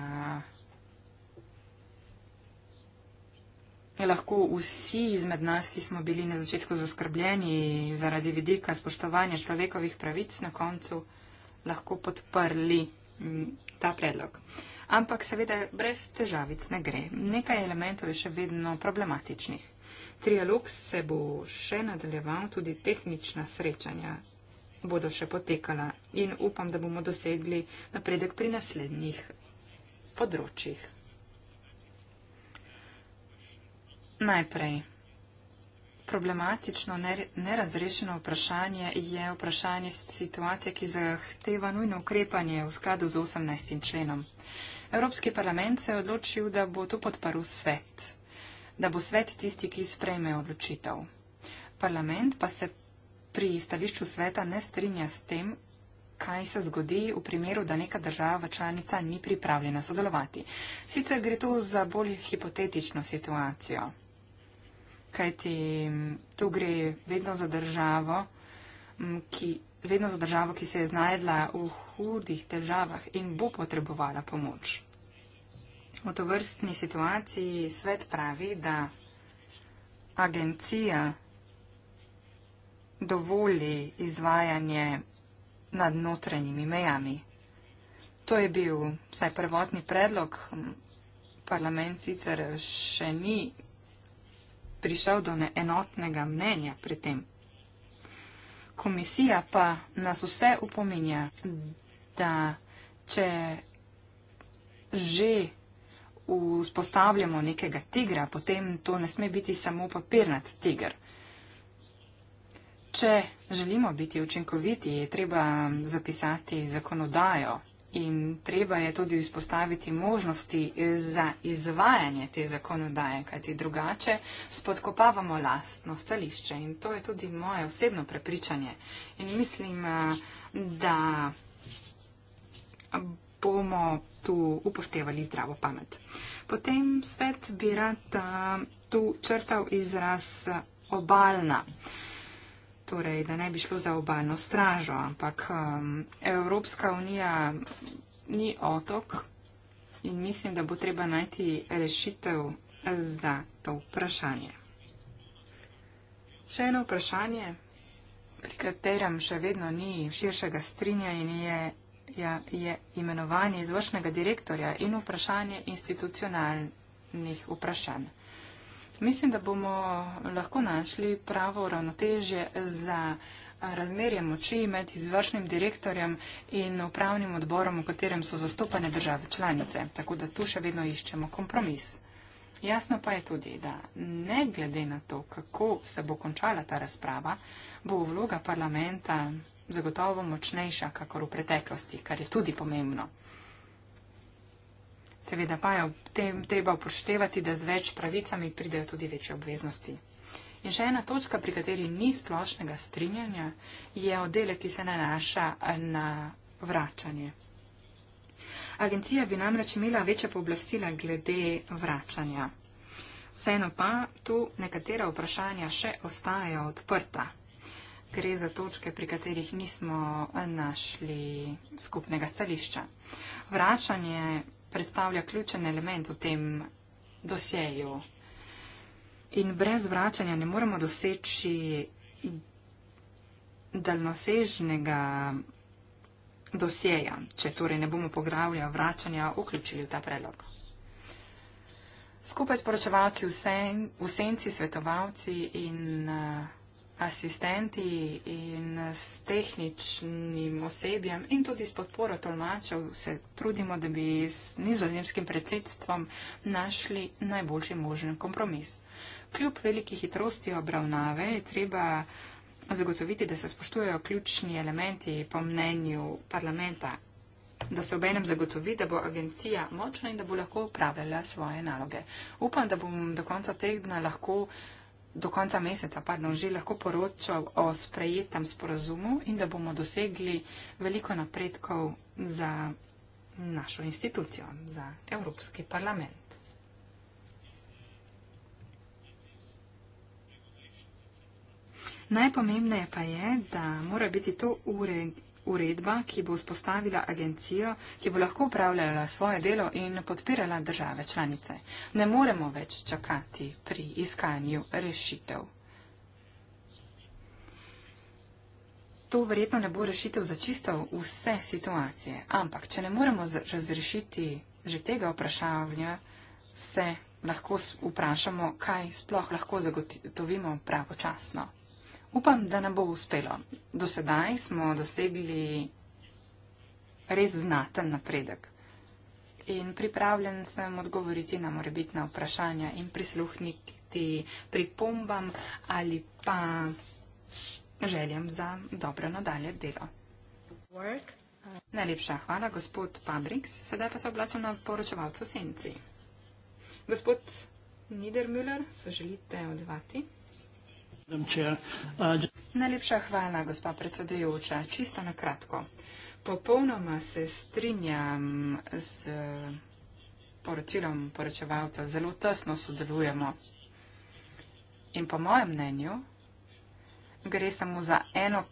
je lahko vsi izmed nas, ki smo bili na začetku zaskrbljeni zaradi vidika spoštovanja človekovih pravic, na koncu lahko podprli mm, ta predlog. Ampak seveda brez težavic ne gre. Nekaj elementov je še vedno problematičnih. Trialog se bo še nadaljeval, tudi tehnična srečanja bodo še potekala in upam, da bomo dosegli napredek pri naslednjih področjih. Najprej. Problematično, nerazrešeno vprašanje je vprašanje situacije, ki zahteva nujno ukrepanje v skladu z 18. členom. Evropski parlament se je odločil, da bo to podparil svet, da bo svet tisti, ki sprejme odločitev. Parlament pa se pri stališču sveta ne strinja s tem, kaj se zgodi v primeru, da neka država članica ni pripravljena sodelovati. Sicer gre tu za bolj hipotetično situacijo kajti mm, tu gre vedno za državo, mm, ki, vedno za državo, ki se je znajdla v hudih težavah in bo potrebovala pomoč. V to vrstni situaciji svet pravi, da agencija dovoli izvajanje nad notranjimi mejami. To je bil vsaj prvotni predlog. Mm, parlament sicer še ni prišel do neenotnega mnenja pri tem. Komisija pa nas vse upominja, da če že vzpostavljamo nekega tigra, potem to ne sme biti samo papirnat tigr. Če želimo biti učinkoviti, je treba zapisati zakonodajo, in treba je tudi izpostaviti možnosti za izvajanje te zakonodaje, kajti drugače spodkopavamo lastno stališče in to je tudi moje osebno prepričanje. In mislim, eh, da bomo tu upoštevali zdravo pamet. Potem svet bi rad eh, tu črtal izraz eh, obalna torej, da ne bi šlo za obalno stražo, ampak um, Evropska unija ni otok in mislim, da bo treba najti rešitev za to vprašanje. Še eno vprašanje, pri katerem še vedno ni širšega strinjanja in je, je, ja, je imenovanje izvršnega direktorja in vprašanje institucionalnih vprašanj. Mislim, da bomo lahko našli pravo ravnotežje za razmerje moči med izvršnim direktorjem in upravnim odborom, v katerem so zastopane države članice. Tako da tu še vedno iščemo kompromis. Jasno pa je tudi, da ne glede na to, kako se bo končala ta razprava, bo vloga parlamenta zagotovo močnejša, kakor v preteklosti, kar je tudi pomembno. Seveda pa je ob tem treba upoštevati, da z več pravicami pridejo tudi večje obveznosti. In še ena točka, pri kateri ni splošnega strinjanja, je oddelek, ki se nanaša eh, na vračanje. Agencija bi namreč imela večje pooblastila glede vračanja. Vseeno pa tu nekatera vprašanja še ostajajo odprta. Gre za točke, pri katerih nismo našli skupnega stališča. Vračanje predstavlja ključen element v tem dosjeju. In brez vračanja ne moremo doseči daljnosežnega dosjeja, če torej ne bomo pogravlja vračanja vključili v ta predlog. Skupaj s poročevalci v, sen, v senci, svetovalci in uh, asistenti in s tehničnim osebjem in tudi s podporo tolmačev se trudimo, da bi s nizozemskim predsedstvom našli najboljši možen kompromis. Kljub veliki hitrosti obravnave je treba zagotoviti, da se spoštujejo ključni elementi po mnenju parlamenta, da se obenem zagotovi, da bo agencija močna in da bo lahko upravljala svoje naloge. Upam, da bom do konca tedna lahko do konca meseca, pardon, že lahko poročal o sprejetem sporazumu in da bomo dosegli veliko napredkov za našo institucijo, za Evropski parlament. Najpomembneje pa je, da mora biti to ureg uredba, ki bo vzpostavila agencijo, ki bo lahko upravljala svoje delo in podpirala države članice. Ne moremo več čakati pri iskanju rešitev. To verjetno ne bo rešitev za čisto vse situacije, ampak če ne moremo razrešiti že tega vprašanja, se lahko vprašamo, kaj sploh lahko zagotovimo pravočasno. Upam, da nam bo uspelo. Do sedaj smo dosegli res znaten napredek in pripravljen sem odgovoriti na morebitna vprašanja in prisluhniti pripombam ali pa željam za dobro nadalje delo. Work. Najlepša hvala, gospod Pabriks. Sedaj pa se oblačam na poročevalcu Senci. Gospod Niedermüller, se želite odzvati? Uh, Najlepša hvala, gospa predsedujoča. Čisto na kratko. Popolnoma se strinjam z poročilom poročevalca. Zelo tesno sodelujemo. In po mojem mnenju gre samo za eno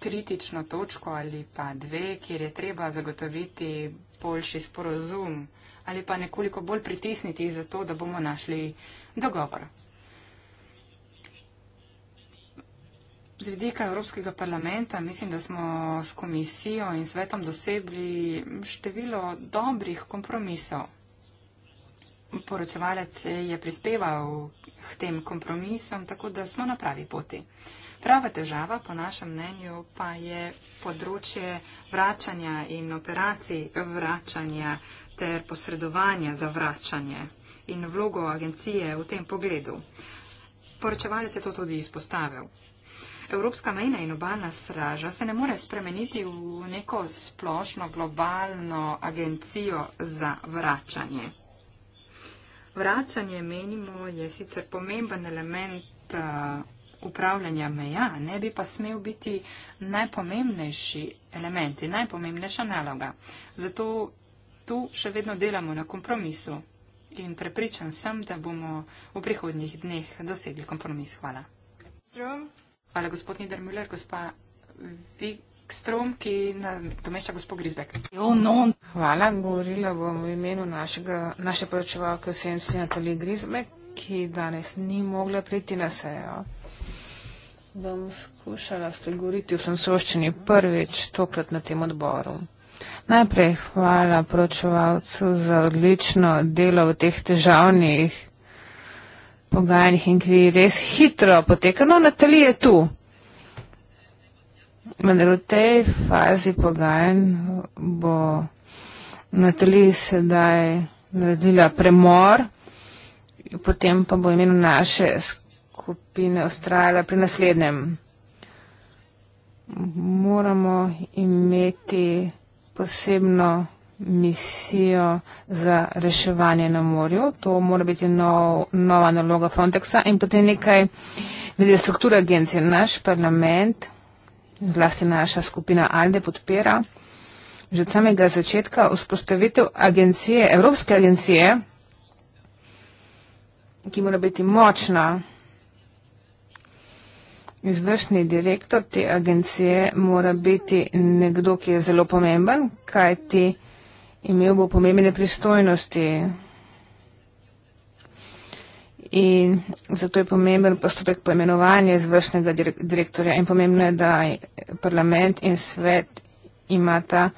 kritično točko ali pa dve, kjer je treba zagotoviti boljši sporozum ali pa nekoliko bolj pritisniti za to, da bomo našli dogovor. z vidika Evropskega parlamenta mislim, da smo s komisijo in svetom dosegli število dobrih kompromisov. Poročevalec je prispeval k tem kompromisom, tako da smo na pravi poti. Prava težava, po našem mnenju, pa je področje vračanja in operacij vračanja ter posredovanja za vračanje in vlogo agencije v tem pogledu. Poročevalec je to tudi izpostavil. Evropska mejna in obalna straža se ne more spremeniti v neko splošno globalno agencijo za vračanje. Vračanje, menimo, je sicer pomemben element eh, upravljanja meja, ne bi pa smel biti najpomembnejši element in najpomembnejša naloga. Zato tu še vedno delamo na kompromisu in prepričan sem, da bomo v prihodnjih dneh dosegli kompromis. Hvala. Strong. Hvala, gospod Niedermüller. Gospa Wikström, ki domešča gospod Grisbek. Hvala. Govorila bom v imenu našega, naše poročevalke Osenci Natalije Grisbek, ki danes ni mogla priti na sejo. Bom skušala spregovoriti v francoščini prvič tokrat na tem odboru. Najprej hvala poročevalcu za odlično delo v teh težavnih pogajanjih in ki res hitro potekajo. No, Natalija je tu. Vendar v tej fazi pogajanj bo Natalija sedaj naredila premor, potem pa bo imel naše skupine ustrajala pri naslednjem. Moramo imeti posebno misijo za reševanje na morju. To mora biti nov, nova naloga Frontexa in potem nekaj glede strukture agencije. Naš parlament, zlasti naša skupina Alde, podpira že od samega začetka vzpostavitev agencije, Evropske agencije, ki mora biti močna. Izvršni direktor te agencije mora biti nekdo, ki je zelo pomemben, kajti imel bo pomembne pristojnosti. In zato je pomemben postopek poimenovanja izvršnega direktorja in pomembno je, da parlament in svet imata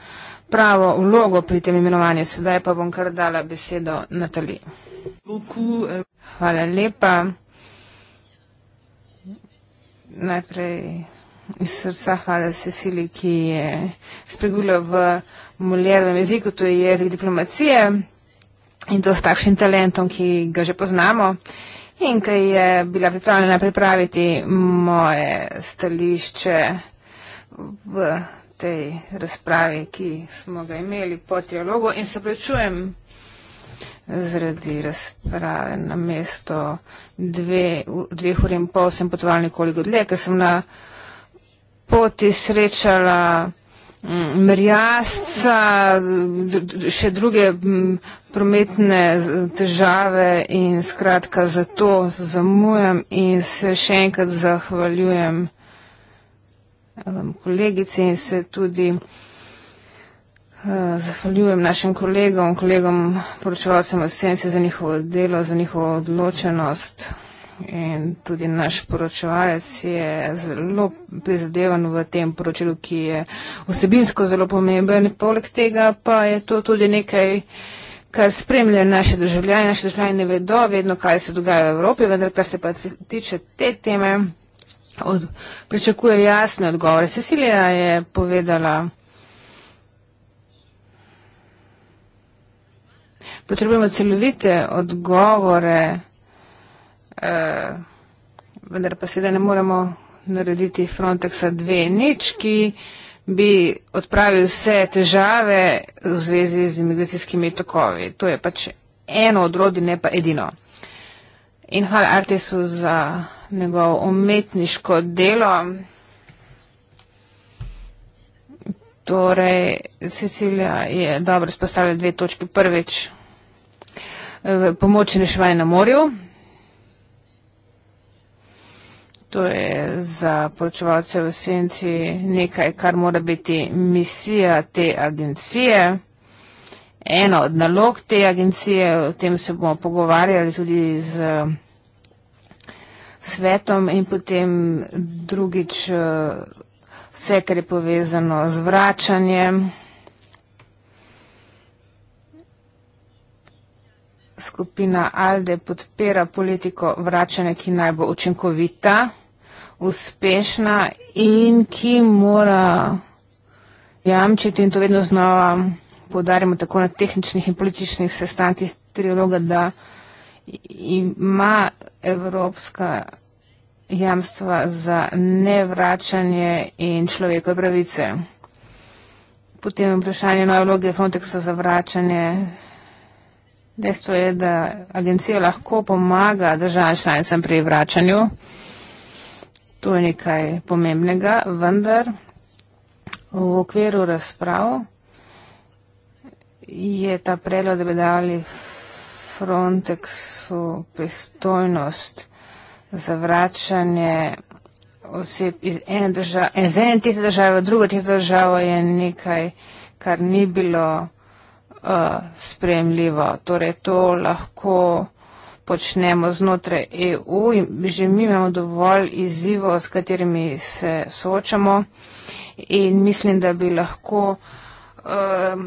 pravo vlogo pri tem imenovanju. Sedaj pa bom kar dala besedo Natali. Hvala lepa. Najprej iz srca hvala Cecili, ki je spregula v molernem jeziku, to je jezik diplomacije in to s takšnim talentom, ki ga že poznamo in ki je bila pripravljena pripraviti moje stališče v tej razpravi, ki smo ga imeli po trialogu in se prečujem zaradi razprave na mesto dve, dveh ur in pol sem potoval nekoliko dlje, ker sem na poti srečala mrjasca, mm, še druge mm, prometne težave in skratka za to zamujam in se še enkrat zahvaljujem um, kolegici in se tudi uh, zahvaljujem našim kolegom, kolegom poročevalcem v senci za njihovo delo, za njihovo odločenost in tudi naš poročevalec je zelo prizadevan v tem poročilu, ki je vsebinsko zelo pomemben. Poleg tega pa je to tudi nekaj, kar spremlja naše državljanje. Naše državljanje ne vedo vedno, kaj se dogaja v Evropi, vendar kar se pa tiče te teme, od, pričakuje jasne odgovore. Cecilija je povedala. Potrebujemo celovite odgovore eh, vendar pa seveda ne moremo narediti Frontexa dve nič, ki bi odpravil vse težave v zvezi z imigracijskimi tokovi. To je pač eno od rodi, ne pa edino. In hvala Artisu za njegovo umetniško delo. Torej, Cecilija je dobro spostavila dve točke. Prvič, pomoč in reševanje na morju. To je za poročevalce v senci nekaj, kar mora biti misija te agencije. Eno od nalog te agencije, o tem se bomo pogovarjali tudi z svetom in potem drugič eh, vse, kar je povezano z vračanjem. Skupina Alde podpira politiko vračanja, ki naj bo učinkovita uspešna in ki mora jamčiti, in to vedno znova podarimo tako na tehničnih in političnih sestankih triloga, da ima evropska jamstva za nevračanje in človekove pravice. Potem vprašanje nove vloge Frontexa za vračanje. Dejstvo je, da agencija lahko pomaga državam članicam pri vračanju. To je nekaj pomembnega, vendar v okviru razprav je ta predlog, da bi dali Frontexu pristojnost za vračanje oseb iz ene države, iz ene tete države v drugo tete državo je nekaj, kar ni bilo uh, eh, spremljivo. Torej, to lahko počnemo znotraj EU in že mi imamo dovolj izzivov, s katerimi se soočamo in mislim, da bi lahko uh,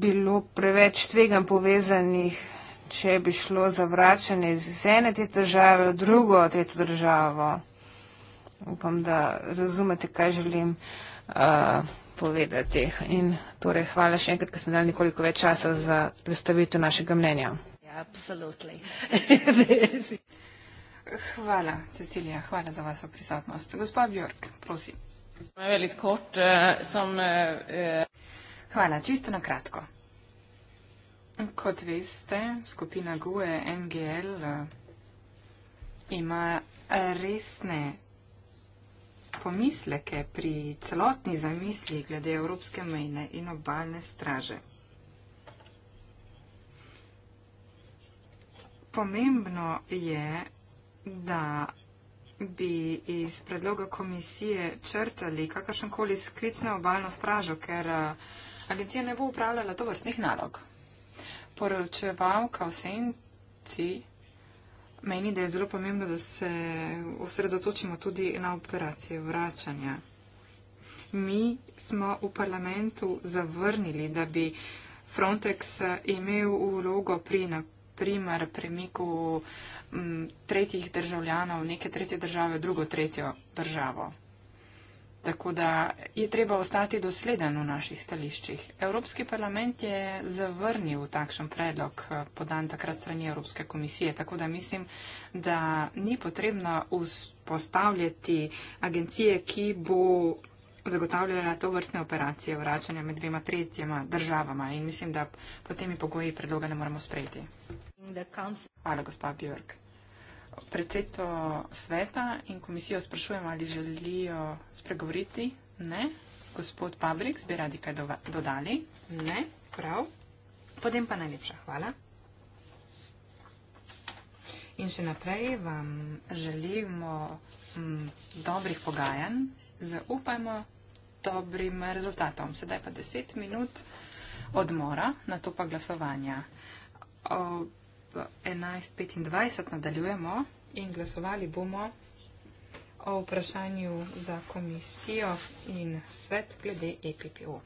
bilo preveč tvegan povezanih, če bi šlo za vračanje iz ene te države v drugo tretjo državo. Upam, da razumete, kaj želim uh, povedati. In torej, hvala še enkrat, ker smo dali nekoliko več časa za predstavitev našega mnenja absolutely. hvala, Cecilija, hvala za vašo prisotnost. Gospa Bjork, prosim. Kort, eh, som, eh, eh, hvala, čisto na kratko. Kot veste, skupina GUE NGL eh, ima resne pomisleke pri celotni zamisli glede Evropske mejne in obalne straže. pomembno je, da bi iz predloga komisije črtali kakršenkoli sklic na obalno stražo, ker eh, agencija ne bo upravljala to vrstnih nalog. Poročevalka v senci meni, da je zelo pomembno, da se osredotočimo tudi na operacije vračanja. Mi smo v parlamentu zavrnili, da bi Frontex imel vlogo pri napredu primer premiku m, tretjih državljanov neke tretje države v drugo tretjo državo. Tako da je treba ostati dosleden v naših stališčih. Evropski parlament je zavrnil takšen predlog, eh, podan takrat strani Evropske komisije, tako da mislim, da ni potrebno vzpostavljati agencije, ki bo zagotavljala to vrstne operacije vračanja med dvema tretjema državama in mislim, da potem pogoji predloga ne moremo sprejeti. Hvala, gospa Björk. Predsedstvo sveta in komisijo sprašujem, ali želijo spregovoriti? Ne. Gospod Pabriks, bi radi kaj dodali? Ne. Prav. Potem pa najlepša hvala. In še naprej vam želimo m, mm, dobrih pogajanj, zaupajmo dobrim rezultatom. Sedaj pa deset minut odmora, na to pa glasovanja. O, 11.25 nadaljujemo in glasovali bomo o vprašanju za komisijo in svet glede EPPO.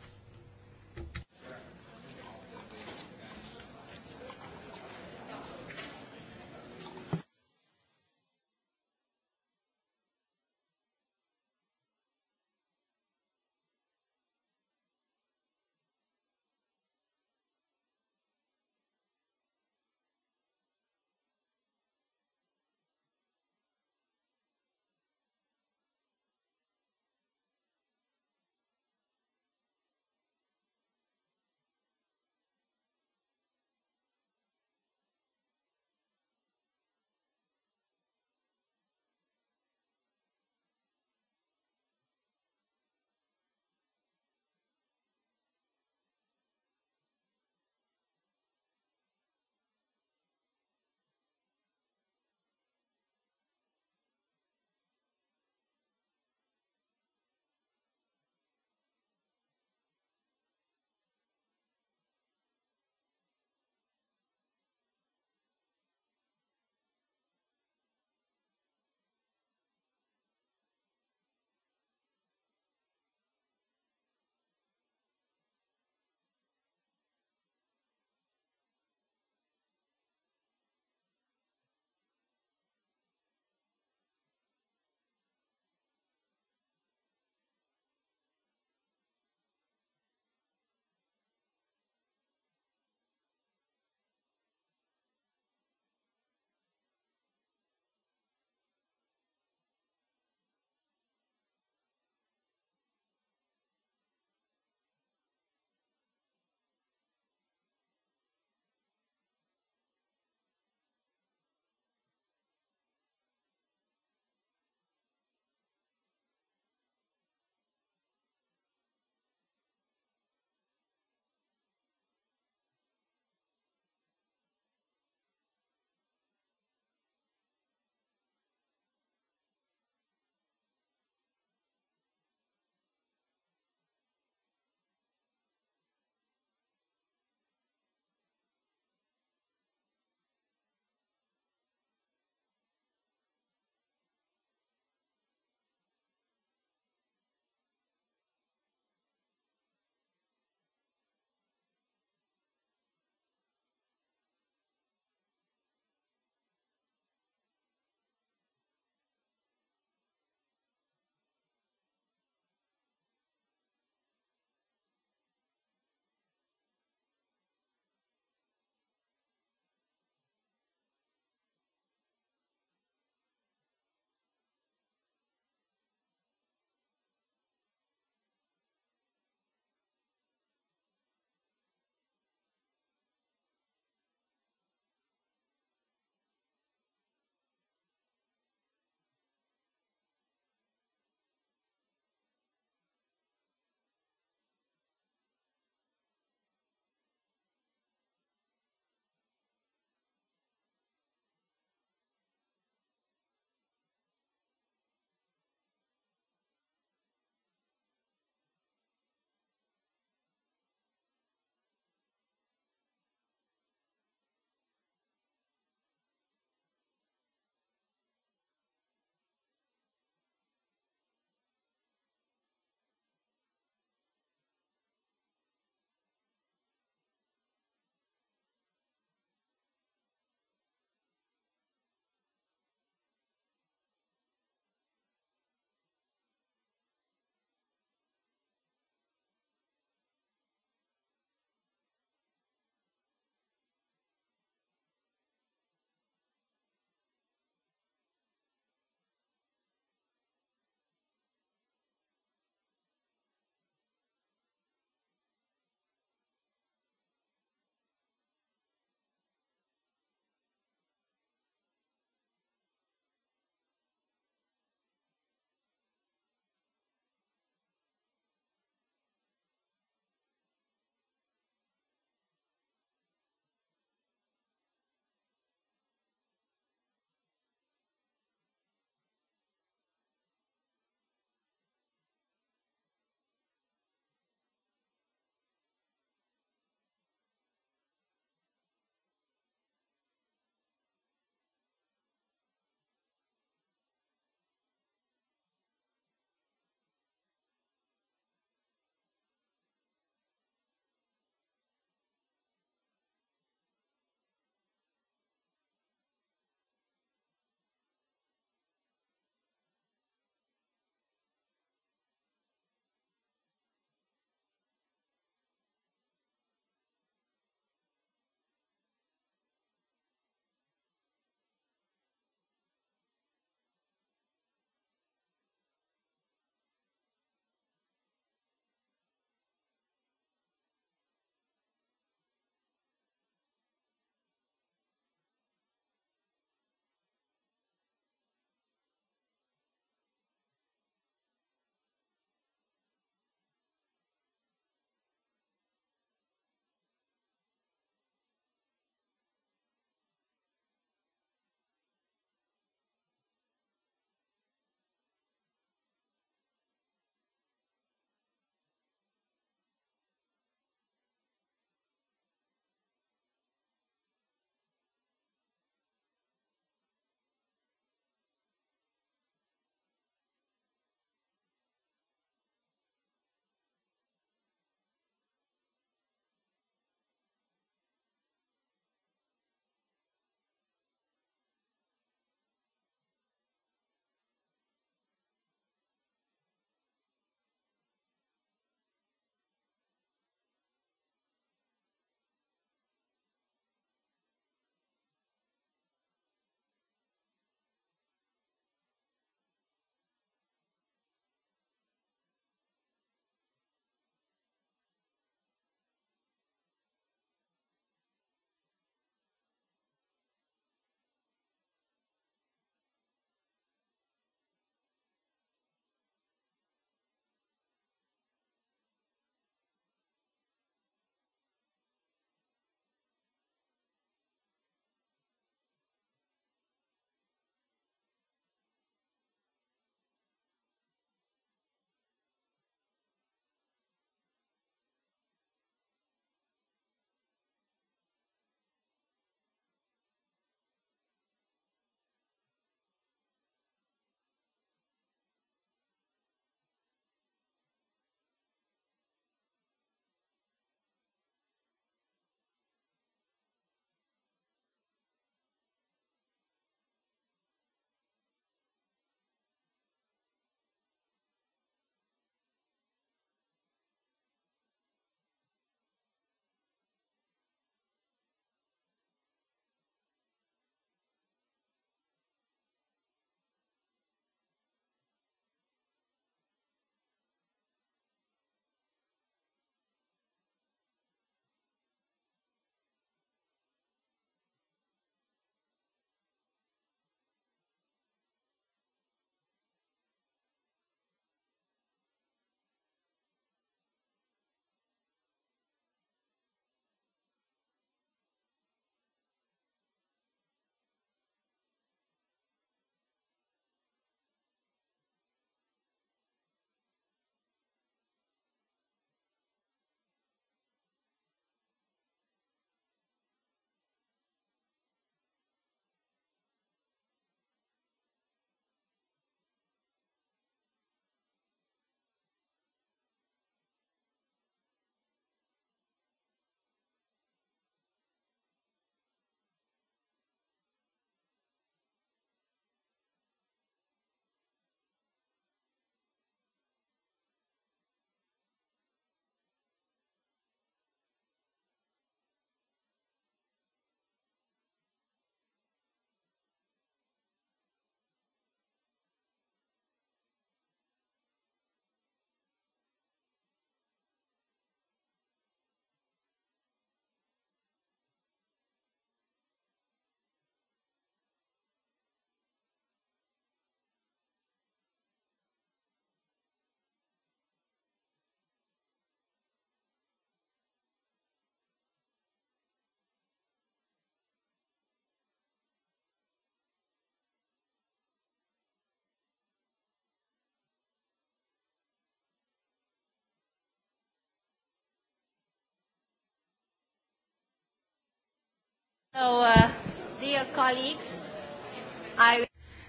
Uh,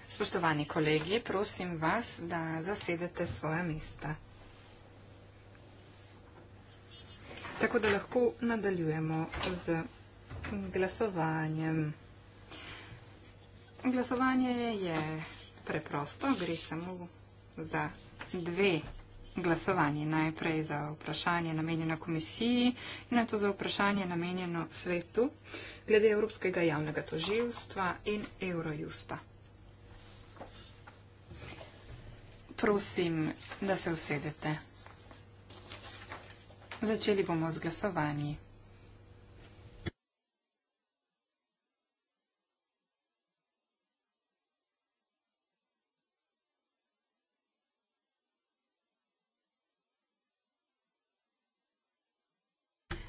Spoštovani kolegi, prosim vas, da zasedete svoje mesta. Tako da lahko nadaljujemo z glasovanjem. Glasovanje je preprosto, gre samo za dve glasovanje najprej za vprašanje namenjeno komisiji in na to za vprašanje namenjeno svetu glede Evropskega javnega toživstva in Eurojusta. Prosim, da se usedete. Začeli bomo z glasovanjem.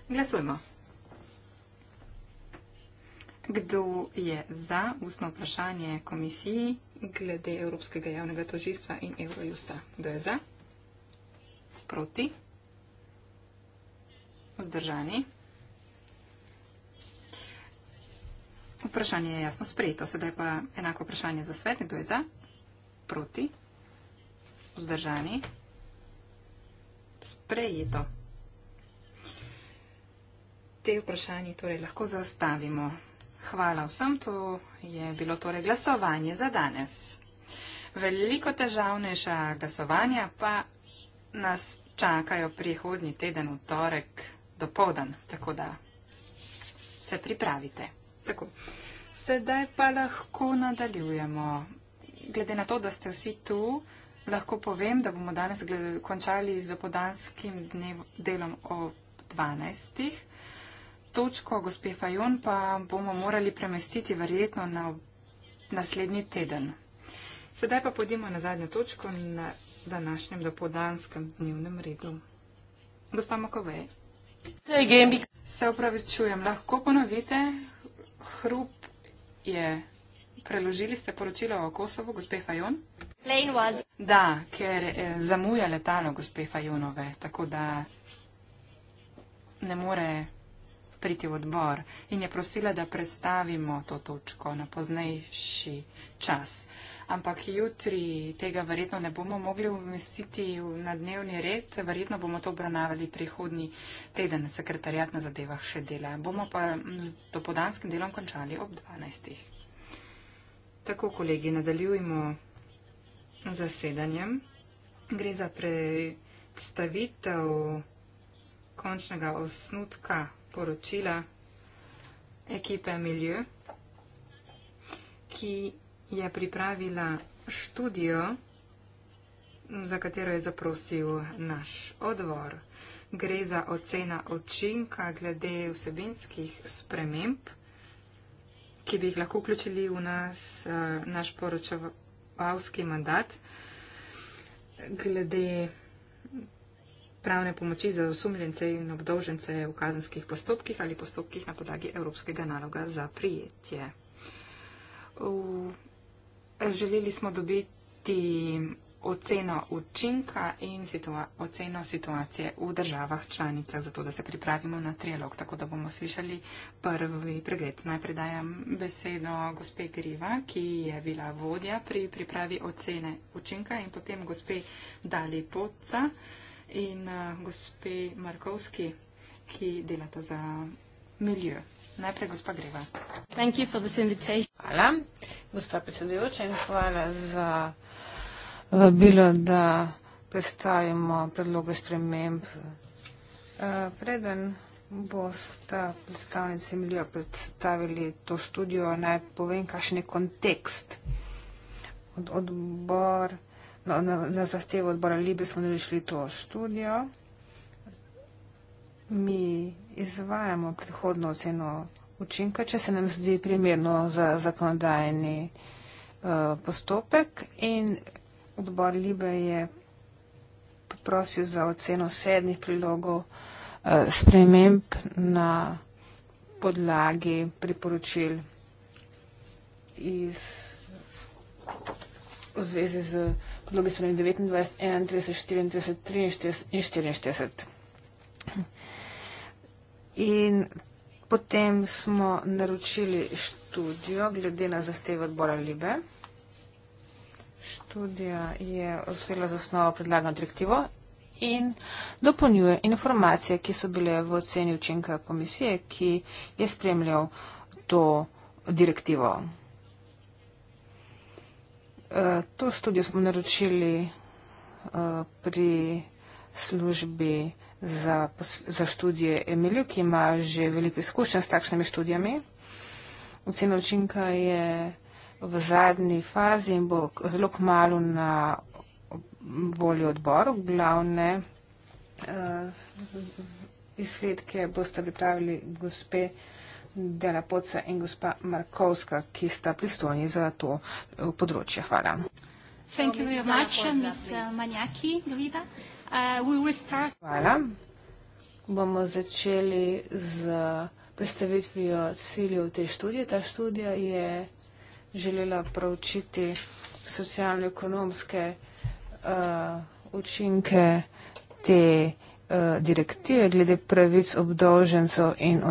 Glasujmo. Kdo je za ustno vprašanje komisiji glede Evropskega javnega tožilstva in Eurojusta? Kdo je za? Proti? Vzdržani? Vprašanje je jasno sprejeto. Sedaj pa enako vprašanje za svet. Kdo je za? Proti? Vzdržani? Sprejeto te vprašanji torej lahko zastavimo. Hvala vsem, to je bilo torej glasovanje za danes. Veliko težavnejša glasovanja pa nas čakajo prihodnji teden v torek do povdan, tako da se pripravite. Tako. Sedaj pa lahko nadaljujemo. Glede na to, da ste vsi tu, lahko povem, da bomo danes končali z dopodanskim dnev, delom o 12 točko gospe Fajon pa bomo morali premestiti verjetno na naslednji teden. Sedaj pa pojdimo na zadnjo točko na današnjem dopodanskem dnevnem redu. Gospa Makovej. Se upravičujem, lahko ponovite, hrup je. Preložili ste poročilo o Kosovu, gospe Fajon? Da, ker eh, zamuja letalo gospe Fajonove, tako da ne more priti v odbor in je prosila, da prestavimo to točko na poznejši čas. Ampak jutri tega verjetno ne bomo mogli umestiti na dnevni red, verjetno bomo to obravnavali prihodni teden, sekretarjat na zadevah še dela. Bomo pa z dopodanskim delom končali ob 12. Tako, kolegi, nadaljujemo zasedanjem. Gre za predstavitev končnega osnutka poročila ekipe Milju, ki je pripravila študijo, za katero je zaprosil naš odvor. Gre za ocena očinka glede vsebinskih sprememb, ki bi jih lahko vključili v nas, eh, naš poročevalski mandat, glede pravne pomoči za osumljence in obdolžence v kazenskih postopkih ali postopkih na podlagi Evropskega naloga za prijetje. V, želeli smo dobiti oceno učinka in situa oceno situacije v državah članicah, zato da se pripravimo na trialog, tako da bomo slišali prvi pregled. Najprej dajem besedo gospe Griva, ki je bila vodja pri pripravi ocene učinka in potem gospe Dali Poca, uh, in eh, gospe Markovski, ki delata za milijo. Najprej gospa Greva. Hvala, gospa predsedujoča in hvala za vabilo, da predstavimo predloge sprememb. Eh, preden boste predstavnice milijo predstavili to študijo, naj povem, kakšen je kontekst. Od odbor на, на, на захтево от Баралибе сме нарешили тоа студио. Ми изваемо предходно оцено учинка, че се нам зди примерно за законодајни е, постопек и от Баралибе е попросил за оцено седних прилогов е, спремемб на подлаги припоручил из у связи с за bilo bi spremljeno 29, 31, 34, 43 in 44. In potem smo naročili študijo glede na zahteve odbora Libe. Študija je osela za osnovo predlagano direktivo in dopolnjuje informacije, ki so bile v oceni učinka komisije, ki je spremljal to direktivo. Eh, to študijo smo naročili uh, pri službi za, za študije Emilijo, ki ima že veliko izkušenj s takšnimi študijami. Ocena učinka je v zadnji fazi in bo zelo k malu na voljo odboru. Glavne uh, izsledke boste pripravili gospe. Dela Poca in gospa Markovska, ki sta pristojni za to eh, področje. Hvala. Uh, uh, uh, Hvala. Bomo začeli z predstavitvijo ciljev te študije. Ta študija je želela pravčiti socialno-ekonomske uh, učinke te študije Eh, direktive glede pravic obdolžencev in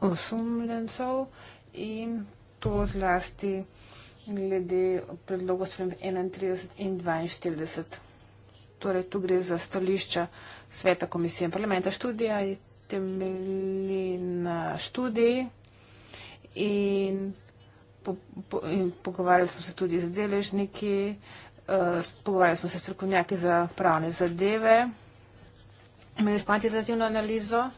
osumljencev in to zlasti glede predlogov sprem 31 in 42. Torej, tu gre za stališča Sveta komisije in parlamenta. Študija je temeli na študiji in, po, po, in pogovarjali smo se tudi z deležniki, uh, pogovarjali smo se s strokovnjaki za pravne zadeve. Imeli smo kvantitativno analizo,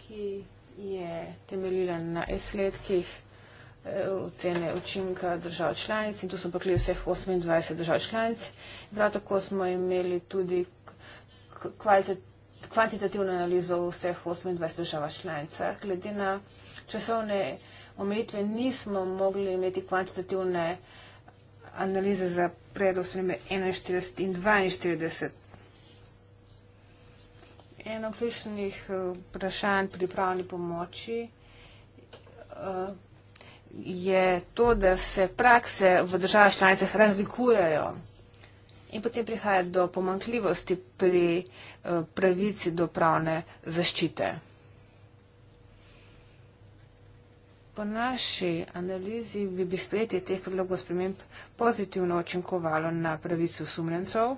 ki je temeljila na izsledkih eh, ocene učinka držav članic in tu smo pokrili vseh 28 držav članic. Prav tako smo imeli tudi kvantitativno analizo v vseh 28 držav članicah. Glede na časovne omejitve nismo mogli imeti kvantitativne analize za predlog 41 in 42 Eno ključnih eh, vprašanj pri pravni pomoči eh, je to, da se prakse v državah članicah razlikujejo in potem prihaja do pomankljivosti pri eh, pravici do pravne zaščite. Po naši analizi bi bi sprejetje teh predlogov sprememb pozitivno očinkovalo na pravico sumljencov.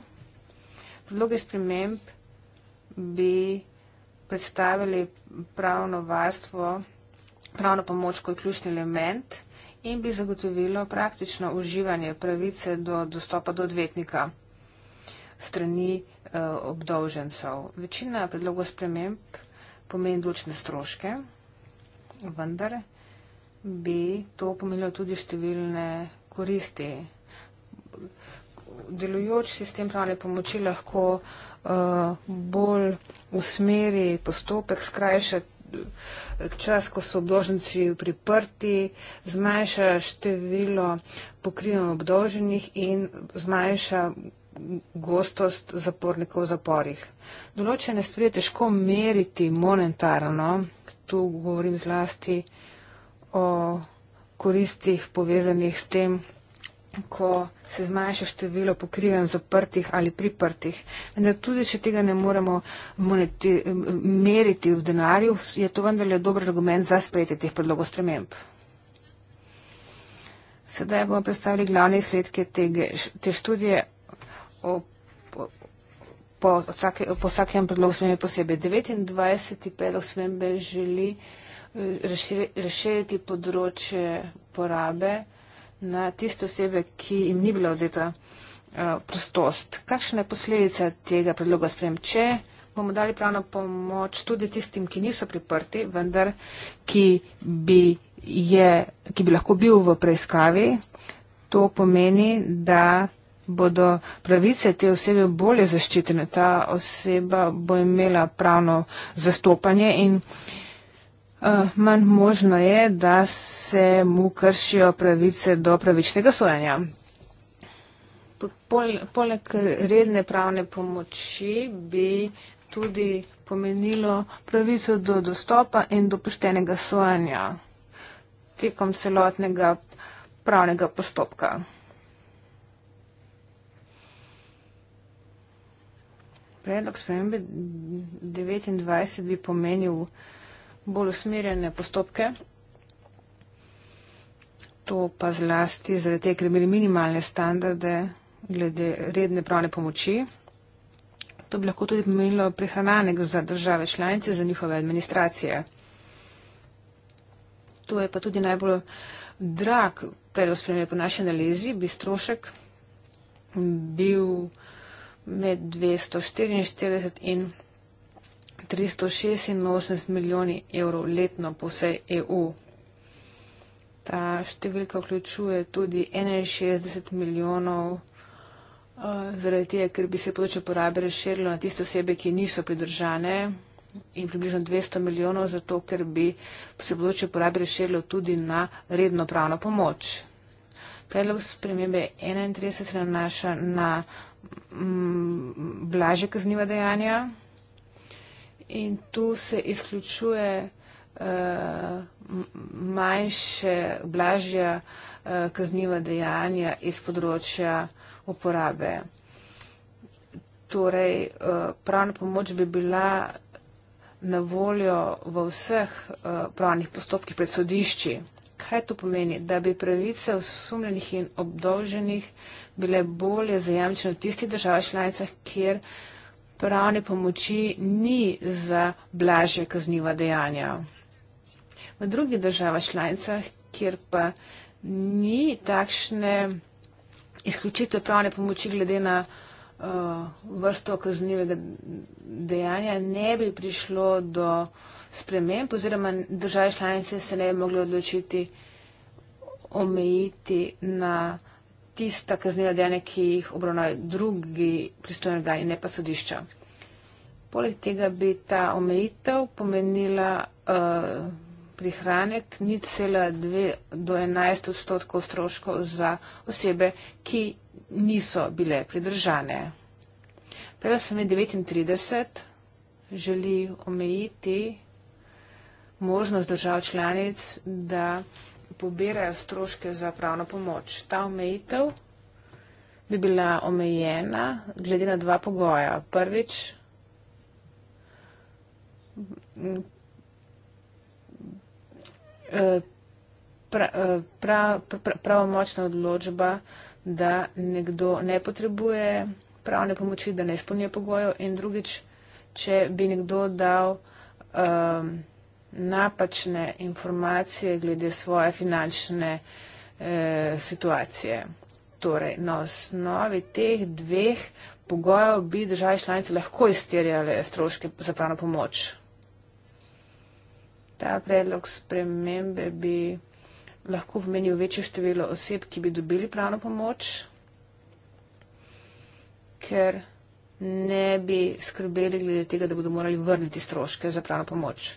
Predloge sprememb bi predstavili pravno varstvo, pravno pomoč kot ključni element in bi zagotovilo praktično uživanje pravice do dostopa do odvetnika strani eh, obdolžencev. Večina predlogov sprememb pomeni dočne stroške, vendar bi to pomenilo tudi številne koristi delujoč sistem pravne pomoči lahko uh, bolj usmeri postopek, skrajša eh, čas, ko so obdoženci priprti, zmanjša število pokrivanj obdoženih in zmanjša gostost zapornikov v zaporih. Določene stvari je težko meriti monetarno, tu govorim zlasti o koristih povezanih s tem, ko se zmanjša število pokriven zaprtih ali priprtih. Vendar tudi, če tega ne moremo moneti, meriti v denarju, je to vendarle dober argument za sprejetje teh predlogov sprememb. Sedaj bomo predstavili glavne izsledke te, te študije o, po, po, vsake, po vsakem predlogu spremembe posebej. 29. predlog spremembe želi eh, reširiti področje porabe na tiste osebe, ki jim ni bila odzeta eh, prostost. Kakšna je posledica tega predloga sprem? Če bomo dali pravno pomoč tudi tistim, ki niso priprti, vendar ki bi, je, ki bi lahko bil v preiskavi, to pomeni, da bodo pravice te osebe bolje zaščitene. Ta oseba bo imela pravno zastopanje in uh, Eh, manj možno je, da se mu kršijo pravice do pravičnega sojenja. Pol, poleg redne pravne pomoči bi tudi pomenilo pravico do dostopa in do poštenega sojenja tekom celotnega pravnega postopka. Predlog spremembe 29 bi pomenil bolj usmerjene postopke. To pa zlasti zaradi tega, ker imeli minimalne standarde glede redne pravne pomoči. To bi lahko tudi pomenilo prihrananega za države članice, za njihove administracije. To je pa tudi najbolj drag predlog spremembe po naši analizi, bi strošek bil med 244 in 386 milijoni evrov letno po vsej EU. Ta številka vključuje tudi 61 milijonov eh, zaradi tega, ker bi se področje porabe razširilo na tiste osebe, ki niso pridržane in približno 200 milijonov zato, ker bi se področje porabe razširilo tudi na redno pravno pomoč. Predlog spremembe 31 se nanaša na mm, blaže kazniva dejanja in tu se izključuje uh, manjše, blažja uh, kazniva dejanja iz področja uporabe. Torej, uh, pravna pomoč bi bila na voljo v vseh uh, pravnih postopkih pred sodišči. Kaj to pomeni? Da bi pravice osumljenih in obdolženih bile bolje zajamčene v tistih državah članicah, kjer uh, pravne pomoči ni za blažje kazniva dejanja. V drugih državah članicah, kjer pa ni takšne izključitve pravne pomoči glede na uh, vrsto kaznivega dejanja, ne bi prišlo do sprememb oziroma države članice se ne bi mogli odločiti omejiti na tista kaznjiva dejanja, ki jih obravnajo drugi pristojni organi, ne pa sodišča. Poleg tega bi ta omejitev pomenila uh, prihranek 0,2 do 11 odstotkov stroškov za osebe, ki niso bile pridržane. Prej sem je 39, želi omejiti možnost držav članic, da poberajo stroške za pravno pomoč. Ta omejitev bi bila omejena glede na dva pogoja. Prvič, eh, eh, pravomočna prav, prav, odločba, da nekdo ne potrebuje pravne pomoči, da ne izpolnjuje pogojev in drugič, če bi nekdo dal um, napačne informacije glede svoje finančne eh, situacije. Torej, na osnovi teh dveh pogojev bi države članice lahko izterjale stroške za pravno pomoč. Ta predlog spremembe bi lahko pomenil večje število oseb, ki bi dobili pravno pomoč, ker ne bi skrbeli glede tega, da bodo morali vrniti stroške za pravno pomoč.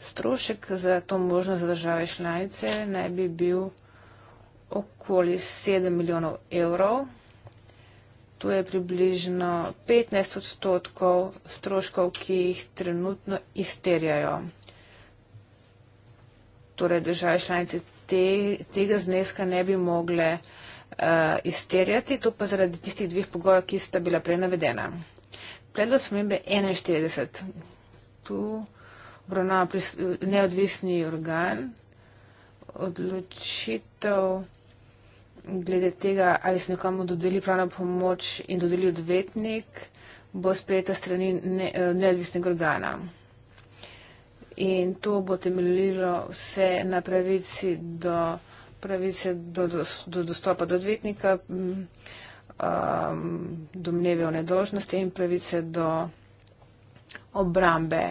Strošek za to možnost za države članice naj bi bil okoli 7 milijonov evrov. To je približno 15 odstotkov stroškov, ki jih trenutno izterjajo. Torej, države članice te, tega zneska ne bi mogle uh, izterjati, to pa zaradi tistih dveh pogojev, ki sta bila prej navedena. Predlog spremembe 41. Tu obravnava neodvisni organ odločitev glede tega, ali se nekomu dodeli pravna pomoč in dodeli odvetnik, bo sprejeta strani ne, eh, neodvisnega organa. In to bo temeljilo vse na pravici do, pravice do, do, do dostopa do odvetnika, um, domneve o nedožnosti in pravice do obrambe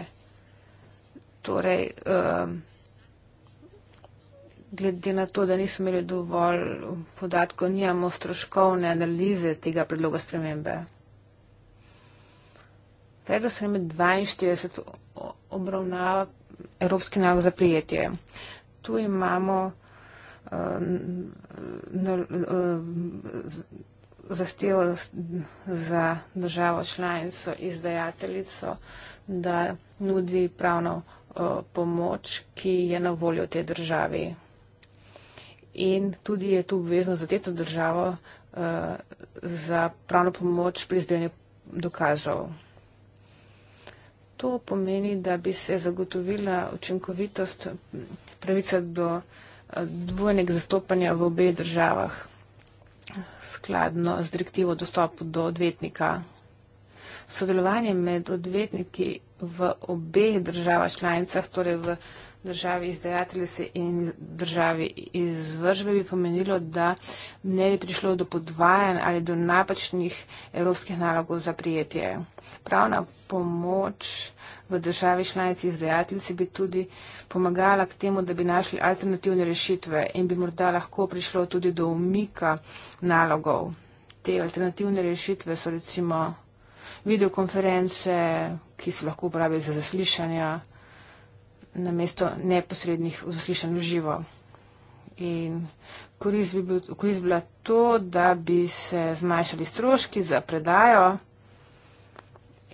torej, um, glede na to, da nismo imeli dovolj podatkov, nijamo stroškovne analize tega predloga spremembe. Predlog spremembe 42 obravnava Evropski nalog za prijetje. Tu imamo eh, eh, zahtevo za državo članico, izdajateljico, da nudi pravno Eh, pomoč, ki je na voljo tej državi. In tudi je tu obvezno za teto državo eh, za pravno pomoč pri zbiranju dokazov. To pomeni, da bi se zagotovila učinkovitost pravica do eh, dvojnega zastopanja v obeh državah skladno z direktivo dostopu do odvetnika sodelovanje med odvetniki v obeh državah članicah, torej v državi izdajateljice in državi izvržbe, bi pomenilo, da ne bi prišlo do podvajanj ali do napačnih evropskih nalogov za prijetje. Pravna pomoč v državi članici izdajateljice bi tudi pomagala k temu, da bi našli alternativne rešitve in bi morda lahko prišlo tudi do umika nalogov. Te alternativne rešitve so recimo videokonference, ki se lahko uporabijo za zaslišanja na mesto neposrednih zaslišanj v živo. In korist bi bil, korist bila to, da bi se zmanjšali stroški za predajo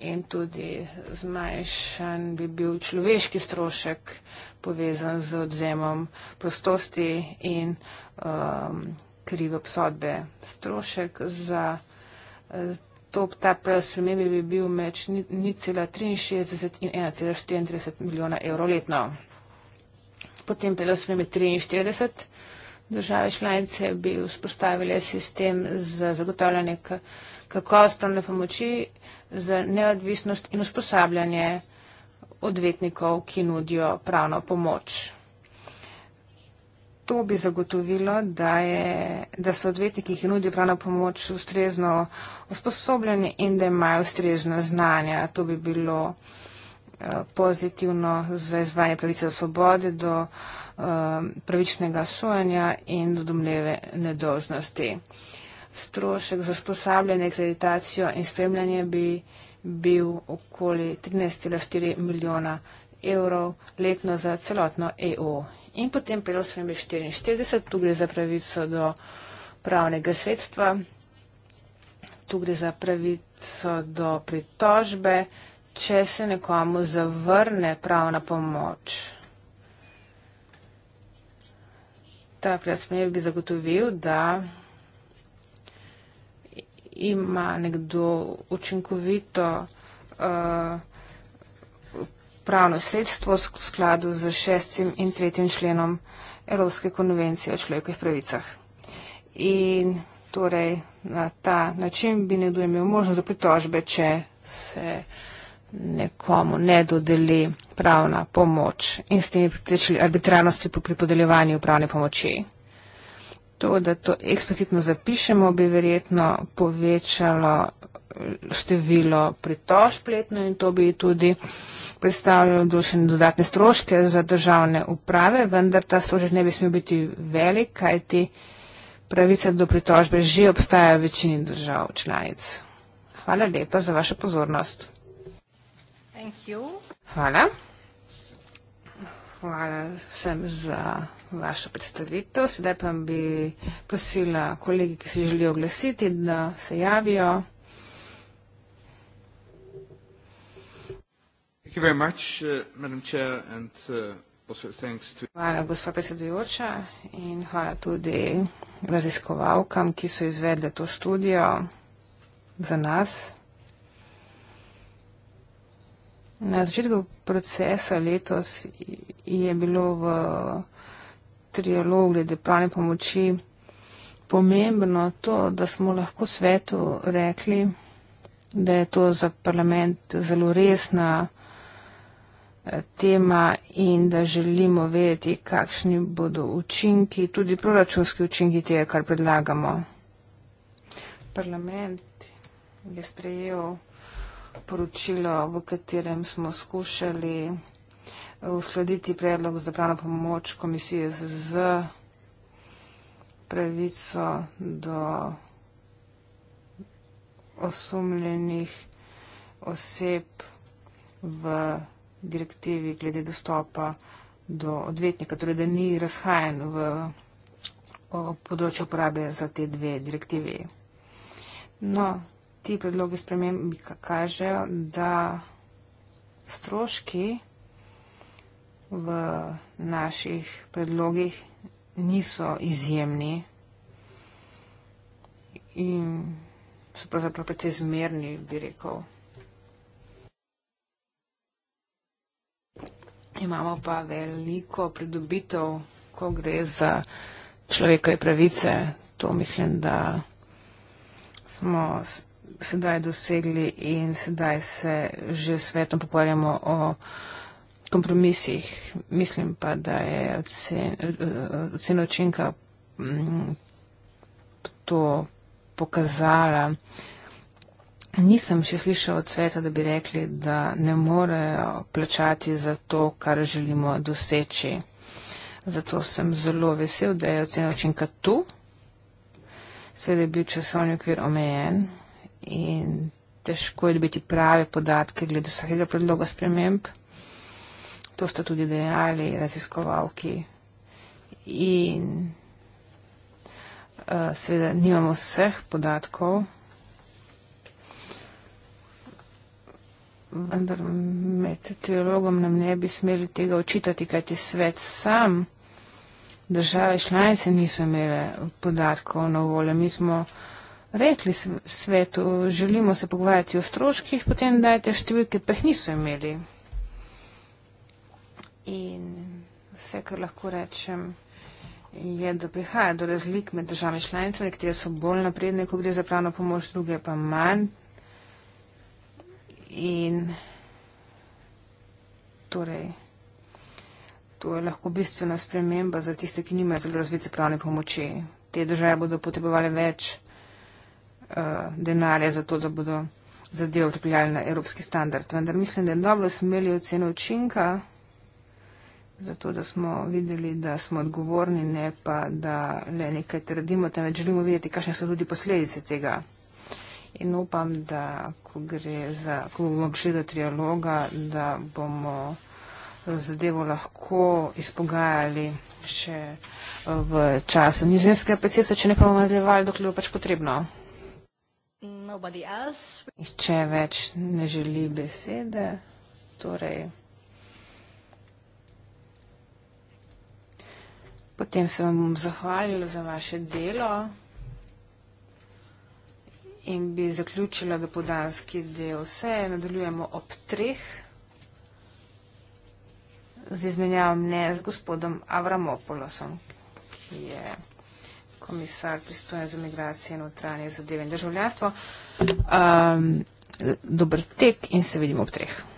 in tudi zmanjšan bi bil človeški strošek povezan z odzemom prostosti in um, krive obsodbe. Strošek za uh, top, ta prelaz spremembi bi bil med 0,63 in 1,34 milijona evrov letno. Potem prelaz spremembi 43. Države članice bi vzpostavile sistem za zagotavljanje kakovost pravne pomoči za neodvisnost in usposabljanje odvetnikov, ki nudijo pravno pomoč to bi zagotovilo, da, je, da so odvetniki, ki nudijo pravno pomoč, ustrezno usposobljeni in da imajo ustrezna znanja. To bi bilo eh, pozitivno za izvajanje pravice do svobode, do eh, pravičnega sojenja in do domneve nedožnosti. Strošek za usposabljanje, kreditacijo in spremljanje bi bil okoli 13,4 milijona evrov letno za celotno EU in potem prelo spremembe 44, tu gre za pravico do pravnega sredstva, tu gre za pravico do pritožbe, če se nekomu zavrne pravna pomoč. Ta prelazpenje bi zagotovil, da ima nekdo učinkovito uh, pravno sredstvo v skladu z šestim in tretjim členom Evropske konvencije o človekovih pravicah. In torej na ta način bi nekdo imel možnost za pritožbe, če se nekomu ne dodeli pravna pomoč in s tem priprečili arbitrarnost pri, pri podeljevanju pravne pomoči. To, da to eksplicitno zapišemo, bi verjetno povečalo število pritožb letno in to bi tudi predstavljalo dušene dodatne stroške za državne uprave, vendar ta strošek ne bi smel biti velik, kajti pravica do pritožbe že obstaja v večini držav članic. Hvala lepa za vašo pozornost. Hvala. Hvala vsem za vašo predstavitev. Sedaj pa bi prosila kolegi, ki se želijo oglasiti, da se javijo. Thank you very much, uh, Madam Chair, and uh, also thanks to... Hvala, gospa predsedujoča in hvala tudi raziskovalkam, ki so izvedle to študijo za nas. Na začetku procesa letos je bilo v trialogu glede pravne pomoči pomembno to, da smo lahko svetu rekli, da je to za parlament zelo resna Eh, tema in da želimo vedeti, kakšni bodo učinki, tudi proračunski učinki tega, kar predlagamo. Parlament je sprejel poročilo, v katerem smo skušali eh, uskladiti predlog za pravno pomoč komisije z pravico do osumljenih oseb v direktivi glede dostopa do odvetnika, torej da ni razhajen v področju uporabe za te dve direktivi. No, ti predlogi sprememb kažejo, da stroški v naših predlogih niso izjemni in so pravzaprav precej zmerni, bi rekel. imamo pa veliko pridobitev, ko gre za človekove pravice. To mislim, da smo sedaj dosegli in sedaj se že svetom pokvarjamo o kompromisih. Mislim pa, da je ocen, ocena učinka mm, to pokazala. Nisem še slišal od sveta, da bi rekli, da ne morejo plačati za to, kar želimo doseči. Zato sem zelo vesel, da je ocena učinka tu. Sveda je bil časovni okvir omejen in težko je dobiti prave podatke glede vsakega predloga sprememb. To sta tudi dejali raziskovalki. In uh, seveda nimamo vseh podatkov. vendar med teologom nam ne bi smeli tega očitati, kajti svet sam, države članice niso imele podatkov na voljo. Mi smo rekli svetu, želimo se pogovarjati o stroških, potem dajte številke, pa jih niso imeli. In vse, kar lahko rečem, je, da prihaja do razlik med državami članicami, ki so bolj napredne, ko gre za pravno pomoč, druge pa manj in torej to je lahko bistvena sprememba za tiste, ki nimajo zelo razvite pravne pomoči. Te države bodo potrebovali več uh, denarja za to, da bodo zadev pripeljali na evropski standard. Vendar mislim, da je dobro, da smo imeli oceno učinka, zato da smo videli, da smo odgovorni, ne pa, da le nekaj trdimo, temveč želimo videti, kakšne so tudi posledice tega in upam, da ko, za, ko bomo prišli do trialoga, da bomo zadevo lahko izpogajali še eh, v času nizinskega procesa, če ne pa bomo nadaljevali, dokler bo pač potrebno. Če več ne želi besede, torej. Potem se vam zahvalil za vaše delo in bi zaključila dopodanski del. Vse nadaljujemo ob treh z izmenjavom mne z gospodom Avramopolosom, ki je komisar pristojen za migracije in otranje zadeve in državljanstvo. Um, dober tek in se vidimo ob treh.